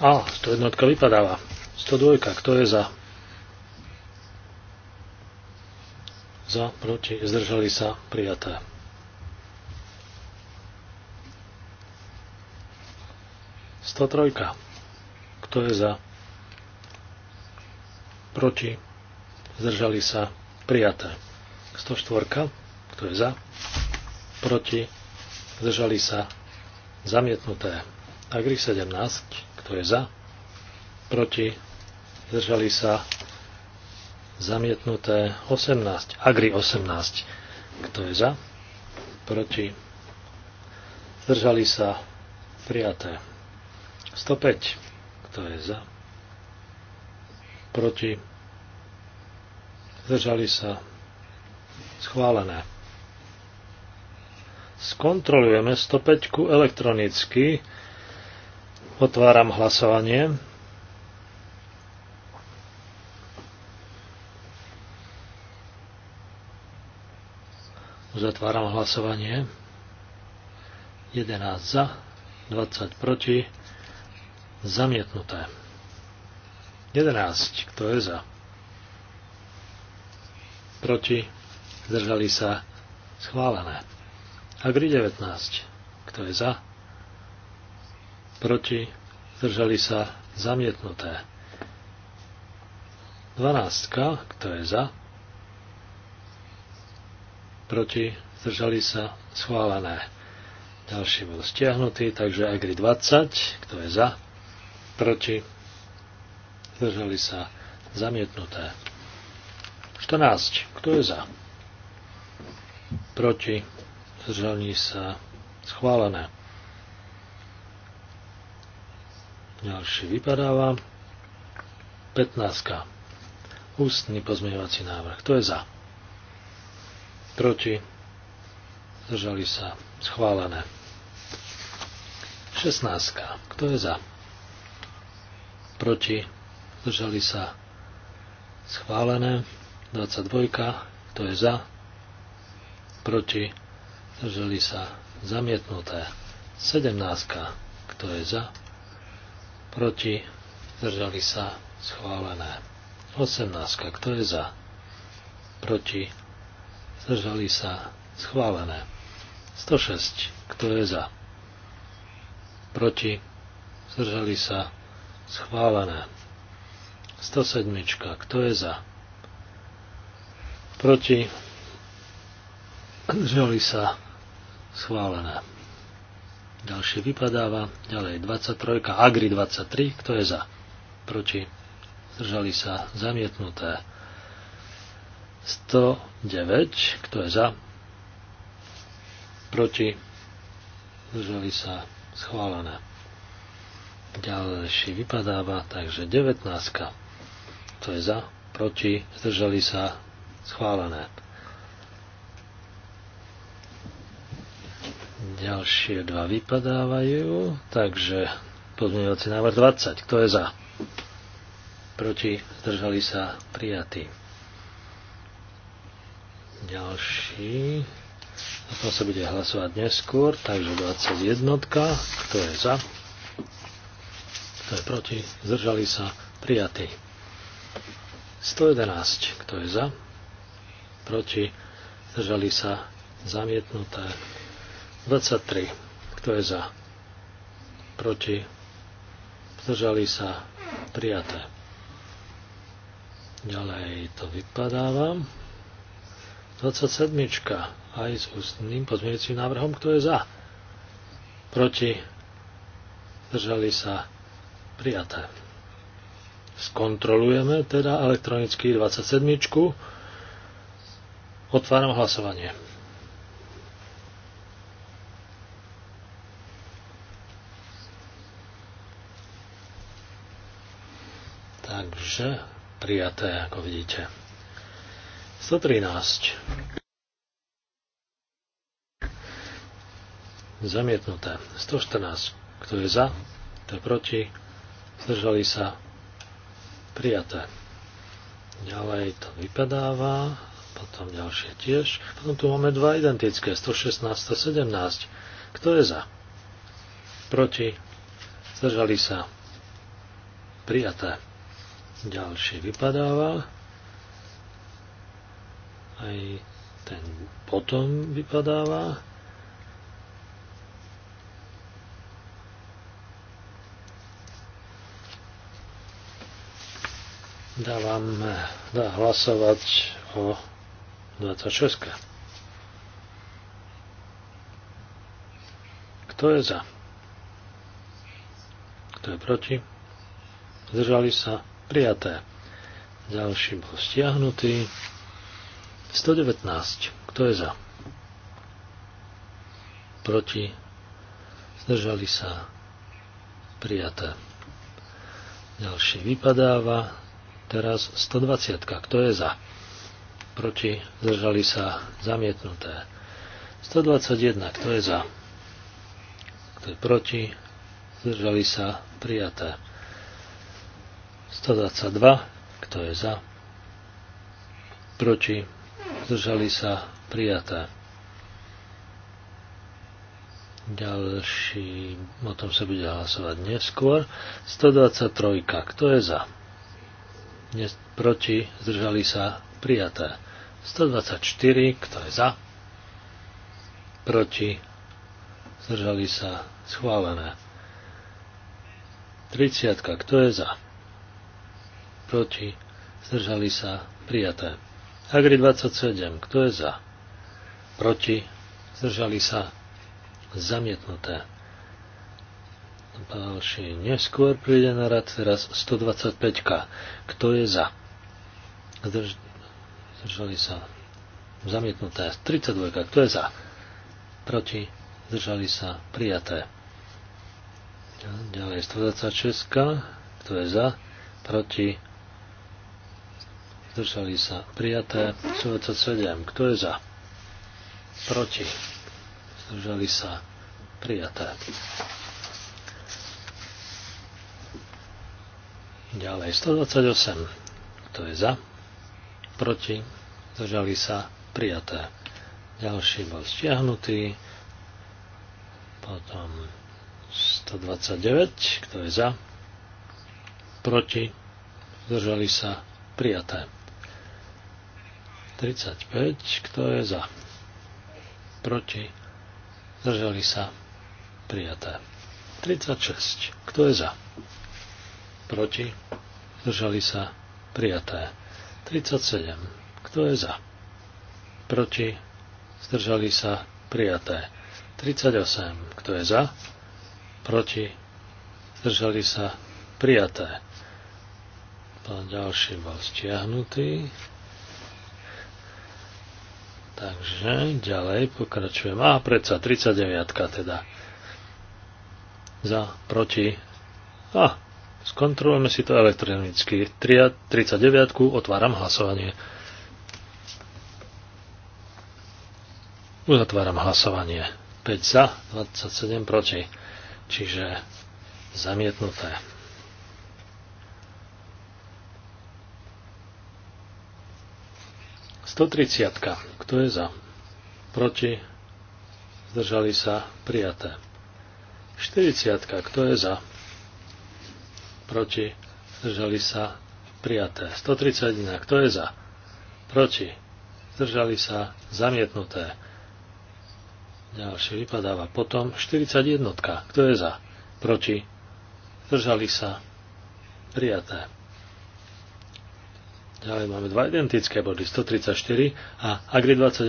A, sto jednotka vypadáva. Sto dvojka. kto je za? Za, proti, zdržali sa, prijaté. 103. Kto je za? Proti? Zdržali sa? Prijaté. 104. Kto je za? Proti? Zdržali sa? Zamietnuté. Agri 17. Kto je za? Proti? Zdržali sa? Zamietnuté. 18. Agri 18. Kto je za? Proti? Zdržali sa? Prijaté. 105. Kto je za? Proti? Zdržali sa? Schválené. Skontrolujeme 105 elektronicky. Otváram hlasovanie. Uzatváram hlasovanie. 11 za, 20 proti Zamietnuté. 11. Kto je za? Proti? Zdržali sa? Schválené. Agri 19. Kto je za? Proti? Zdržali sa? Zamietnuté. 12. Kto je za? Proti? Zdržali sa? Schválené. Ďalší bol stiahnutý, takže Agri 20. Kto je za? proti, zdržali sa zamietnuté. 14. Kto je za? Proti, zdržali sa schválené. Ďalší vypadáva. 15. Ústny pozmeňovací návrh. Kto je za? Proti, zdržali sa schválené. 16. Kto je za? proti, zdržali sa schválené, 22, kto je za, proti, zdržali sa zamietnuté, 17, kto je za, proti, zdržali sa schválené, 18, kto je za, proti, zdržali sa schválené, 106, kto je za, proti, zdržali sa schválené, Schválené. 107. Kto je za? Proti? Zdržali sa? Schválené. Ďalšie vypadáva. Ďalej 23. Agri 23. Kto je za? Proti? Zdržali sa? Zamietnuté. 109. Kto je za? Proti? Zdržali sa? Schválené. Ďalší vypadáva, takže 19. To je za, proti, zdržali sa, schválené. Ďalšie dva vypadávajú, takže pozmeňovací návrh 20. Kto je za? Proti, zdržali sa, prijatí. Ďalší. O tom sa bude hlasovať neskôr, takže 21. Kto je za? kto je proti, zdržali sa, prijatý. 111, kto je za, proti, zdržali sa, zamietnuté. 23, kto je za, proti, zdržali sa, prijaté. Ďalej to vypadáva. 27. aj s ústným pozmeňujúcim návrhom, kto je za. Proti. Držali sa Prijaté. Skontrolujeme teda elektronicky 27. Otváram hlasovanie. Takže prijaté, ako vidíte. 113. Zamietnuté. 114. Kto je za, kto je proti, zdržali sa prijaté. Ďalej to vypadáva, potom ďalšie tiež. Potom tu máme dva identické, 116 a 17. Kto je za? Proti? Zdržali sa? Prijaté. Ďalšie vypadáva. Aj ten potom vypadáva. Dávam eh, dá hlasovať o 26. Kto je za? Kto je proti? Zdržali sa prijaté. Ďalší bol stiahnutý. 119. Kto je za? Proti? Zdržali sa prijaté. Ďalší vypadáva. Teraz 120. Kto je za? Proti? Zdržali sa? Zamietnuté. 121. Kto je za? Kto je proti? Zdržali sa? Prijaté. 122. Kto je za? Proti? Zdržali sa? Prijaté. Ďalší, o tom sa bude hlasovať neskôr. 123. Kto je za? dnes proti, zdržali sa prijaté. 124, kto je za, proti, zdržali sa schválené. 30, kto je za, proti, zdržali sa prijaté. Agri 27, kto je za, proti, zdržali sa zamietnuté ďalší neskôr príde na rad teraz 125. Kto je za? Zdrž... Zdržali sa. Zamietnuté. 32. Kto je za? Proti. Zdržali sa. Prijaté. Ďalej 126. Kto je za? Proti. Zdržali sa. Prijaté. 127. Kto je za? Proti. Zdržali sa. Prijaté. Ďalej 128. Kto je za? Proti? Zdržali sa? Prijaté. Ďalší bol stiahnutý. Potom 129. Kto je za? Proti? Zdržali sa? Prijaté. 35. Kto je za? Proti? Zdržali sa? Prijaté. 36. Kto je za? proti, zdržali sa, prijaté. 37. Kto je za? Proti, zdržali sa, prijaté. 38. Kto je za? Proti, zdržali sa, prijaté. Pán ďalší bol stiahnutý. Takže ďalej pokračujem. A predsa 39 teda. Za, proti. A, Skontrolujeme si to elektronicky. 39. Otváram hlasovanie. Uzatváram hlasovanie. 5 za, 27 proti. Čiže zamietnuté. Stotriciatka. Kto je za? Proti? Zdržali sa? Prijaté. 40. Kto je za? proti, zdržali sa, prijaté. 131, kto je za, proti, zdržali sa, zamietnuté. Ďalšie vypadáva potom 41, kto je za, proti, zdržali sa, prijaté. Ďalej máme dva identické body, 134 a Agri 28.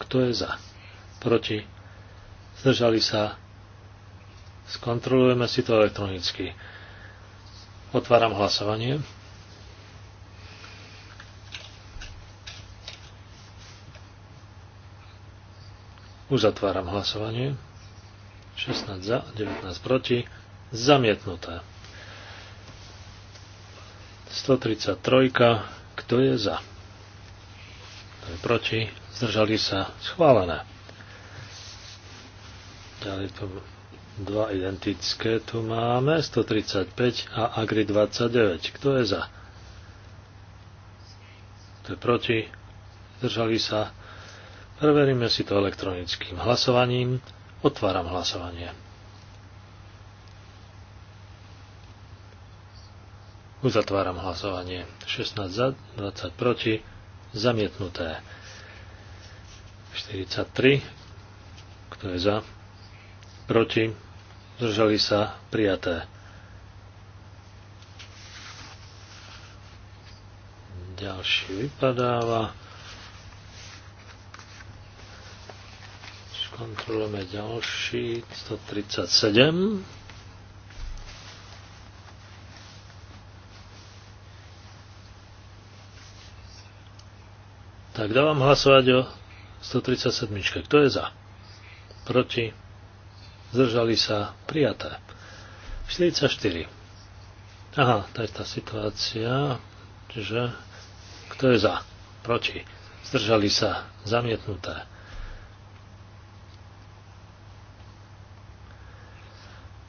Kto je za? Proti? Zdržali sa? Skontrolujeme si to elektronicky. Otváram hlasovanie. Uzatváram hlasovanie. 16 za, 19 proti. Zamietnuté. 133. Kto je za? Kto je proti? Zdržali sa. Schválené. Ďalej to Dva identické tu máme, 135 a Agri 29. Kto je za? Kto je proti? Držali sa? Preveríme si to elektronickým hlasovaním. Otváram hlasovanie. Uzatváram hlasovanie. 16 za, 20 proti, zamietnuté. 43. Kto je za? Proti zdržali sa prijaté. Ďalší vypadáva. Skontrolujeme ďalší 137. Tak dávam hlasovať o 137. Kto je za? Proti? zdržali sa prijaté. 44. Aha, to je tá situácia, čiže kto je za, proti, zdržali sa, zamietnuté.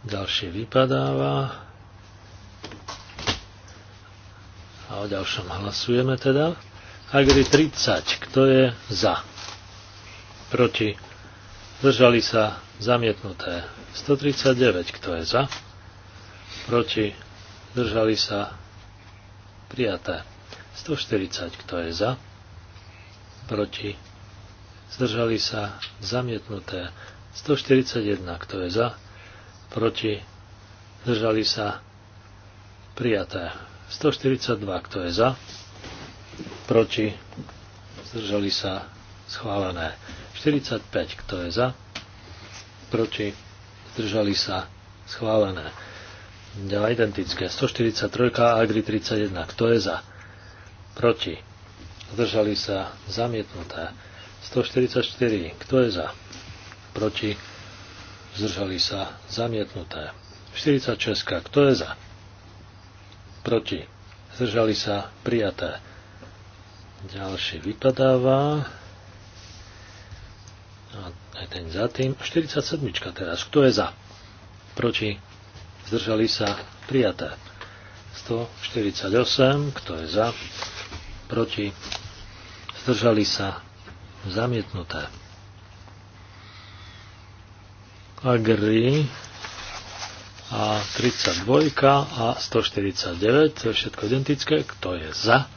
Ďalšie vypadáva. A o ďalšom hlasujeme teda. Agri 30, kto je za? Proti. Zdržali sa Zamietnuté. 139, kto je za? Proti. Držali sa. Prijaté. 140, kto je za? Proti. Zdržali sa. Zamietnuté. 141, kto je za? Proti. Zdržali sa. Prijaté. 142, kto je za? Proti. Zdržali sa. Schválené. 45, kto je za? proti, zdržali sa, schválené. Ďalej identické. 143 Agri 31. Kto je za? Proti. Zdržali sa. Zamietnuté. 144. Kto je za? Proti. Zdržali sa. Zamietnuté. 46. Kto je za? Proti. Zdržali sa. Prijaté. Ďalší vypadáva a aj ten za tým. 47 teraz. Kto je za? Proti? Zdržali sa? Prijaté. 148. Kto je za? Proti? Zdržali sa? Zamietnuté. Agri a 32 a 149, to je všetko identické. Kto je za?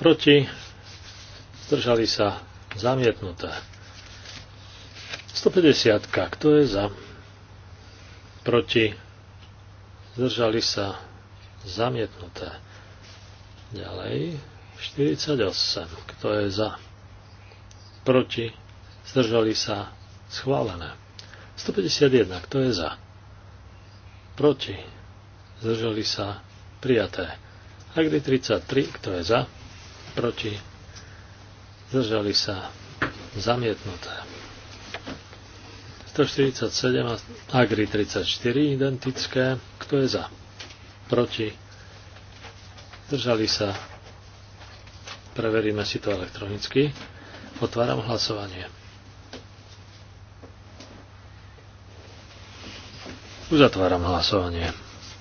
Proti? Zdržali sa? Zamietnuté. 150. Kto je za? Proti? Zdržali sa? Zamietnuté. Ďalej. 48. Kto je za? Proti? Zdržali sa? Schválené. 151. Kto je za? Proti? Zdržali sa? Prijaté. Agri 33. Kto je za? Proti? Zdržali sa? Zamietnuté. 147 a Agri 34 identické. Kto je za? Proti? Držali sa? Preveríme si to elektronicky. Otváram hlasovanie. Uzatváram hlasovanie.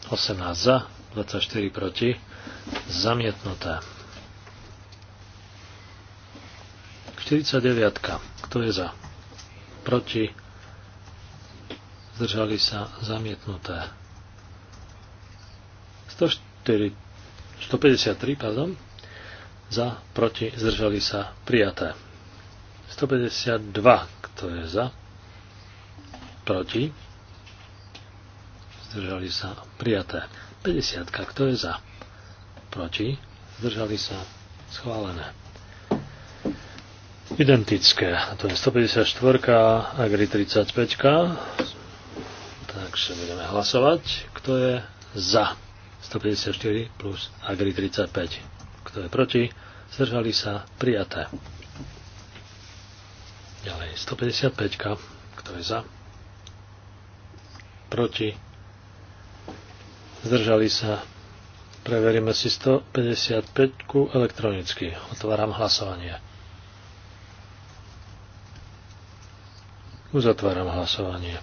18 za, 24 proti. Zamietnuté. 49. Kto je za? Proti zdržali sa zamietnuté. 104, 153, pardon, za, proti, zdržali sa prijaté. 152, kto je za, proti, zdržali sa prijaté. 50, kto je za, proti, zdržali sa schválené. Identické, to je 154 a 35 Takže budeme hlasovať, kto je za 154 plus Agri 35. Kto je proti? Zdržali sa prijaté. Ďalej 155. Kto je za? Proti? Zdržali sa. Preveríme si 155 elektronicky. Otváram hlasovanie. Uzatváram hlasovanie.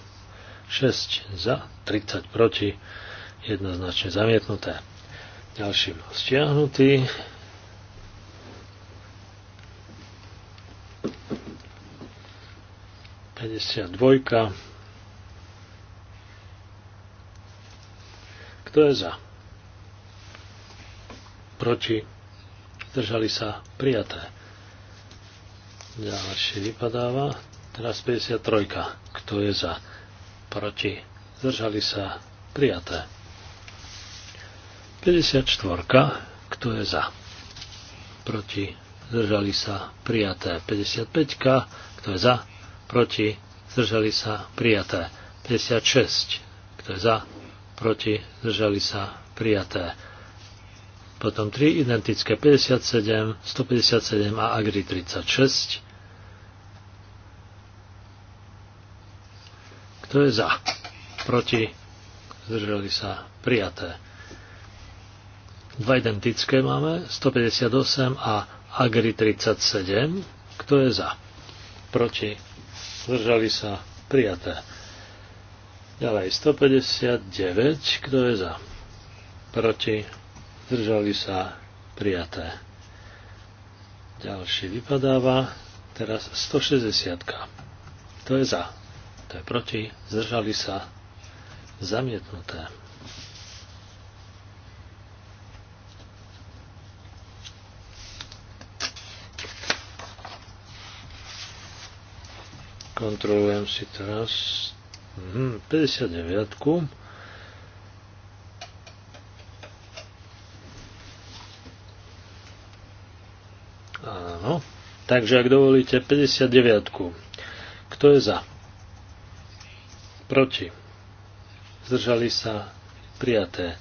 6 za, 30 proti, jednoznačne zamietnuté. Ďalší bol stiahnutý. dvojka. Kto je za? Proti? Držali sa prijaté. Ďalšie vypadáva. Teraz 53. Kto je za? proti, zdržali sa, prijaté. 54, kto je za, proti, zdržali sa, prijaté. 55, kto je za, proti, zdržali sa, prijaté. 56, kto je za, proti, zdržali sa, prijaté. Potom 3 identické 57, 157 a Agri 36, Kto je za? Proti? Zdržali sa? Prijaté. Dva identické máme. 158 a Agri 37. Kto je za? Proti? Zdržali sa? Prijaté. Ďalej 159. Kto je za? Proti? Zdržali sa? Prijaté. Ďalší vypadáva. Teraz 160. Kto je za? to je proti, zdržali sa, zamietnuté. Kontrolujem si teraz 59. Mhm, -ku. Áno. Takže ak dovolíte 59. Kto je za? Proti. Zdržali sa prijaté.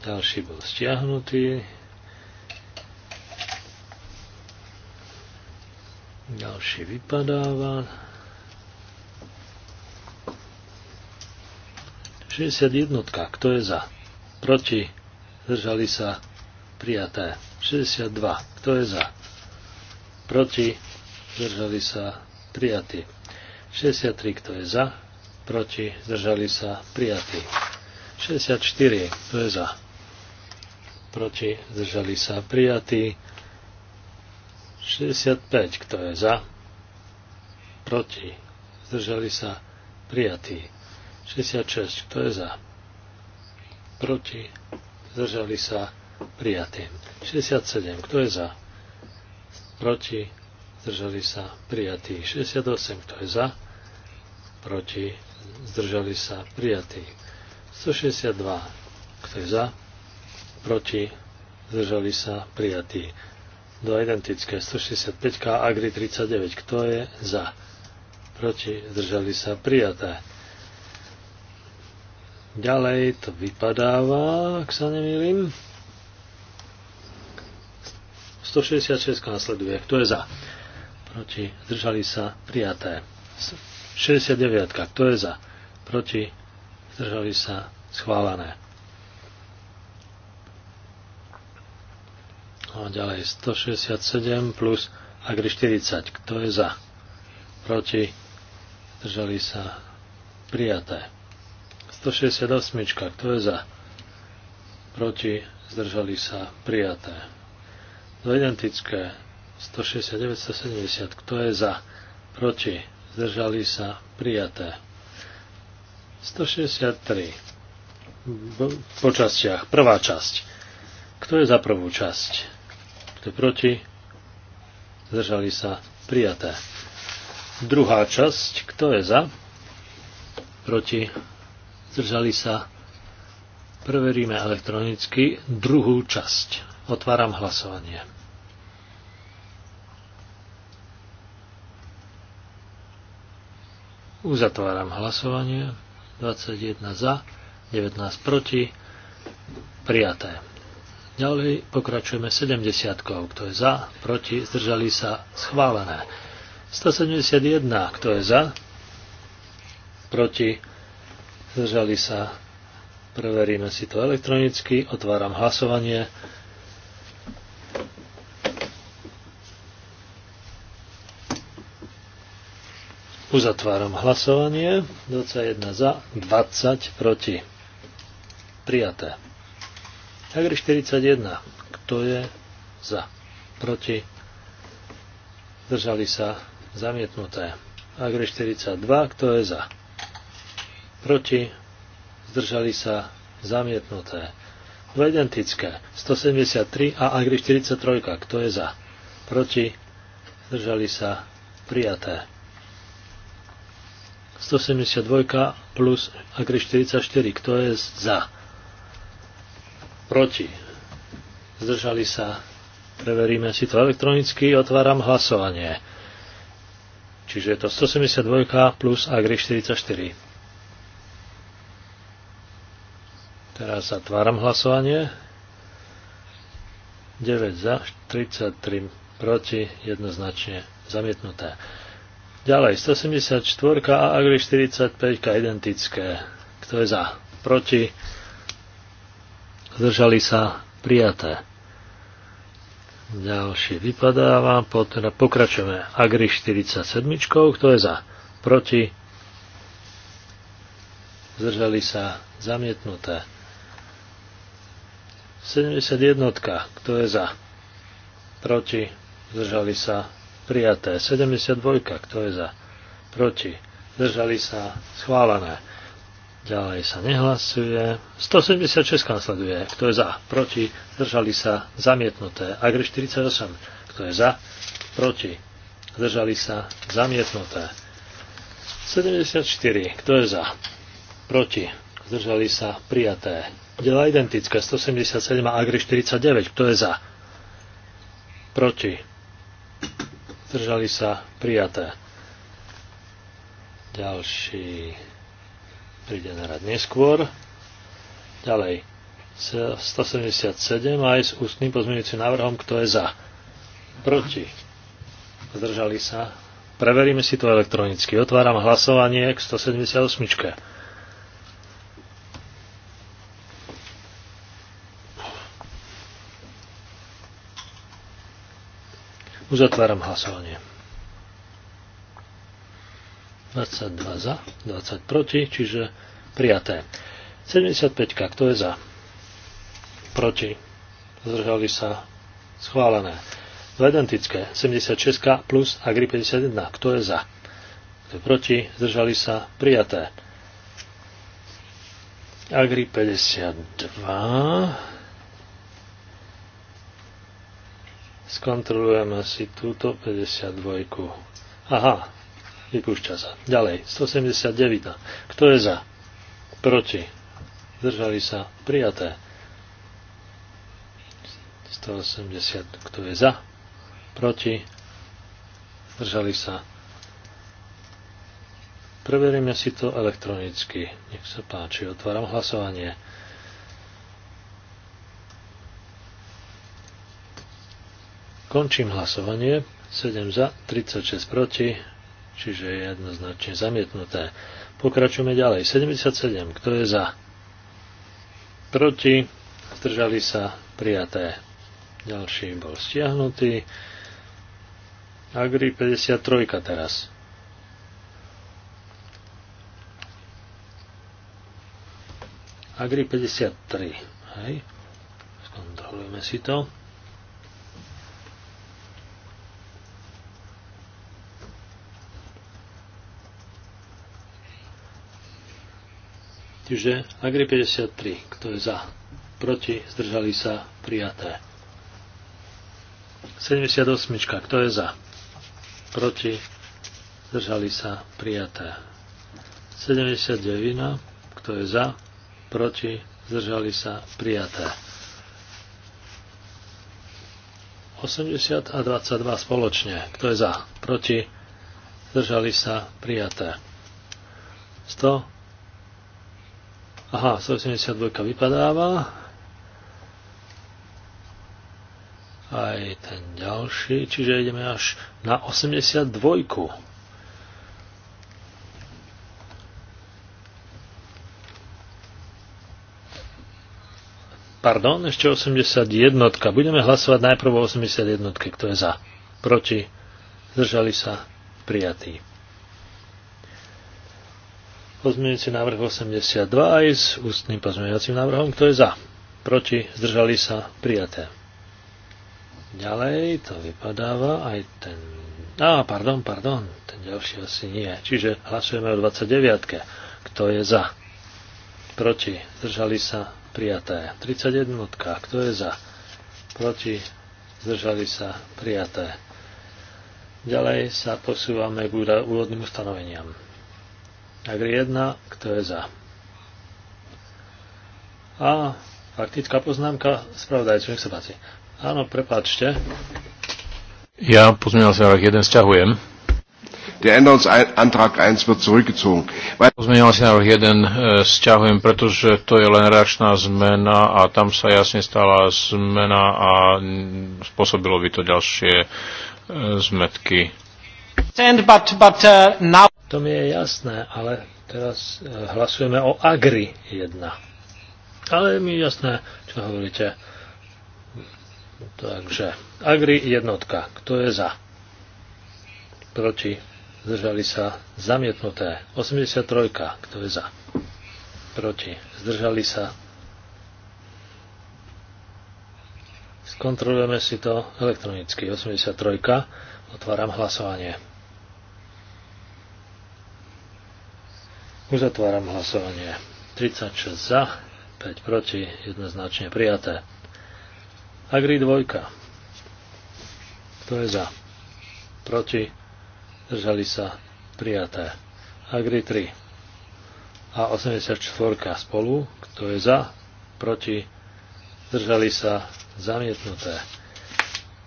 Ďalší bol stiahnutý. Ďalší vypadáva. 61. Kto je za? Proti. Zdržali sa prijaté. 62. Kto je za? Proti. Zdržali sa prijatí. 63. Kto je za? proti, zdržali sa, prijatí. 64, kto je za, proti, zdržali sa, prijatí. 65, kto je za, proti, zdržali sa, prijatí. 66, kto je za, proti, zdržali sa, prijatí. 67, kto je za, proti, zdržali sa, prijatý. 68, kto je za, proti, zdržali sa, prijatý. 162, kto je za, proti, zdržali sa, prijatí. Do identické 165 Agri 39, kto je za, proti, zdržali sa, prijaté. Ďalej to vypadáva, ak sa nemýlim. 166 nasleduje, Kto je za? Proti. Zdržali sa. Prijaté. 69. Kto je za? Proti? Zdržali sa? Schválené. No a ďalej 167 plus Agri 40. Kto je za? Proti? Zdržali sa? Prijaté. 168. Kto je za? Proti? Zdržali sa? Prijaté. Dva identické. 169, 170. Kto je za? Proti? zdržali sa prijaté. 163 po častiach. Prvá časť. Kto je za prvú časť? Kto je proti? Zdržali sa prijaté. Druhá časť. Kto je za? Proti? Zdržali sa. Preveríme elektronicky druhú časť. Otváram hlasovanie. Uzatváram hlasovanie. 21 za, 19 proti. Prijaté. Ďalej pokračujeme 70. Kto je za, proti, zdržali sa, schválené. 171. Kto je za, proti, zdržali sa. Preveríme si to elektronicky. Otváram hlasovanie. Uzatváram hlasovanie. 21 za, 20 proti. Prijaté. Agri 41. Kto je za? Proti. Držali sa zamietnuté. Agri 42. Kto je za? Proti. Zdržali sa zamietnuté. Dva identické. 173 a Agri 43. Kto je za? Proti. Zdržali sa prijaté. 172 plus Agri 44. Kto je za? Proti. Zdržali sa. Preveríme si to elektronicky. Otváram hlasovanie. Čiže je to 172 plus Agri 44. Teraz zatváram hlasovanie. 9 za, 33 proti, jednoznačne zamietnuté. Ďalej, 174 a Agri 45 identické. Kto je za? Proti? Zdržali sa prijaté. Ďalšie vypadáva, teda pokračujeme Agri 47, kto je za? Proti? Zdržali sa zamietnuté. 71, kto je za? Proti? Zdržali sa prijaté. 72, kto je za, proti, zdržali sa, schválené. Ďalej sa nehlasuje. 176 nasleduje. Kto je za? Proti. držali sa. Zamietnuté. Agri 48. Kto je za? Proti. Zdržali sa. Zamietnuté. 74. Kto je za? Proti. Zdržali sa. Prijaté. Dela identické, 177 a Agri 49. Kto je za? Proti zdržali sa prijaté. Ďalší príde na rad neskôr. Ďalej. 177 aj s ústnym pozmeňujúcim návrhom, kto je za. Proti. Zdržali sa. Preveríme si to elektronicky. Otváram hlasovanie k 178. Uzatváram hlasovanie. 22 za, 20 proti, čiže prijaté. 75, kto je za? Proti. Zdržali sa. Schválené. Dva identické. 76 plus Agri 51. Kto je za? Kto je proti? Zdržali sa. Prijaté. Agri 52 Skontrolujeme si túto 52. Aha, vypúšťa sa. Ďalej, 179. Kto je za? Proti. Zdržali sa. Prijaté. 180. Kto je za? Proti. Zdržali sa. Preveríme si to elektronicky. Nech sa páči. Otváram hlasovanie. Končím hlasovanie. 7 za, 36 proti, čiže je jednoznačne zamietnuté. Pokračujeme ďalej. 77. Kto je za? Proti. Zdržali sa prijaté. Ďalší bol stiahnutý. Agri 53 teraz. Agri 53. Hej. Skontrolujeme si to. Čiže Agri 53, kto je za, proti, zdržali sa, prijaté. 78, kto je za, proti, zdržali sa, prijaté. 79, kto je za, proti, zdržali sa, prijaté. 80 a 22 spoločne. Kto je za? Proti? Zdržali sa? Prijaté. 100 Aha, 182 vypadáva. Aj ten ďalší, čiže ideme až na 82. Pardon, ešte 81. Budeme hlasovať najprv o 81. Kto je za? Proti? Zdržali sa? Prijatý. Pozmeňujúci návrh 82 aj s ústnym pozmeňovacím návrhom. Kto je za? Proti? Zdržali sa? Prijaté. Ďalej to vypadáva aj ten... Á, pardon, pardon, ten ďalší asi nie. Čiže hlasujeme o 29. Kto je za? Proti? Zdržali sa? Prijaté. 31. -tka. Kto je za? Proti? Zdržali sa? Prijaté. Ďalej sa posúvame k úvodným ustanoveniam. Agri jedna, kto je za? A faktická poznámka, spravodajcu, nech sa páči. Áno, prepáčte. Ja pozmeňal sa, ak jeden sťahujem. Der Änderungsantrag 1 wird zurückgezogen. Pozmeňovací návrh 1 e, pretože to je len reakčná zmena a tam sa jasne stala zmena a spôsobilo by to ďalšie e, zmetky. But, but, uh, now... To mi je jasné, ale teraz e, hlasujeme o Agri 1. Ale mi je jasné, čo hovoríte. Takže Agri jednotka. Kto je za? Proti. Zdržali sa zamietnuté. 83. Kto je za? Proti. Zdržali sa. Skontrolujeme si to elektronicky. 83. Otváram hlasovanie. Uzatváram hlasovanie. 36 za, 5 proti, jednoznačne prijaté. Agri 2. Kto je za? Proti. Držali sa prijaté. Agri 3. A 84 spolu. Kto je za? Proti. Držali sa zamietnuté.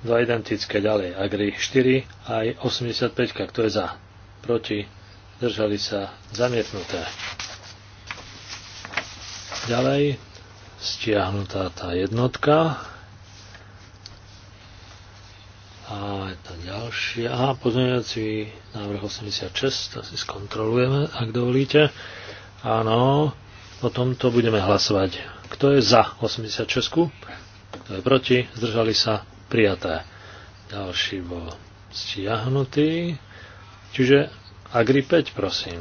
Dva identické ďalej. Agri 4 aj 85. Kto je za? Proti držali sa zamietnuté. Ďalej stiahnutá tá jednotka a je tá ďalšia. a pozmeňujúci návrh 86, to si skontrolujeme, ak dovolíte. Áno, o tomto budeme hlasovať. Kto je za 86? Kto je proti? Zdržali sa prijaté. Ďalší bol stiahnutý. Čiže Agri 5, prosím.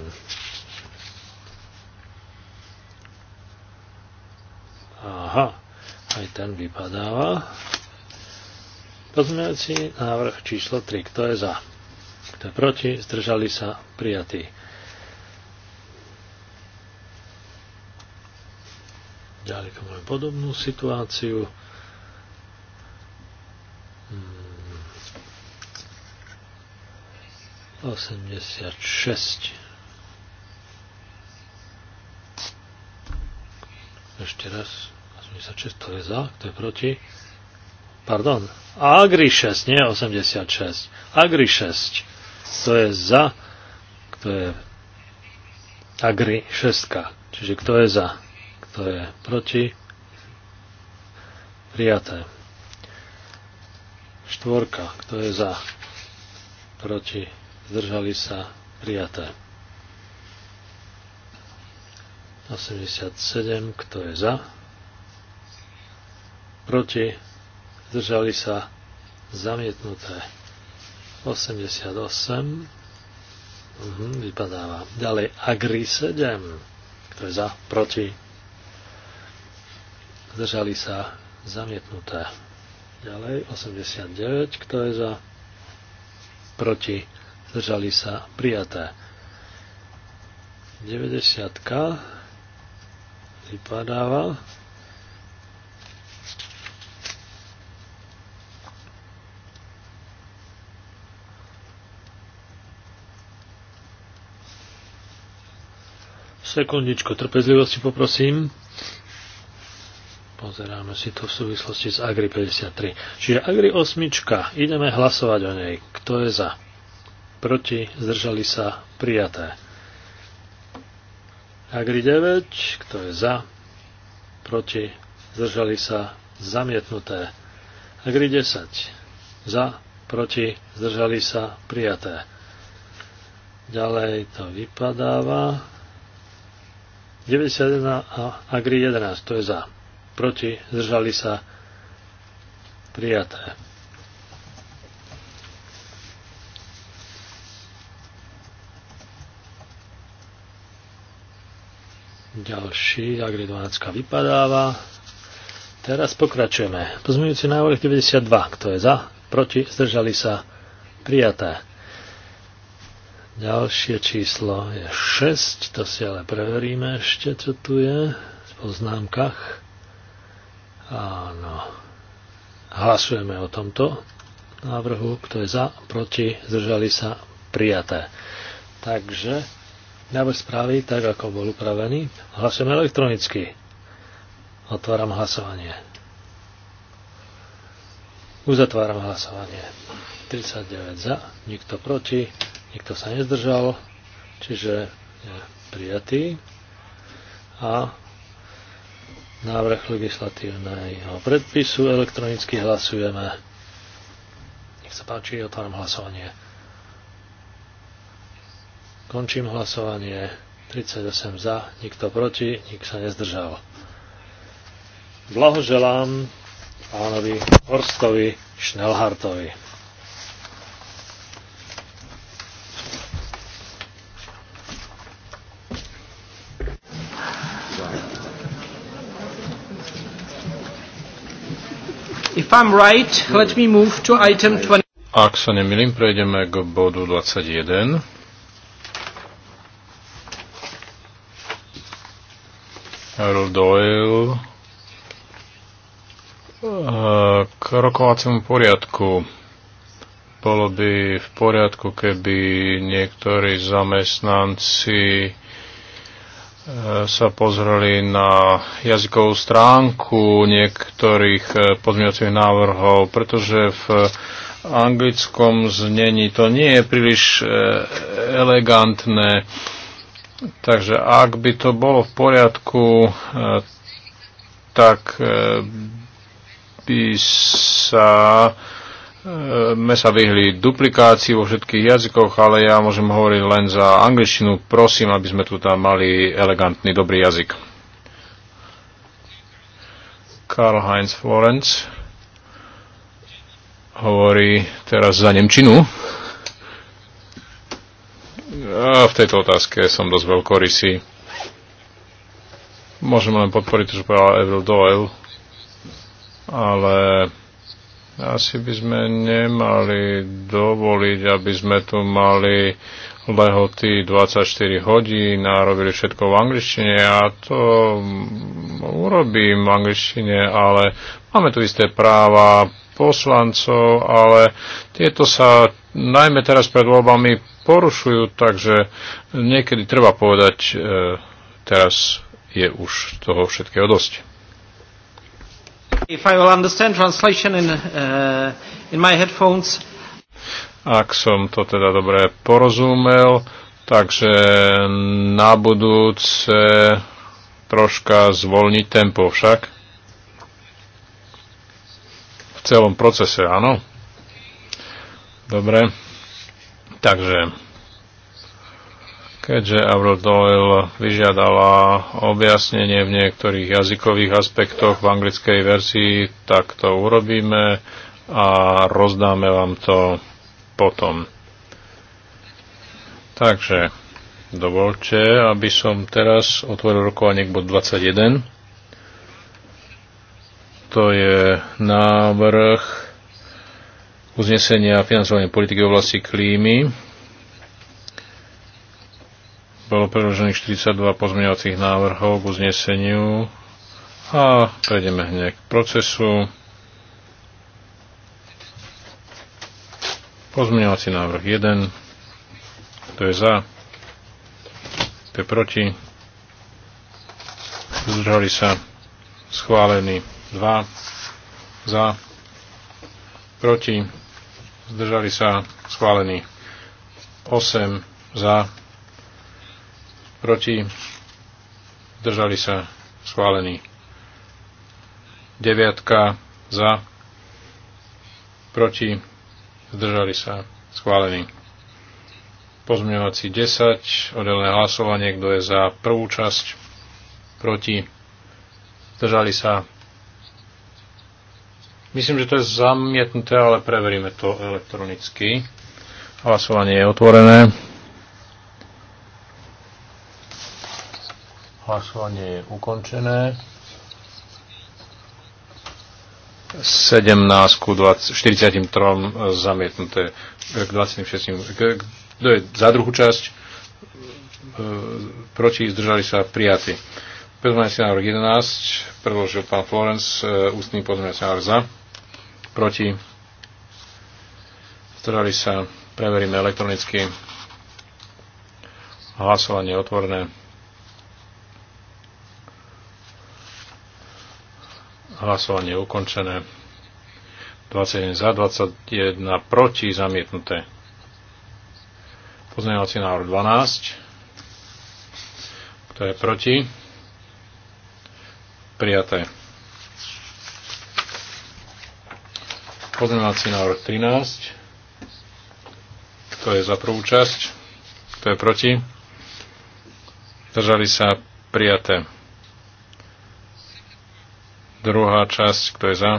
Aha, aj ten vypadáva. Pozmeňujúci návrh číslo 3. Kto je za? Kto je proti? Zdržali sa prijatí. Ďalej máme podobnú situáciu. 86. Ešte raz. 86 to je za, to je proti. Pardon. Agri 6, nie 86. Agri 6. To je za, kto je Agri 6. Čiže kto je za, kto je proti. Prijaté. Štvorka, kto je za, proti zdržali sa prijaté. 87, kto je za, proti, zdržali sa zamietnuté. 88, uh-huh, mhm, vypadáva. Ďalej Agri 7, kto je za, proti, zdržali sa zamietnuté. Ďalej 89, kto je za, proti, zdržali sa prijaté. 90 vypadáva. Sekundičku trpezlivosti poprosím. Pozeráme si to v súvislosti s Agri 53. Čiže Agri 8. Ideme hlasovať o nej. Kto je za? proti, zdržali sa prijaté. Agri 9, kto je za, proti, zdržali sa zamietnuté. Agri 10, za, proti, zdržali sa prijaté. Ďalej to vypadáva. 91 a Agri 11, to je za, proti, zdržali sa prijaté. Ďalší, Agri 12 vypadáva. Teraz pokračujeme. Pozmeňujúci návrh 92. Kto je za? Proti? Zdržali sa? Prijaté. Ďalšie číslo je 6. To si ale preveríme ešte, čo tu je v poznámkach. Áno. Hlasujeme o tomto návrhu. Kto je za? Proti? Zdržali sa? Prijaté. Takže návrh správy tak, ako bol upravený. Hlasujem elektronicky. Otváram hlasovanie. Uzatváram hlasovanie. 39 za, nikto proti, nikto sa nezdržal, čiže je prijatý. A návrh legislatívneho predpisu elektronicky hlasujeme. Nech sa páči, otváram hlasovanie. Končím hlasovanie. 38 za, nikto proti, nik sa nezdržal. Blahoželám pánovi Horstovi Schnellhartovi. If I'm right, let me move to item 20. Ak sa nemýlim, prejdeme k bodu 21. Earl Doyle eh, k rokovaciemu poriadku. Bolo by v poriadku, keby niektorí zamestnanci eh, sa pozreli na jazykovú stránku niektorých eh, pozmeňovacích návrhov, pretože v anglickom znení to nie je príliš elegantné Takže ak by to bolo v poriadku, eh, tak eh, by sa eh, sme sa vyhli duplikácii vo všetkých jazykoch, ale ja môžem hovoriť len za angličtinu. Prosím, aby sme tu tam mali elegantný, dobrý jazyk. Karl Heinz Florence hovorí teraz za Nemčinu. A v tejto otázke som dosť veľkorysý. Môžem len podporiť to, čo povedal Avril Doyle, ale asi by sme nemali dovoliť, aby sme tu mali lehoty 24 hodín a robili všetko v angličtine. a to urobím v angličtine, ale máme tu isté práva poslancov, ale tieto sa najmä teraz pred voľbami porušujú, takže niekedy treba povedať, e, teraz je už toho všetkého dosť. If I will understand translation in, uh, in my headphones. Ak som to teda dobre porozumel, takže na budúce troška zvolniť tempo však. V celom procese, áno? Dobre. Takže, keďže Avril Doyle vyžiadala objasnenie v niektorých jazykových aspektoch v anglickej verzii, tak to urobíme a rozdáme vám to potom. Takže, dovolte, aby som teraz otvoril rokovanie k bod 21. To je návrh uznesenia a financovanie politiky v oblasti klímy. Bolo predložených 42 pozmeňovacích návrhov k uzneseniu a prejdeme hneď k procesu. Pozmeňovací návrh 1. Kto je za? Kto je proti? Zdržali sa. Schválený 2. Za. Proti zdržali sa, schválení. 8 za, proti, zdržali sa, schválení. 9 za, proti, zdržali sa, schválení. Pozmeňovací 10, oddelené hlasovanie, kto je za prvú časť, proti, zdržali sa, Myslím, že to je zamietnuté, ale preveríme to elektronicky. Hlasovanie je otvorené. Hlasovanie je ukončené. 17 ku 43 e, zamietnuté k 26. Kto je za druhú časť? E, proti zdržali sa prijatí. Pozmeňujúci návrh 11 predložil pán Florence e, ústný pozmeňujúci návrh za proti, zdržali sa, preveríme elektronicky, hlasovanie otvorné, hlasovanie ukončené, 21 za, 21 proti, zamietnuté. Pozmeňovací návrh 12. Kto je proti? Prijaté. Pozmeňovací návrh 13. Kto je za prvú časť? Kto je proti? Držali sa prijaté. Druhá časť, kto je za?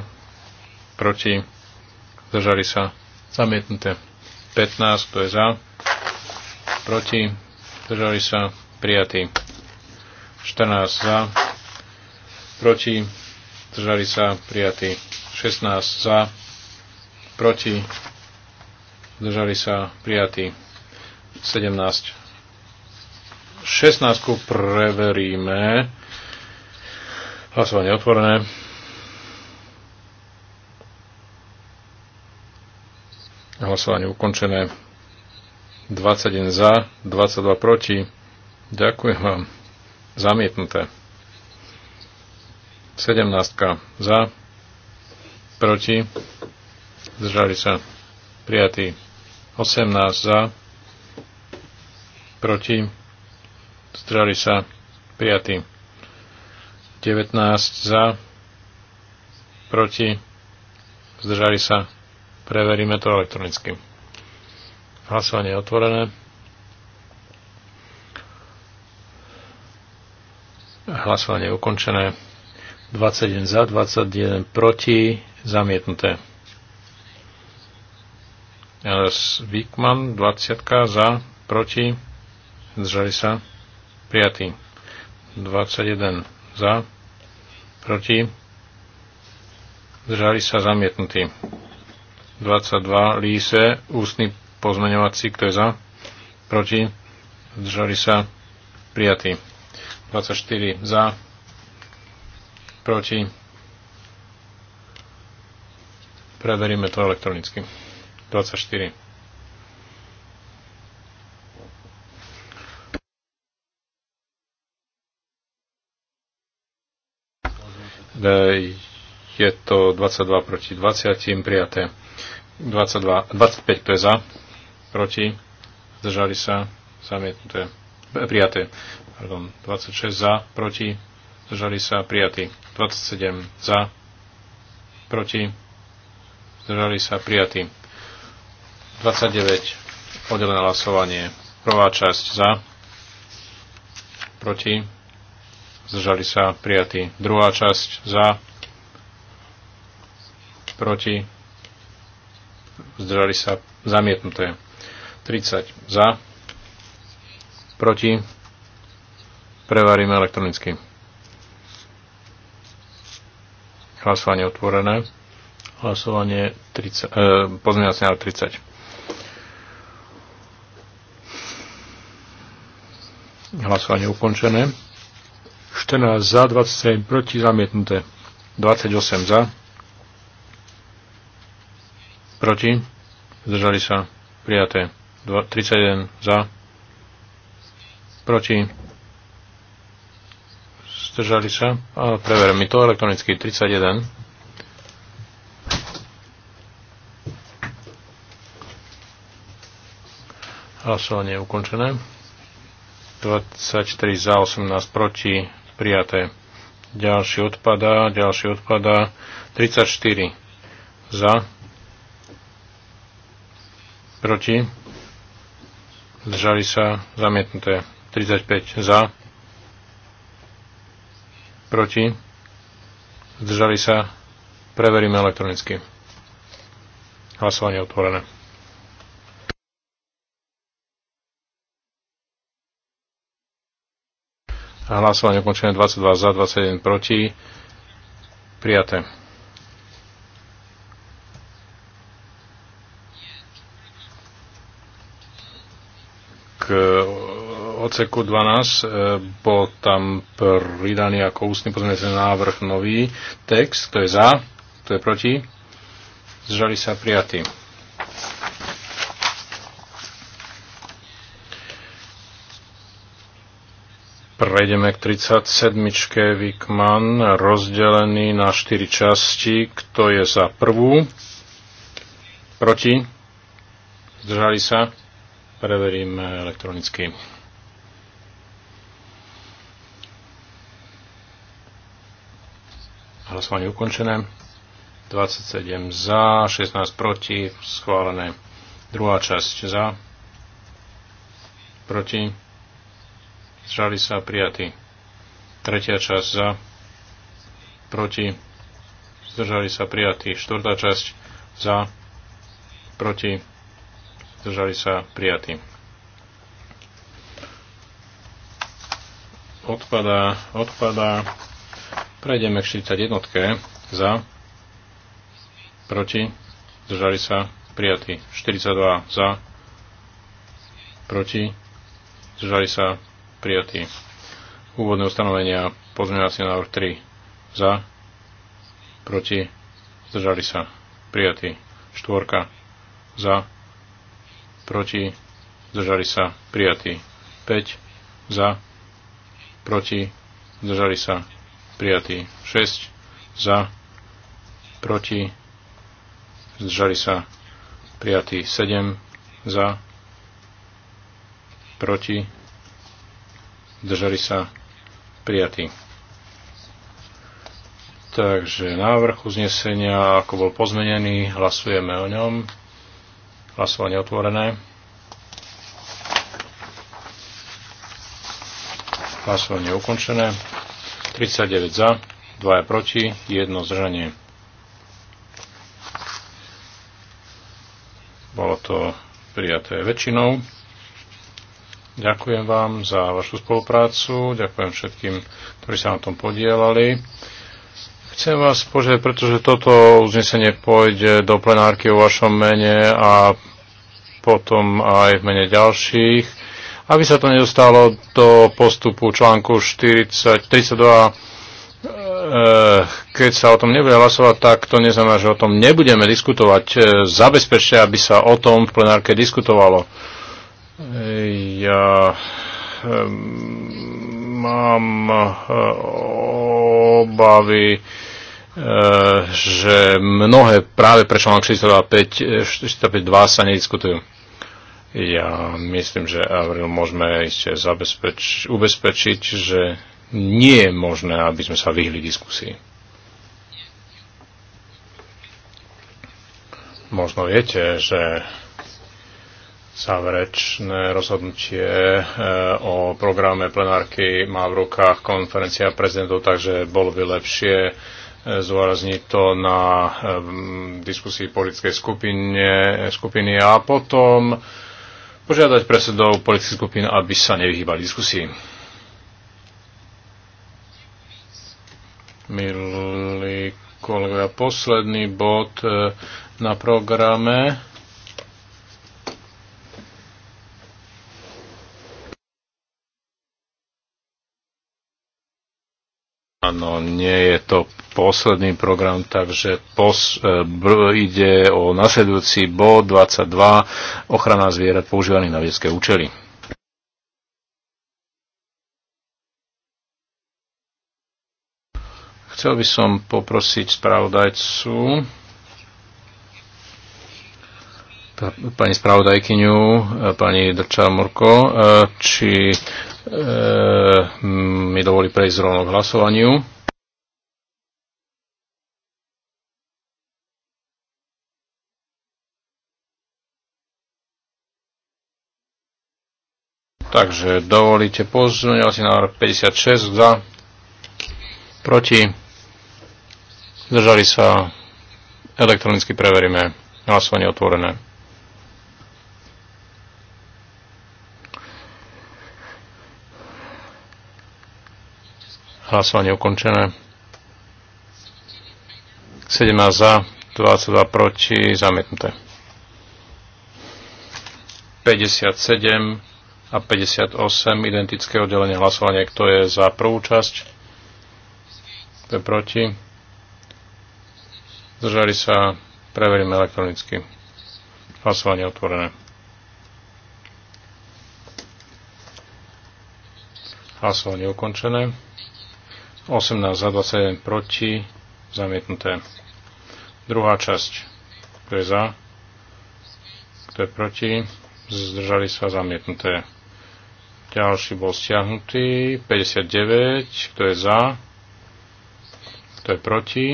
Proti? Držali sa zamietnuté. 15, kto je za? Proti? Držali sa prijatí. 14 za, proti, držali sa prijatí. 16 za, proti, zdržali sa prijatí 17. 16 preveríme. Hlasovanie otvorené. Hlasovanie ukončené. 21 za, 22 proti. Ďakujem vám. Zamietnuté. 17 za, proti zdržali sa prijatí 18 za, proti, zdržali sa prijatí 19 za, proti, zdržali sa, preveríme to elektronicky. Hlasovanie je otvorené. Hlasovanie je ukončené. 21 za, 21 proti, zamietnuté. Vikman 20 za, proti, zdržali sa, prijatý. 21 za, proti, zdržali sa, zamietnutý. 22 Líse, ústny pozmeňovací, kto je za, proti, zdržali sa, prijatý. 24 za, proti, preveríme to elektronicky. 24. E, je to 22 proti 20, prijaté. 22, 25 to je za, proti, zdržali sa, zamietnuté, e, prijaté. Pardon, 26 za, proti, zdržali sa, prijatí. 27 za, proti, zdržali sa, prijatí. 29. Podelené hlasovanie. Prvá časť za. Proti. Zdržali sa prijatí. Druhá časť za. Proti. Zdržali sa zamietnuté. 30 za. Proti. Prevaríme elektronicky. Hlasovanie otvorené. Hlasovanie 30, eh, pozmeňovací 30. Hlasovanie ukončené. 14 za, 27 proti, zamietnuté. 28 za. Proti. Zdržali sa. Prijaté. 31 za. Proti. Zdržali sa. A preverím mi to elektronicky. 31. Hlasovanie je ukončené. 24 za, 18 proti, prijaté. Ďalší odpadá, ďalší odpadá. 34 za, proti, zdržali sa, zamietnuté. 35 za, proti, zdržali sa, preveríme elektronicky. Hlasovanie otvorené. Hlasovanie ukončené 22 za, 21 proti. Prijaté. K oceku 12 e, bol tam pridaný ako ústny pozmeňujúci návrh nový text. To je za, to je proti. Zžali sa prijatý. Prejdeme k 37. Vikman, rozdelený na 4 časti. Kto je za prvú? Proti? Zdržali sa? Preverím elektronicky. Hlasovanie ukončené. 27 za, 16 proti, schválené. Druhá časť za, proti Žali sa prijatí. Tretia časť za. Proti. Zdržali sa prijatí. Štvrtá časť za. Proti. Zdržali sa prijatí. Odpadá, odpadá. Prejdeme k 41. Za. Proti. Zdržali sa prijatí. 42 za. Proti. Zdržali sa prijatý. Úvodné ustanovenia, pozmeňovací návrh 3. Za, proti, zdržali sa, prijatý. Štvorka, za, proti, zdržali sa, prijatý. 5, za, proti, zdržali sa, prijatý. 6, za, proti, zdržali sa, prijatý. 7, za, proti, Držali sa? prijatí. Takže návrh uznesenia, ako bol pozmenený, hlasujeme o ňom. Hlasovanie otvorené. Hlasovanie ukončené. 39 za, 2 proti, 1 zdržanie. Bolo to prijaté väčšinou. Ďakujem vám za vašu spoluprácu, ďakujem všetkým, ktorí sa na tom podielali. Chcem vás požiadať, pretože toto uznesenie pôjde do plenárky o vašom mene a potom aj v mene ďalších, aby sa to nedostalo do postupu článku 40, 32. E, keď sa o tom nebude hlasovať, tak to neznamená, že o tom nebudeme diskutovať. E, zabezpečte, aby sa o tom v plenárke diskutovalo. Ja ehm, mám eh, obavy, eh, že mnohé práve pre článok 425, 452 sa nediskutujú. Ja myslím, že Avril môžeme ešte zabezpeč, ubezpečiť, že nie je možné, aby sme sa vyhli diskusii. Možno viete, že Záverečné rozhodnutie e, o programe plenárky má v rukách konferencia prezidentov, takže bolo by lepšie e, zúrazniť to na e, diskusii politickej skupine, skupiny a potom požiadať predsedov politických skupín, aby sa nevyhýbali diskusii. Milí kolegovia, posledný bod na programe Áno, nie je to posledný program, takže pos, e, br, ide o nasledujúci bod 22, ochrana zvierat používaných na vedecké účely. Chcel by som poprosiť spravodajcu, pani spravodajkyňu, e, pani Drča Murko, e, či Ehm, mi dovolí prejsť rovno k hlasovaniu. Takže dovolíte asi návrh 56 za, proti, zdržali sa, elektronicky preveríme, hlasovanie otvorené. Hlasovanie ukončené. 17 za, 22 proti, zamietnuté. 57 a 58 identické oddelenie hlasovania. Kto je za prvú časť? Kto je proti? Zdržali sa. Preveríme elektronicky. Hlasovanie otvorené. Hlasovanie ukončené. 18 za 21 proti, zamietnuté. Druhá časť, kto je za, kto je proti, zdržali sa zamietnuté. Ďalší bol stiahnutý, 59, kto je za, kto je proti,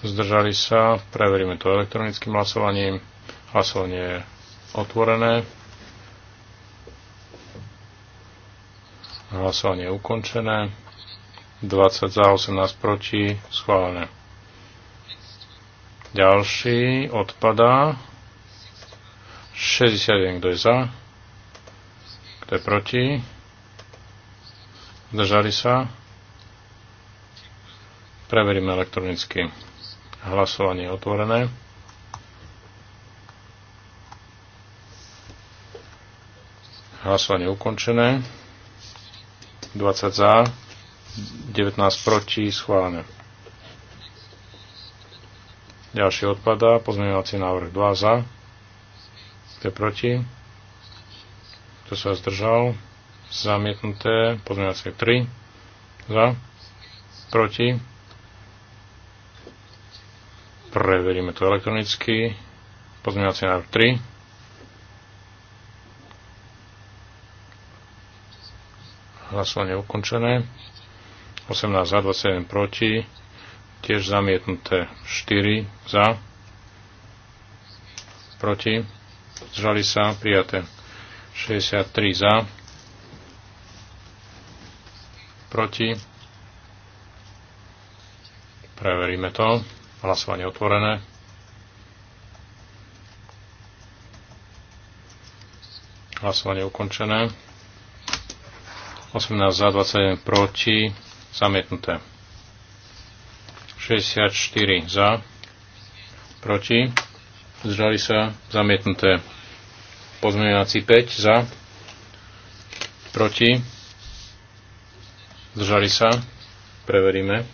zdržali sa, preveríme to elektronickým hlasovaním, hlasovanie je otvorené. Hlasovanie je ukončené. 20 za, 18 proti, schválené. Ďalší odpadá. 61, kto je za, kto je proti. Zdržali sa. Preveríme elektronicky. Hlasovanie je otvorené. Hlasovanie ukončené. 20 za, 19 proti, schválené. Ďalšie odpadá, pozmeňovací návrh 2 za, kto je proti, kto sa zdržal, zamietnuté, pozmeňovací 3 za, proti, preveríme to elektronicky, pozmeňovací návrh 3, hlasovanie ukončené, 18 za, 27 proti, tiež zamietnuté 4 za, proti, zdržali sa, prijaté 63 za, proti, preveríme to, hlasovanie otvorené. Hlasovanie ukončené. 18 za, 21 proti. Zamietnuté. 64 za. Proti. Zdržali sa. Zamietnuté. Pozmeňovací 5 za. Proti. Zdržali sa. Preveríme.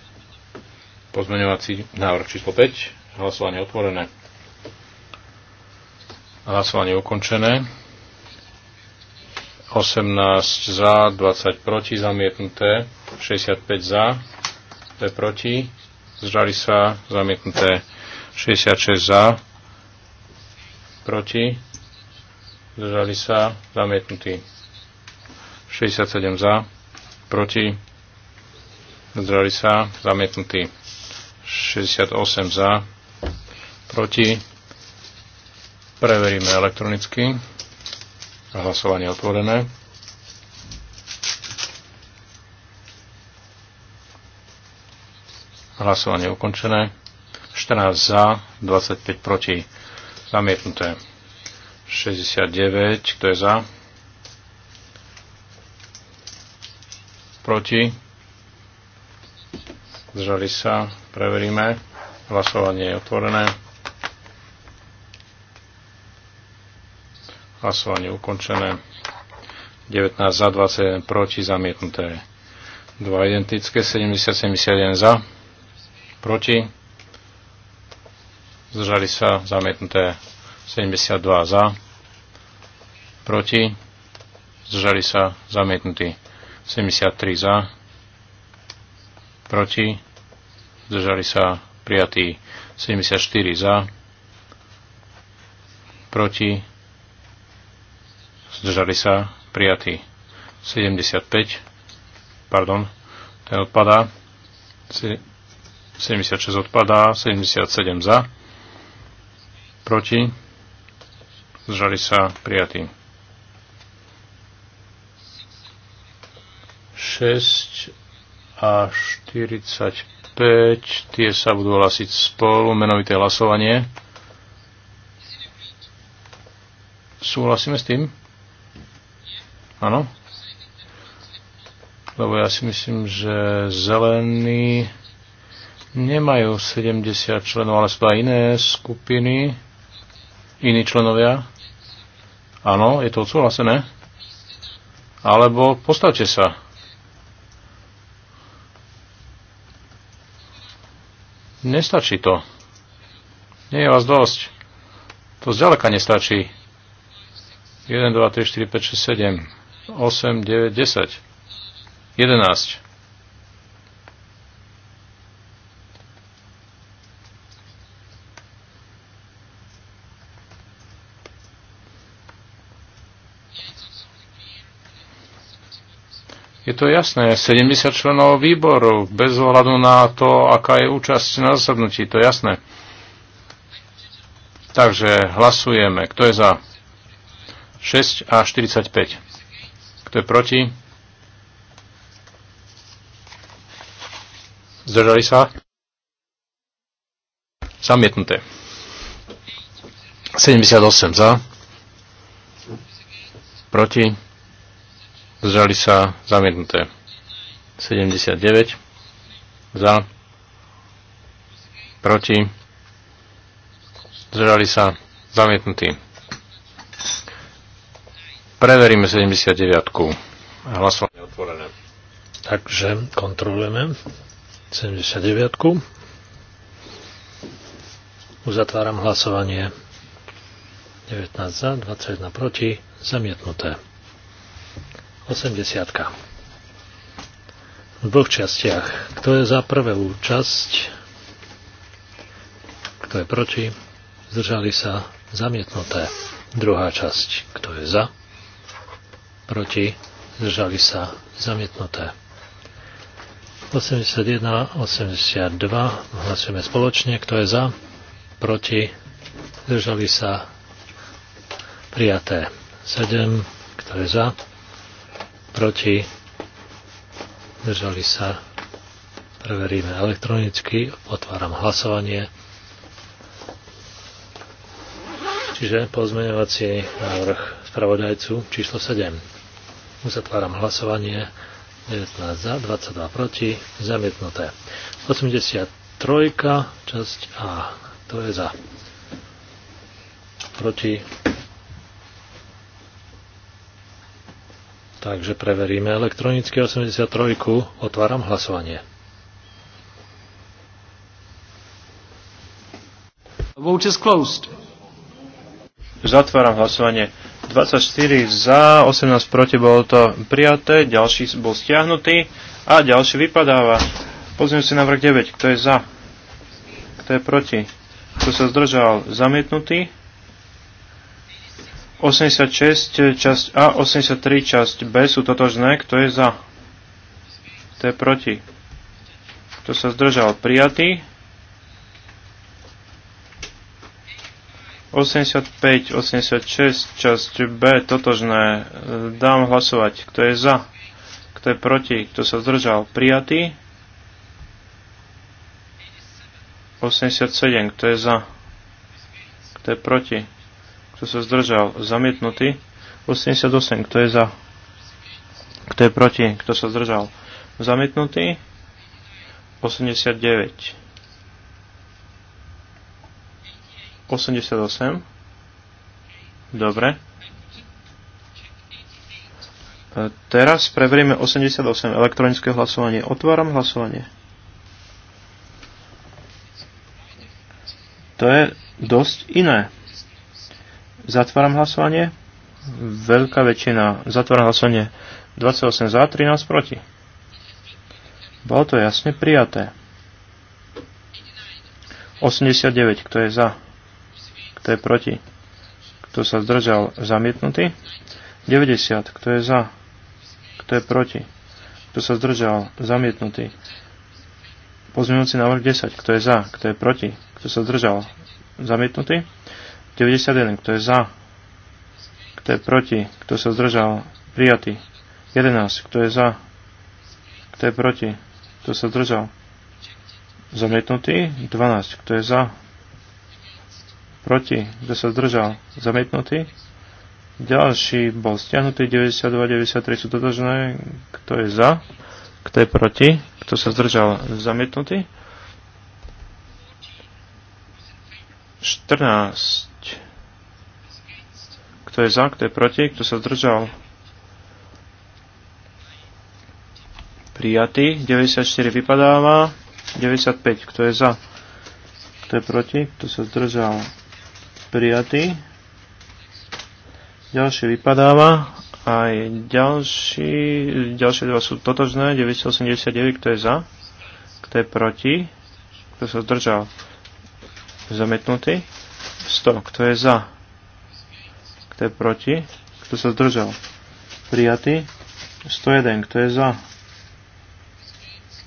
Pozmeňovací návrh číslo 5. Hlasovanie otvorené. Hlasovanie ukončené. 18 za, 20 proti, zamietnuté. 65 za, to je proti, zdržali sa, zamietnuté 66 za, proti, zdržali sa, zamietnutí 67 za, proti, zdržali sa, zamietnutí 68 za, proti, preveríme elektronicky, hlasovanie otvorené. Hlasovanie ukončené. 14 za, 25 proti. Zamietnuté. 69, kto je za? Proti? Zdržali sa, preveríme. Hlasovanie je otvorené. Hlasovanie ukončené. 19 za, 21 proti, zamietnuté. 2 identické, 70, 71 za proti, zdržali sa zamietnuté 72 za, proti, zdržali sa zamietnutí 73 za, proti, zdržali sa prijatí 74 za, proti, zdržali sa prijatí 75, pardon, ten odpadá, 76 odpadá, 77 za, proti, zdržali sa prijatí. 6 a 45, tie sa budú hlasiť spolu, menovité hlasovanie. Súhlasíme s tým? Áno? Lebo ja si myslím, že zelený nemajú 70 členov, ale sú to aj iné skupiny, iní členovia. Áno, je to odsúhlasené. Alebo postavte sa. Nestačí to. Nie je vás dosť. To zďaleka nestačí. 1, 2, 3, 4, 5, 6, 7, 8, 9, 10, 11. to jasné. 70 členov výboru, bez ohľadu na to, aká je účasť na zasadnutí, to je jasné. Takže hlasujeme. Kto je za? 6 a 45. Kto je proti? Zdržali sa? Zamietnuté. 78 za. Proti? zdržali sa zamietnuté. 79 za, proti, zdržali sa zamietnutí. Preveríme 79. Hlasovanie otvorené. Takže kontrolujeme 79. Uzatváram hlasovanie. 19 za, 21 proti, zamietnuté. 80. V dvoch častiach. Kto je za prvú časť? Kto je proti? Zdržali sa zamietnuté. Druhá časť. Kto je za? Proti? Zdržali sa zamietnuté. 81, 82. Hlasujeme spoločne. Kto je za? Proti? Zdržali sa prijaté. 7. Kto je za? proti, zdržali sa, preveríme elektronicky, otváram hlasovanie. Čiže pozmeňovací návrh spravodajcu číslo 7. Uzatváram hlasovanie. 19 za, 22 proti, zamietnuté. 83, časť A, to je za. Proti, Takže preveríme elektronicky 83. Otváram hlasovanie. Vote is closed. Zatváram hlasovanie. 24 za, 18 proti bolo to prijaté, ďalší bol stiahnutý a ďalší vypadáva. Pozriem si na vrch 9, kto je za, kto je proti, kto sa zdržal, zamietnutý. 86 časť A, 83 časť B sú totožné. Kto je za? Kto je proti? Kto sa zdržal? Prijatý. 85, 86 časť B totožné. Dám hlasovať. Kto je za? Kto je proti? Kto sa zdržal? Prijatý. 87. Kto je za? Kto je proti? Kto sa zdržal? Zamietnutý. 88. Kto je za? Kto je proti? Kto sa zdržal? Zamietnutý. 89. 88. Dobre. E, teraz preveríme 88. Elektronické hlasovanie. Otváram hlasovanie. To je dosť iné. Zatváram hlasovanie. Veľká väčšina. Zatváram hlasovanie. 28 za, 13 proti. Bolo to jasne prijaté. 89, kto je za? Kto je proti? Kto sa zdržal? Zamietnutý. 90, kto je za? Kto je proti? Kto sa zdržal? Zamietnutý. Pozmienujúci návrh 10, kto je za? Kto je proti? Kto sa zdržal? Zamietnutý. 91. Kto je za? Kto je proti? Kto sa zdržal? Prijatý. 11. Kto je za? Kto je proti? Kto sa zdržal? Zamietnutý. 12. Kto je za? Proti. Kto sa zdržal? Zamietnutý. Ďalší bol stiahnutý. 92, 93 sú dodržené. Kto je za? Kto je proti? Kto sa zdržal? Zamietnutý. 14 kto je za, kto je proti, kto sa zdržal? Prijatý. 94 vypadáva. 95. Kto je za? Kto je proti? Kto sa zdržal? Prijatý. Ďalší vypadáva. Aj ďalší, ďalšie dva sú totožné. 989. Kto je za? Kto je proti? Kto sa zdržal? Zametnutý. 100. Kto je za? Kto je proti? Kto sa zdržal? Prijatý. 101. Kto je za?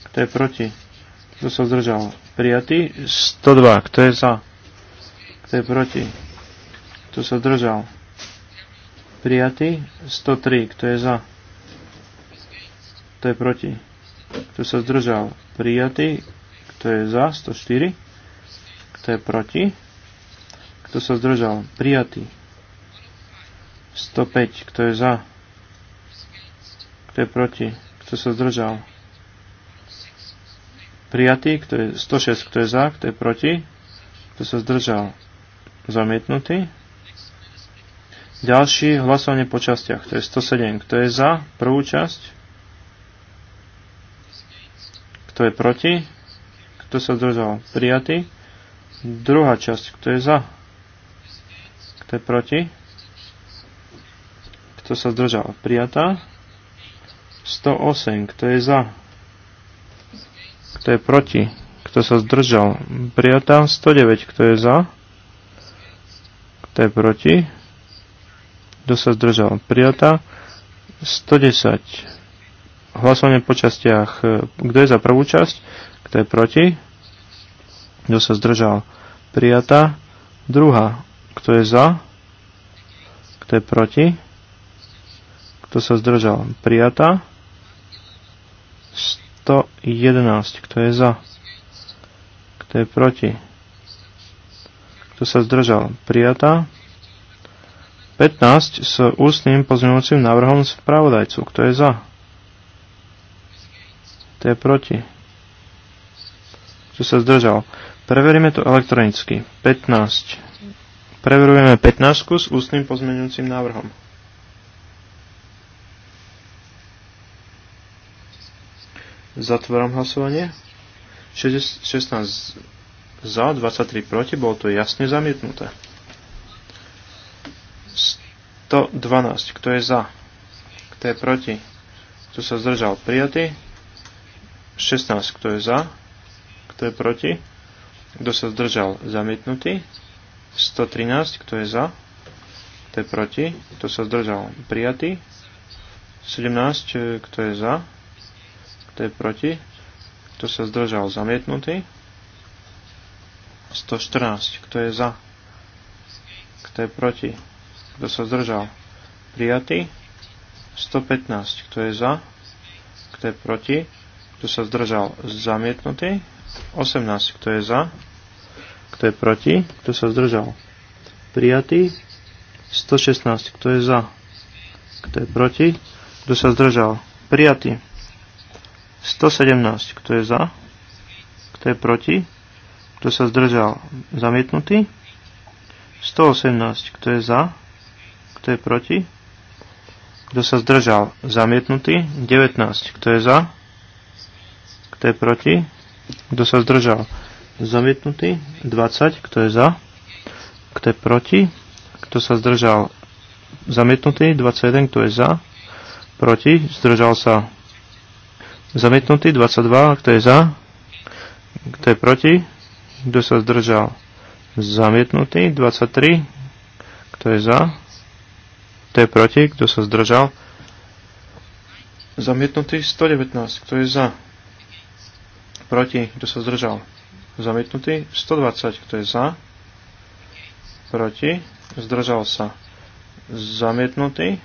Kto je proti? Kto sa zdržal? Prijatý. 102. Kto je za? Kto je proti? Kto sa zdržal? Prijatý. 103. Kto je za? Kto je proti? Kto sa zdržal? Prijatý. Kto je za? 104. Kto je proti? Kto sa zdržal? Prijatý. 105. Kto je za? Kto je proti? Kto sa zdržal? Prijatý. Kto je 106. Kto je za? Kto je proti? Kto sa zdržal? Zamietnutý. Ďalší hlasovanie po častiach. To je 107. Kto je za prvú časť? Kto je proti? Kto sa zdržal? Prijatý. Druhá časť. Kto je za? Kto je proti? Kto sa zdržal? Prijatá. 108. Kto je za? Kto je proti? Kto sa zdržal? Prijatá. 109. Kto je za? Kto je proti? Kto sa zdržal? Prijatá. 110. Hlasovanie po častiach. Kto je za prvú časť? Kto je proti? Kto sa zdržal? Prijatá. Druhá. Kto je za? Kto je proti? Kto sa zdržal? Prijatá. 111. Kto je za? Kto je proti? Kto sa zdržal? Prijatá. 15 s ústnym pozmeňujúcim návrhom spravodajcu. Kto je za? Kto je proti? Kto sa zdržal? Preveríme to elektronicky. 15. Preverujeme 15 s ústnym pozmeňujúcim návrhom. Zatváram hlasovanie. 16 za, 23 proti, bolo to jasne zamietnuté. 112, kto je za? Kto je proti? Kto sa zdržal? Prijatý. 16, kto je za? Kto je proti? Kto sa zdržal? Zamietnutý. 113, kto je za? Kto je proti? Kto sa zdržal? Prijatý. 17, kto je za? to je proti, kto sa zdržal zamietnutý, 114, kto je za, kto je proti, kto sa zdržal prijatý, 115, kto je za, kto je proti, kto sa zdržal zamietnutý, 18, kto je za, kto je proti, kto sa zdržal prijatý, 116, kto je za, kto je proti, kto sa zdržal prijatý. 117. Kto je za? Kto je proti? Kto sa zdržal? Zamietnutý. 118. Kto je za? Kto je proti? Kto sa zdržal? Zamietnutý. 19. Kto je za? Kto je proti? Kto sa zdržal? Zamietnutý. 20. Kto je za? Kto je proti? Kto sa zdržal? Zamietnutý. 21. Kto je za? Proti? Zdržal sa? Zamietnutý 22, kto je za? Kto je proti? Kto sa zdržal? Zamietnutý 23, kto je za? Kto je proti? Kto sa zdržal? Zamietnutý 119, kto je za? Proti, kto sa zdržal? Zamietnutý 120, kto je za? Proti, zdržal sa. Zamietnutý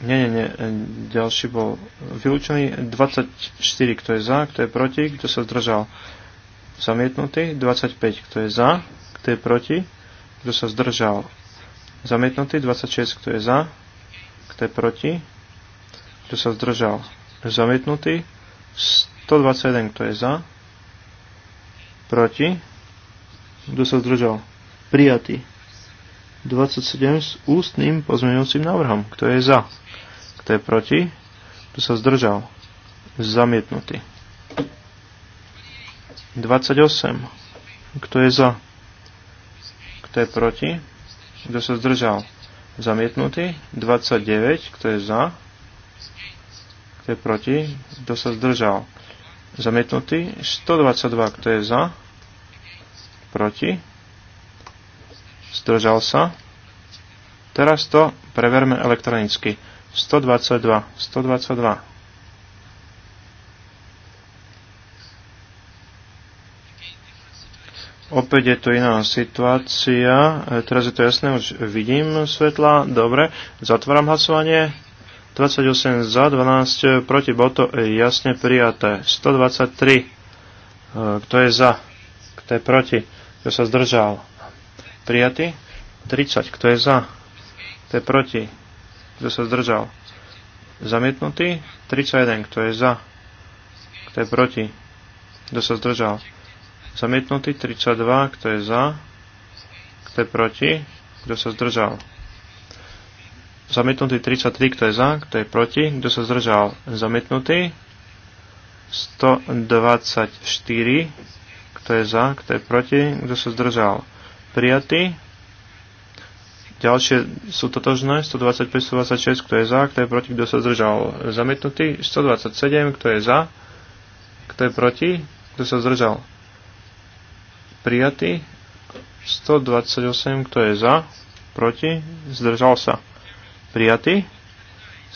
Nie, nie, nie. E, ďalší bol vylúčený. 24, kto je za, kto je proti, kto sa zdržal. Zamietnutý. 25, kto je za, kto je proti, kto sa zdržal. Zamietnutý. 26, kto je za, kto je proti, kto sa zdržal. Zamietnutý. 121, kto je za, proti, kto sa zdržal. Prijatý. 27 s ústnym pozmeňujúcim návrhom. Kto je za? Kto je proti? Kto sa zdržal? Zamietnutý. 28. Kto je za? Kto je proti? Kto sa zdržal? Zamietnutý. 29. Kto je za? Kto je proti? Kto sa zdržal? Zamietnutý. 122. Kto je za? Proti? Zdržal sa? Teraz to preverme elektronicky. 122, 122. Opäť je tu iná situácia. E, teraz je to jasné, už vidím svetla. Dobre, zatváram hlasovanie. 28 za, 12 proti, bolo to jasne prijaté. 123. E, kto je za? Kto je proti? Kto sa zdržal? Prijatý? 30. Kto je za? Kto je proti? kto sa zdržal. Zamietnutý. 31, kto je za, kto je proti, kto sa zdržal. Zamietnutý. 32, kto je za, kto je proti, kto sa zdržal. Zamietnutý 33, kto je za, kto je proti, kto sa zdržal. Zamietnutý 124, kto je za, kto je proti, kto sa zdržal. Prijatý Ďalšie sú totožné, 125, 126, kto je za, kto je proti, kto sa zdržal. Zamietnutý, 127, kto je za, kto je proti, kto sa zdržal. Prijatý, 128, kto je za, proti, zdržal sa. Prijatý,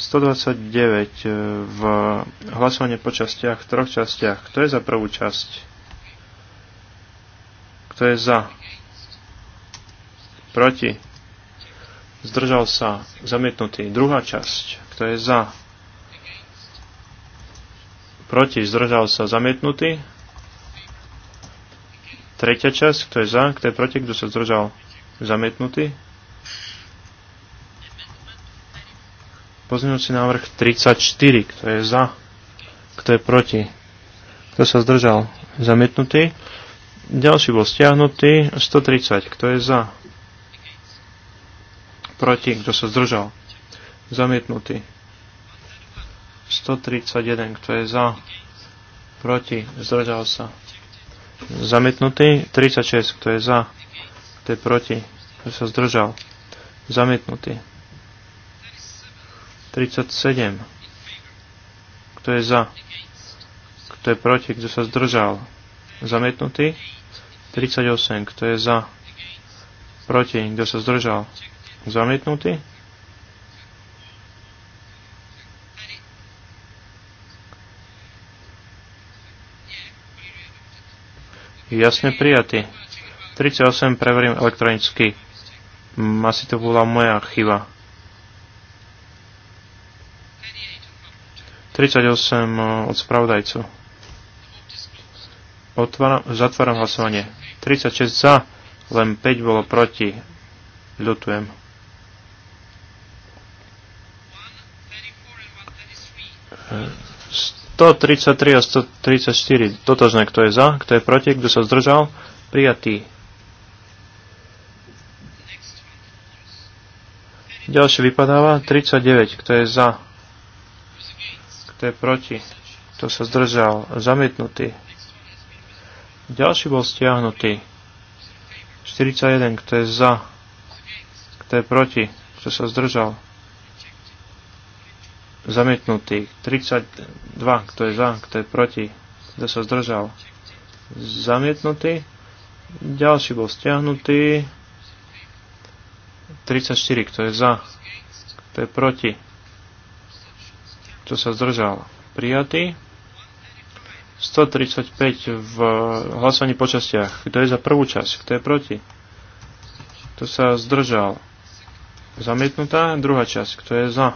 129 eh, v hlasovanie po častiach, v troch častiach. Kto je za prvú časť? Kto je za? Proti? zdržal sa, zamietnutý. Druhá časť, kto je za, proti, zdržal sa, zamietnutý. Tretia časť, kto je za, kto je proti, kto sa zdržal, zamietnutý. Pozmeňujúci návrh 34, kto je za, kto je proti, kto sa zdržal, zamietnutý. Ďalší bol stiahnutý, 130, kto je za, proti, kto sa zdržal. Zamietnutý. 131, kto je za, proti, zdržal sa. Zamietnutý. 36, kto je za, kto je proti, kto sa zdržal. Zamietnutý. 37. Kto je za? Kto je proti? Kto sa zdržal? Zamietnutý. 38. Kto je za? Proti? Kto sa zdržal? Zamietnutý? Jasne prijatý. 38 preverím elektronicky. Asi to bola moja chyba. 38 od spravodajcu. Otváram, zatváram hlasovanie. 36 za, len 5 bolo proti. Ľutujem. 133 a 134. Totožné, kto je za, kto je proti, kto sa zdržal. Prijatý. Ďalšie vypadáva 39. Kto je za? Kto je proti? Kto sa zdržal? Zamietnutý. Ďalší bol stiahnutý. 41. Kto je za? Kto je proti? Kto sa zdržal? zamietnutých, 32, kto je za, kto je proti, kto sa zdržal. Zamietnutý. Ďalší bol stiahnutý. 34, kto je za, kto je proti, kto sa zdržal. Prijatý. 135 v hlasovaní po častiach. Kto je za prvú časť? Kto je proti? Kto sa zdržal? Zamietnutá. Druhá časť. Kto je za?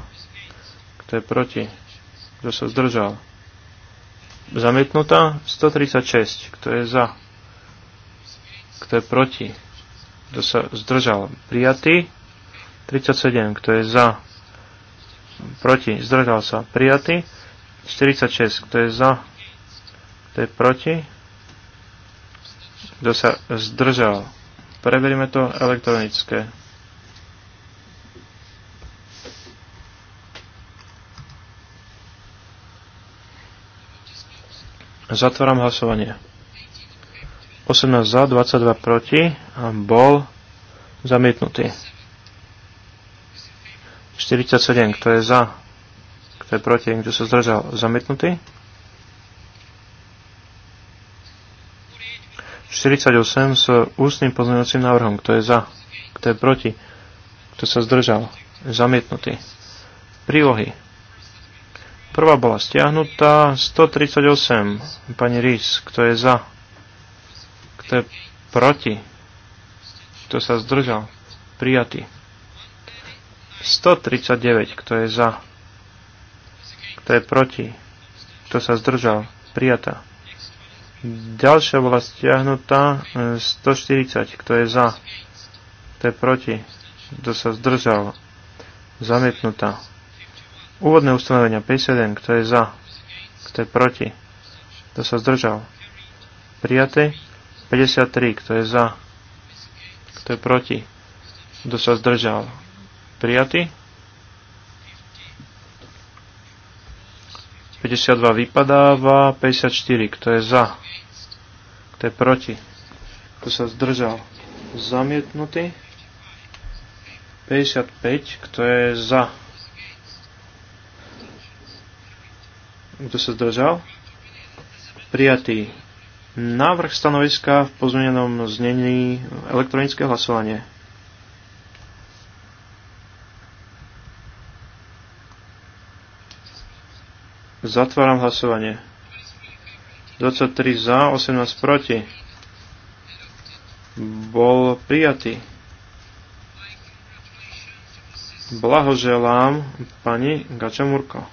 kto je proti, kto sa zdržal. Zamietnutá 136, kto je za, kto je proti, kto sa zdržal. Prijatý 37, kto je za, proti, zdržal sa. Prijatý 46, kto je za, kto je proti, kto sa zdržal. Preveríme to elektronické. Zatváram hlasovanie. 18 za, 22 proti a bol zamietnutý. 47, kto je za, kto je proti, kto sa zdržal, zamietnutý. 48 s ústnym pozmeňovacím návrhom, kto je za, kto je proti, kto sa zdržal, zamietnutý. Prílohy Prvá bola stiahnutá. 138. Pani Rís, kto je za? Kto je proti? Kto sa zdržal? Prijatý. 139. Kto je za? Kto je proti? Kto sa zdržal? Prijatá. Ďalšia bola stiahnutá. 140. Kto je za? Kto je proti? Kto sa zdržal? Zamietnutá. Úvodné ustanovenia 51. Kto je za? Kto je proti? Kto sa zdržal? Prijaté. 53. Kto je za? Kto je proti? Kto sa zdržal? Prijaté 52 vypadáva, 54, kto je za, kto je proti, kto sa zdržal, zamietnutý, 55, kto je za, Kto sa zdržal? Prijatý. Návrh stanoviska v pozmenenom znení elektronické hlasovanie. Zatváram hlasovanie. 23 za, 18 proti. Bol prijatý. Blahoželám pani Gačamurko.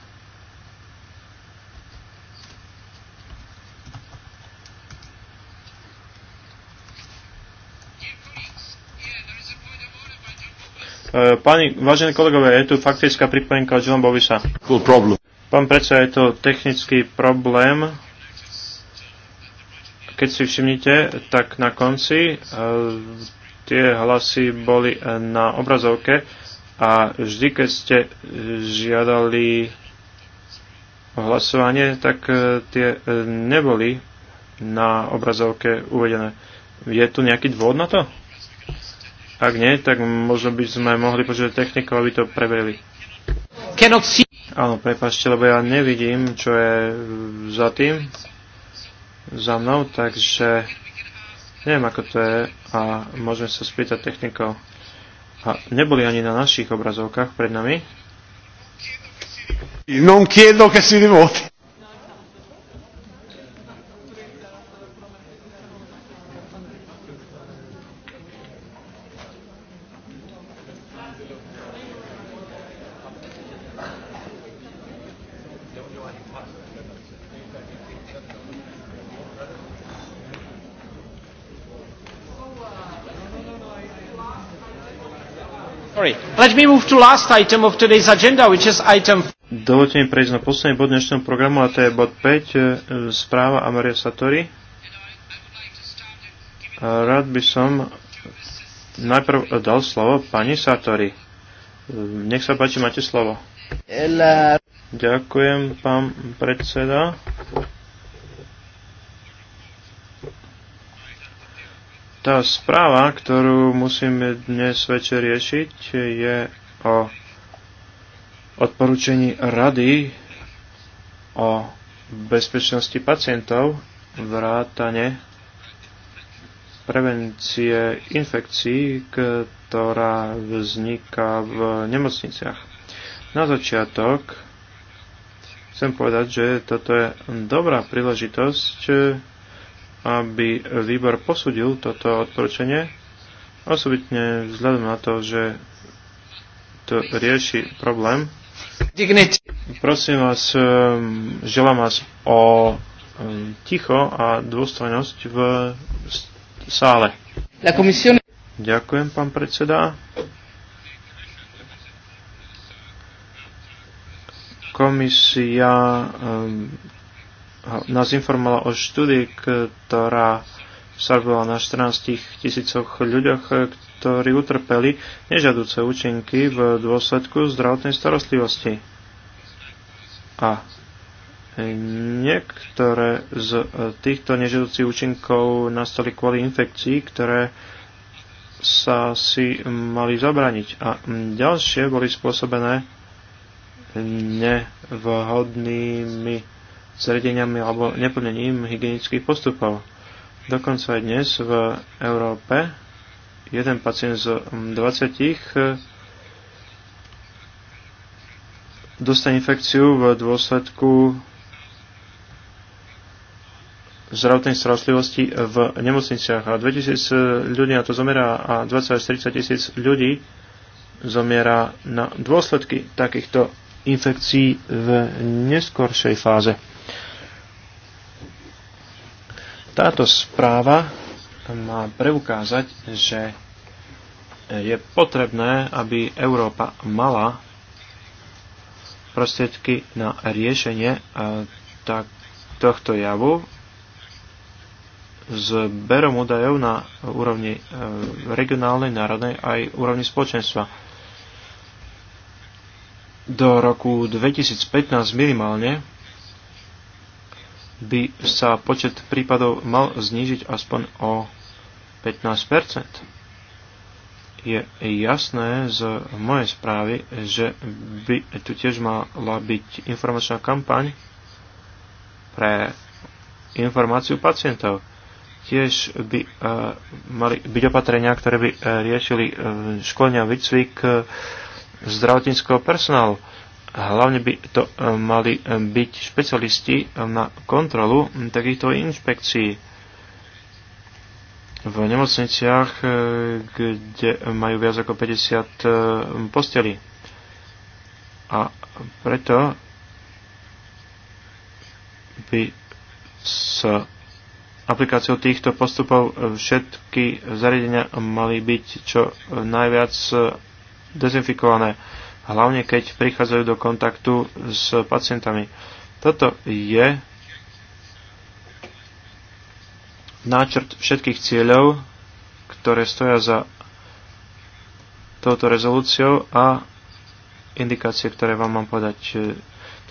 Eh, pani, vážení kolegovia, je tu faktická pripomienka od John Bovisa. Cool Pán predseda, je to technický problém. Keď si všimnite, tak na konci eh, tie hlasy boli eh, na obrazovke a vždy, keď ste žiadali hlasovanie, tak tie neboli na obrazovke uvedené. Je tu nejaký dôvod na to? Ak nie, tak možno by sme mohli požiadať technikov, aby to preverili. Áno, prepašte, lebo ja nevidím, čo je za tým, za mnou, takže neviem, ako to je a môžeme sa spýtať technikov. A neboli ani na našich obrazovkách pred nami. Non chiedo che si voti. Let me move to last item of today's agenda, which is item... Dovolte mi prejsť na posledný bod dnešného programu, a to je bod 5, e, správa Amaria Satori. Rád by som najprv dal slovo pani Satori. Nech sa páči, máte slovo. Ďakujem, pán predseda. Tá správa, ktorú musíme dnes večer riešiť, je o odporúčení rady o bezpečnosti pacientov, vrátane prevencie infekcií, ktorá vzniká v nemocniciach. Na začiatok chcem povedať, že toto je dobrá príležitosť aby výbor posudil toto odporúčanie, osobitne vzhľadom na to, že to rieši problém. Prosím vás, eh, želám vás o eh, ticho a dôstojnosť v sále. Ďakujem, pán predseda. Komisia eh, nás informovala o štúdii, ktorá sa bola na 14 tisícoch ľuďoch, ktorí utrpeli nežiaduce účinky v dôsledku zdravotnej starostlivosti. A niektoré z týchto nežiaducich účinkov nastali kvôli infekcií, ktoré sa si mali zabraniť. A ďalšie boli spôsobené nevhodnými zariadeniami alebo neplnením hygienických postupov. Dokonca aj dnes v Európe jeden pacient z 20 eh, dostane infekciu v dôsledku zdravotnej starostlivosti v nemocniciach. A 2000 ľudí na to zomiera a 20 až 30 tisíc ľudí zomiera na dôsledky takýchto infekcií v neskoršej fáze. Táto správa má preukázať, že je potrebné, aby Európa mala prostriedky na riešenie eh, tohto javu berom údajov na úrovni eh, regionálnej, národnej aj úrovni spoločenstva. Do roku 2015 minimálne by sa počet prípadov mal znížiť aspoň o 15 Je jasné z mojej správy, že by tu tiež mala byť informačná kampaň pre informáciu pacientov. Tiež by uh, mali byť opatrenia, ktoré by uh, riešili uh, školenia výcvik uh, zdravotníckého personálu. Uh, Hlavne by to e, mali e, byť špecialisti e, na kontrolu takýchto inšpekcií v nemocniciach, kde majú viac ako 50 posteli. A preto by s aplikáciou týchto postupov všetky zariadenia mali byť čo najviac dezinfikované hlavne keď prichádzajú do kontaktu s pacientami. Toto je náčrt všetkých cieľov, ktoré stoja za touto rezolúciou a indikácie, ktoré vám mám podať.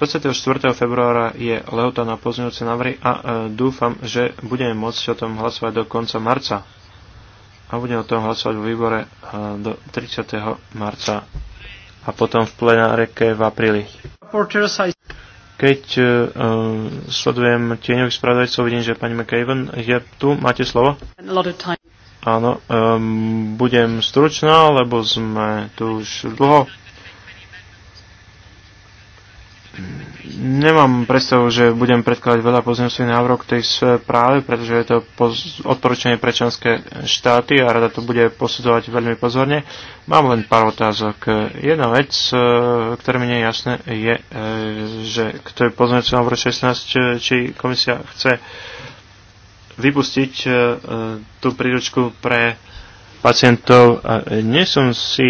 24. februára je lehota na pozňujúce návrhy a e, dúfam, že budeme môcť o tom hlasovať do konca marca. A budeme o tom hlasovať vo výbore e, do 30. marca a potom v plenáreke v apríli. Keď uh, sledujem tieňových spravodajcov, vidím, že pani McAven je tu. Máte slovo? Áno, um, budem stručná, lebo sme tu už dlho. Nemám predstavu, že budem predkladať veľa pozemstvých návrhov k tej správe, pretože je to odporúčanie pre členské štáty a rada to bude posudzovať veľmi pozorne. Mám len pár otázok. Jedna vec, e, ktorá mi nie je jasné, je, e, že k tej pozemstvej návrhu 16, či komisia chce vypustiť e, tú príručku pre pacientov. A nie som si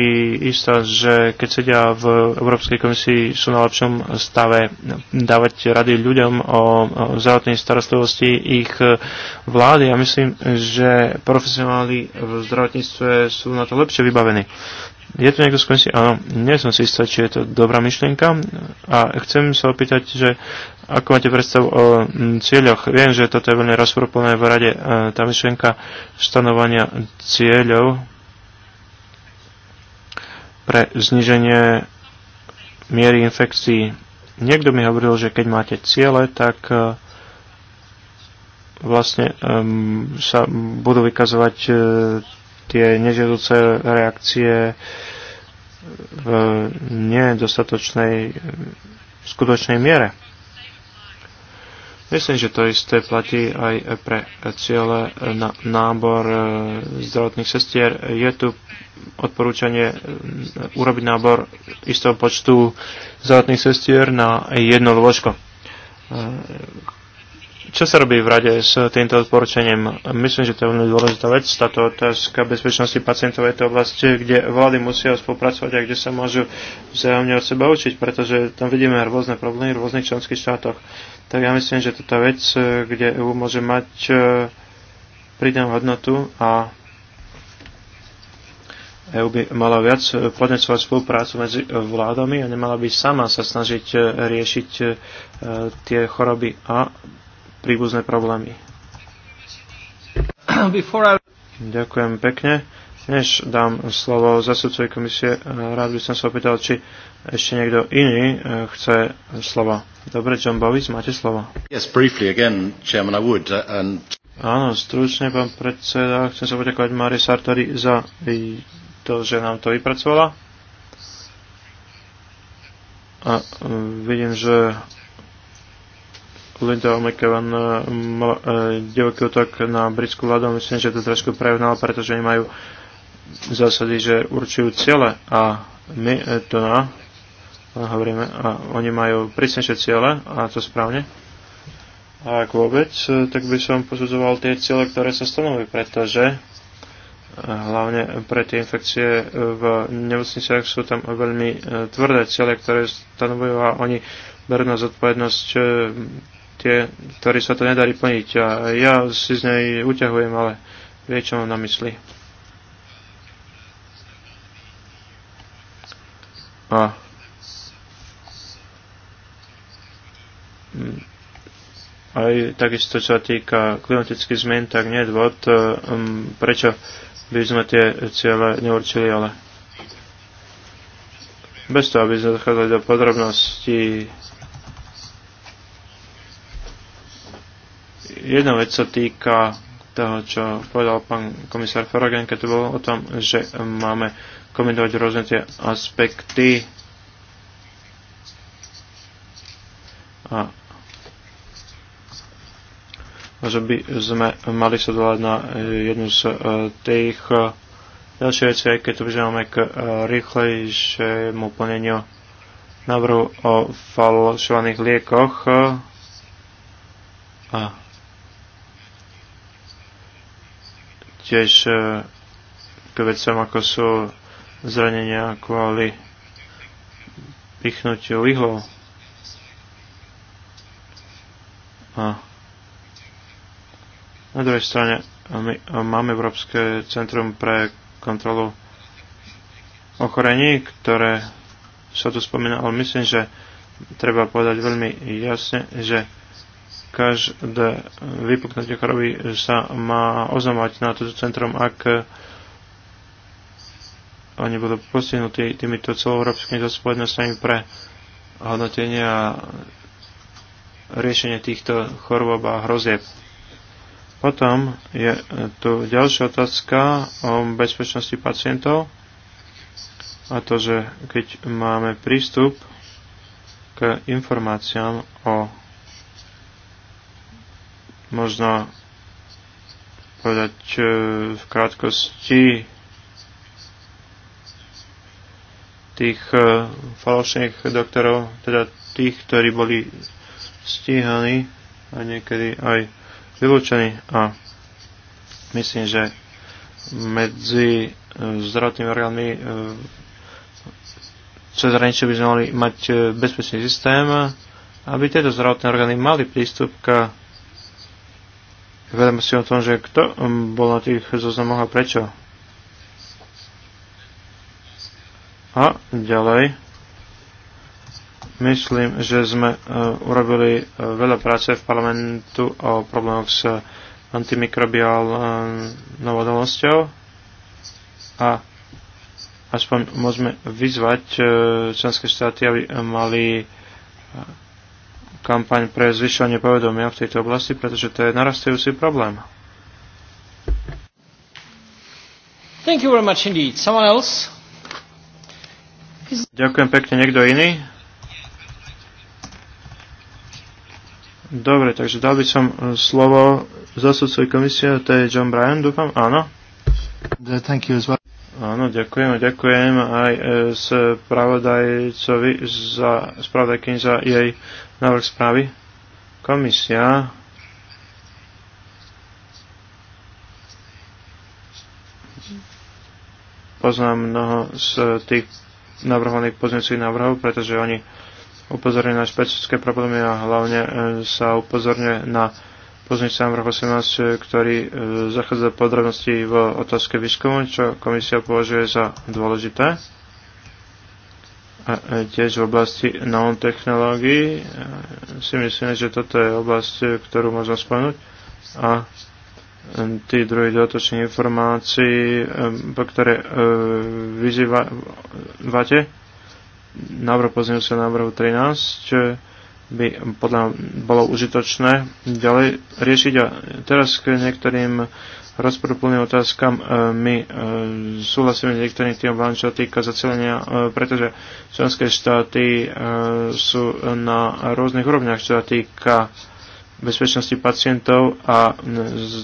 istá, že keď sedia v Európskej komisii, sú na lepšom stave dávať rady ľuďom o zdravotnej starostlivosti ich vlády. Ja myslím, že profesionáli v zdravotníctve sú na to lepšie vybavení. Je tu niekto z komisie? Áno, nie som si istá, či je to dobrá myšlienka. A chcem sa opýtať, že ako máte predstavu o mm, cieľoch? Viem, že toto je veľmi rozproponé v rade, e, tá myšlienka stanovania cieľov pre zniženie miery infekcií. Niekto mi hovoril, že keď máte ciele, tak e, vlastne um, sa budú vykazovať uh, tie nežiaduce reakcie v nedostatočnej skutočnej miere. Myslím, že to isté platí aj pre ciele na nábor e, zdravotných sestier. Je tu odporúčanie e, urobiť nábor istého počtu zdravotných sestier na jedno lôžko. E, čo sa robí v rade s týmto odporúčaním? Myslím, že to je veľmi dôležitá vec. Táto otázka bezpečnosti pacientov je to oblasť, kde vlády musia spolupracovať a kde sa môžu vzájomne od seba učiť, pretože tam vidíme rôzne problémy v rôznych členských štátoch. Tak ja myslím, že toto je vec, kde EU môže mať e, pridanú hodnotu a EU by mala viac podnecovať spoluprácu medzi vládami a nemala by sama sa snažiť e, riešiť e, tie choroby. A príbuzné problémy. Ďakujem pekne. Než dám slovo zasudcovej komisie, eh, rád by som sa opýtal, či ešte niekto iný eh, chce slovo. Dobre, John Bovis, máte slovo. Yes, briefly again, Chairman, I would, uh, and... Áno, stručne, pán predseda, chcem sa poďakovať Mári Sartori za to, že nám to vypracovala. A eh, vidím, že Linda McEwan eh, eh, divoký útok na britskú vládu. Myslím, že to trošku prehnala, pretože oni majú zásady, že určujú ciele a my eh, to na hovoríme, a oni majú prísnejšie ciele a to správne. A ak vôbec, tak by som posudzoval tie ciele, ktoré sa stanovujú, pretože hlavne pre tie infekcie v nemocniciach sú tam veľmi tvrdé ciele, ktoré stanovujú a oni berú na zodpovednosť tie, ktorí sa to nedarí plniť. A ja si z nej uťahujem, ale vie, čo mám na mysli. A aj takisto, čo sa týka klimatických zmien, tak nie je dôvod, um, prečo by sme tie cieľe neurčili, ale bez toho, aby sme dochádzali do podrobností Jedna vec sa týka toho, čo povedal pán komisár Ferragen, keď to bolo o tom, že máme komentovať rôzne tie aspekty a že by sme mali sa doľať na jednu z e, tých e, ďalších vecí, aj keď to vyžívame k e, rýchlejšiemu plneniu návrhu o falšovaných liekoch. A tiež e, k vecem, ako sú zranenia kvôli pichnutiu ihlov. A na druhej strane my máme Európske centrum pre kontrolu ochorení, ktoré sa tu spomína, ale myslím, že treba povedať veľmi jasne, že každé vypuknutie choroby sa má oznamovať na toto centrum, ak oni budú postihnutí týmito celoeurópskymi zodpovednosťami pre hodnotenie a riešenie týchto chorôb a hrozieb. Potom je tu ďalšia otázka o bezpečnosti pacientov a to, že keď máme prístup k informáciám o možno povedať e, v krátkosti tých e, falošných doktorov, teda tých, ktorí boli stíhaní a niekedy aj vylúčení. A myslím, že medzi e, zdravotnými orgánmi cez hranice by sme mali mať bezpečný systém, aby tieto zdravotné orgány mali prístup k Vedeme si o tom, že kto um, bol na tých zoznamoch a prečo. A ďalej. Myslím, že sme uh, urobili uh, veľa práce v parlamentu o problémoch s antimikrobiálnou uh, odolnosťou a aspoň môžeme vyzvať členské štáty, aby mali kampaň pre zvyšovanie povedomia v tejto oblasti, pretože to je narastajúci problém. Thank you very much indeed. Someone else? Is... Ďakujem pekne. Niekto iný? Dobre, takže dal by som eh, slovo zasudcovi komisie, to je John Bryan, dúfam. Áno. Thank you as well. Áno, ďakujem a ďakujem aj e, spravodajcovi za, spravodajkyni za jej návrh správy. Komisia poznám mnoho z tých navrhovaných pozmeňujúcich návrhov, pretože oni upozorňujú na špecifické problémy a hlavne e, sa upozorňuje na pozmeňujúci návrh 18, e, ktorý e, zachádza podrobnosti v otázke výskumu, čo komisia považuje za dôležité. A e, tiež v oblasti nanotechnológií si myslíme, že toto je oblasť, ktorú možno spomenúť. A tí druhý dodatočných informácií, po ktoré vyzývate, návrh pozmeňujúceho návrhu 13, by podľa bolo užitočné ďalej riešiť. A teraz k niektorým rozporúplným otázkam e, my e, súhlasíme niektorým tým obávam, čo týka zacelenia, e, pretože členské štáty sú na rôznych úrovniach, čo sa týka bezpečnosti pacientov a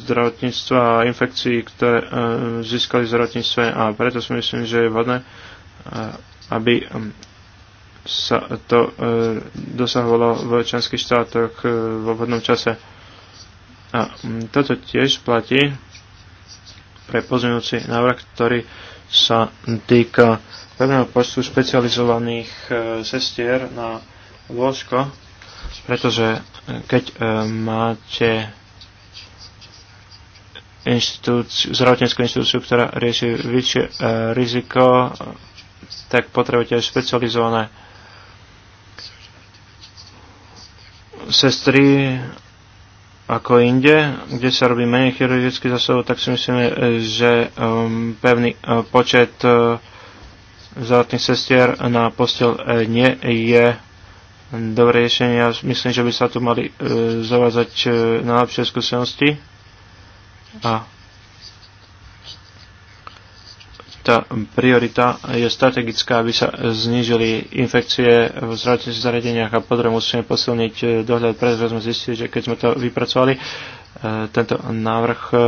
zdravotníctva a infekcií, ktoré získali zdravotníctve a preto si myslím, že je vhodné, aby sa to e, dosahovalo v členských štátoch e, vo vhodnom čase. A m, mm, toto tiež platí pre pozmeňujúci návrh, ktorý sa týka pevného počtu špecializovaných e, sestier na lôžko, pretože e, keď e, máte inštitúciu, zdravotníckú inštitúciu, ktorá rieši väčšie e, riziko, e, tak potrebujete špecializované sestry ako inde, kde sa robí menej chirurgických zasahov, tak si myslíme, že um, pevný uh, počet uh, zdravotných sestier na postel uh, nie je dobré riešenie. Ja myslím, že by sa tu mali zavázať najlepšie skúsenosti a tá priorita je strategická, aby sa znížili infekcie v zdravotných zariadeniach a potom musíme posilniť eh, dohľad, pretože sme zistili, že keď sme to vypracovali, eh, tento návrh eh,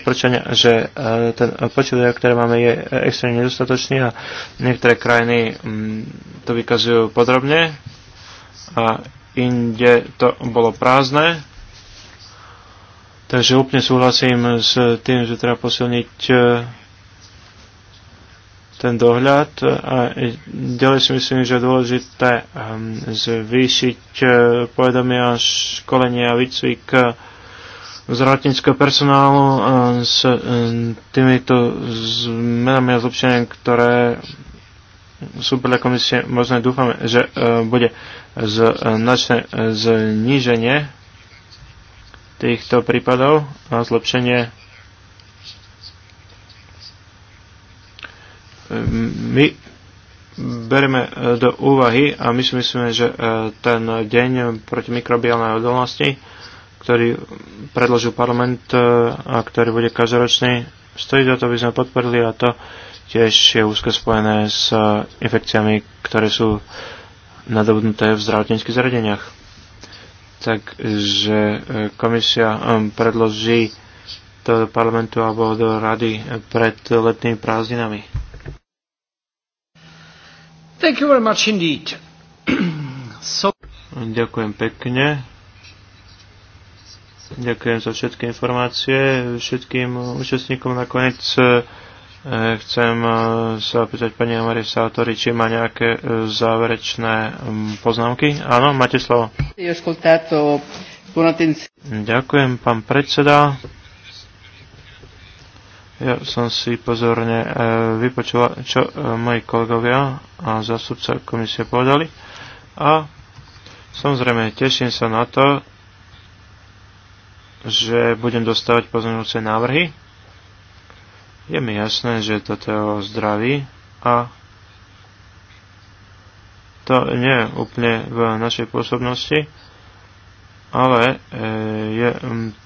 odporúčania, že ten počet ktoré máme, je extrémne nedostatočný a niektoré krajiny mm, to vykazujú podrobne a inde to bolo prázdne. Takže úplne súhlasím s tým, že treba posilniť ten dohľad. A ďalej si myslím, že je dôležité ehm, zvýšiť e, povedomie a školenie a výcvik e, zdravotníckého personálu e, s týmito zmenami a zlepšeniami, ktoré sú podľa komisie možné. Dúfame, že bude značné zníženie týchto prípadov a zlepšenie my bereme e, do úvahy a my si myslíme, že e, ten deň proti mikrobiálnej odolnosti, ktorý predložil parlament e, a ktorý bude každoročný, stojí za to, aby sme podporili a to tiež je úzko spojené s infekciami, ktoré sú nadobudnuté v zdravotníckých zariadeniach. Takže komisia predloží to do parlamentu alebo do rady pred letnými prázdninami. Thank you very much indeed. so... Ďakujem pekne. Ďakujem za všetky informácie. Všetkým účastníkom nakoniec e, chcem e, sa opýtať pani Amari Sátori, či má nejaké e, záverečné poznámky. Áno, máte slovo. Ďakujem, pán predseda. Ja som si pozorne e, vypočula, čo e, moji kolegovia a zastupca komisie povedali. A samozrejme, teším sa na to, že budem dostávať pozornúce návrhy. Je mi jasné, že toto je o zdraví a to nie je úplne v našej pôsobnosti ale e, je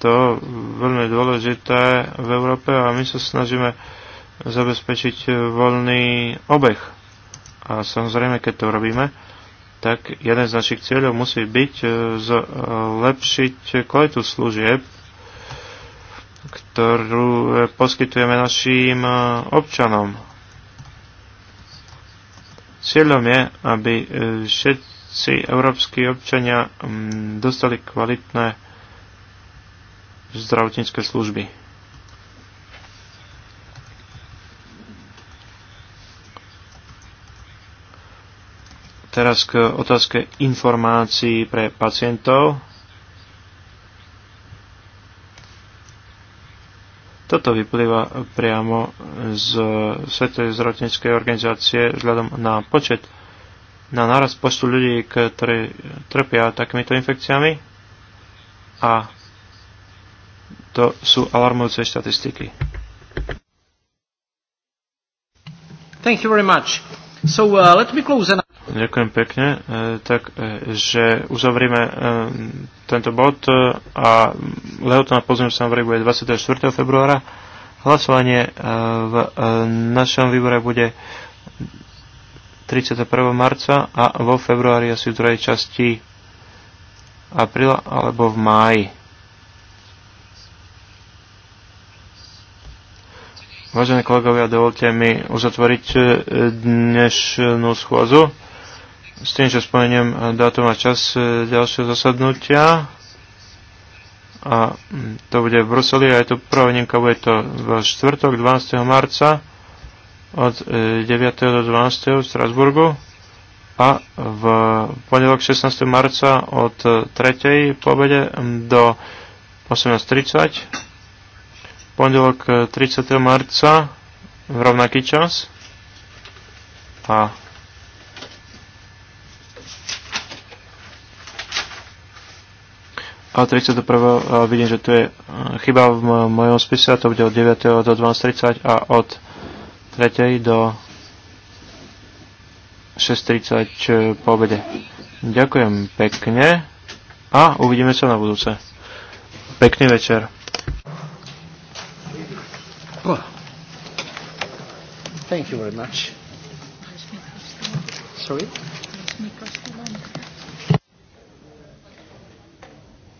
to veľmi dôležité v Európe a my sa snažíme zabezpečiť voľný obeh. A samozrejme, keď to robíme, tak jeden z našich cieľov musí byť e, zlepšiť kvalitu služieb, ktorú poskytujeme našim e, občanom. Cieľom je, aby všetci si európsky občania mm, dostali kvalitné zdravotnícke služby. Teraz k otázke informácií pre pacientov. Toto vyplýva priamo z Svetovej zdravotníckej organizácie vzhľadom na počet na naraz počtu ľudí, ktorí trpia takýmito infekciami a to sú alarmujúce štatistiky. Thank you very much. So, uh, let me close and... Ďakujem pekne. e, Tak, e, že uzavrieme e, tento bod e, a lehotná na pozornosť sa bude 24. februára. Hlasovanie e, v e, našom výbore bude 31. marca a vo februári asi v druhej časti apríla alebo v máji. Vážené kolegovia, dovolte mi uzatvoriť e, dnešnú schôzu s tým, že spomeniem dátum a čas e, ďalšieho zasadnutia. A mm, to bude v Bruseli aj je to prvá výnimka, bude to v čtvrtok 12. marca od 9. E, do 12. v Strasburgu a v pondelok 16. marca od 3. pobede do 18.30 pondelok 30. E, marca v rovnaký čas a a 31. E, vidím, že tu je chyba v mojom spise to bude od 9. do 12.30 a od tretej do 6.30 po obede. Ďakujem pekne a uvidíme sa na budúce. Pekný večer. thank you very much. Sorry?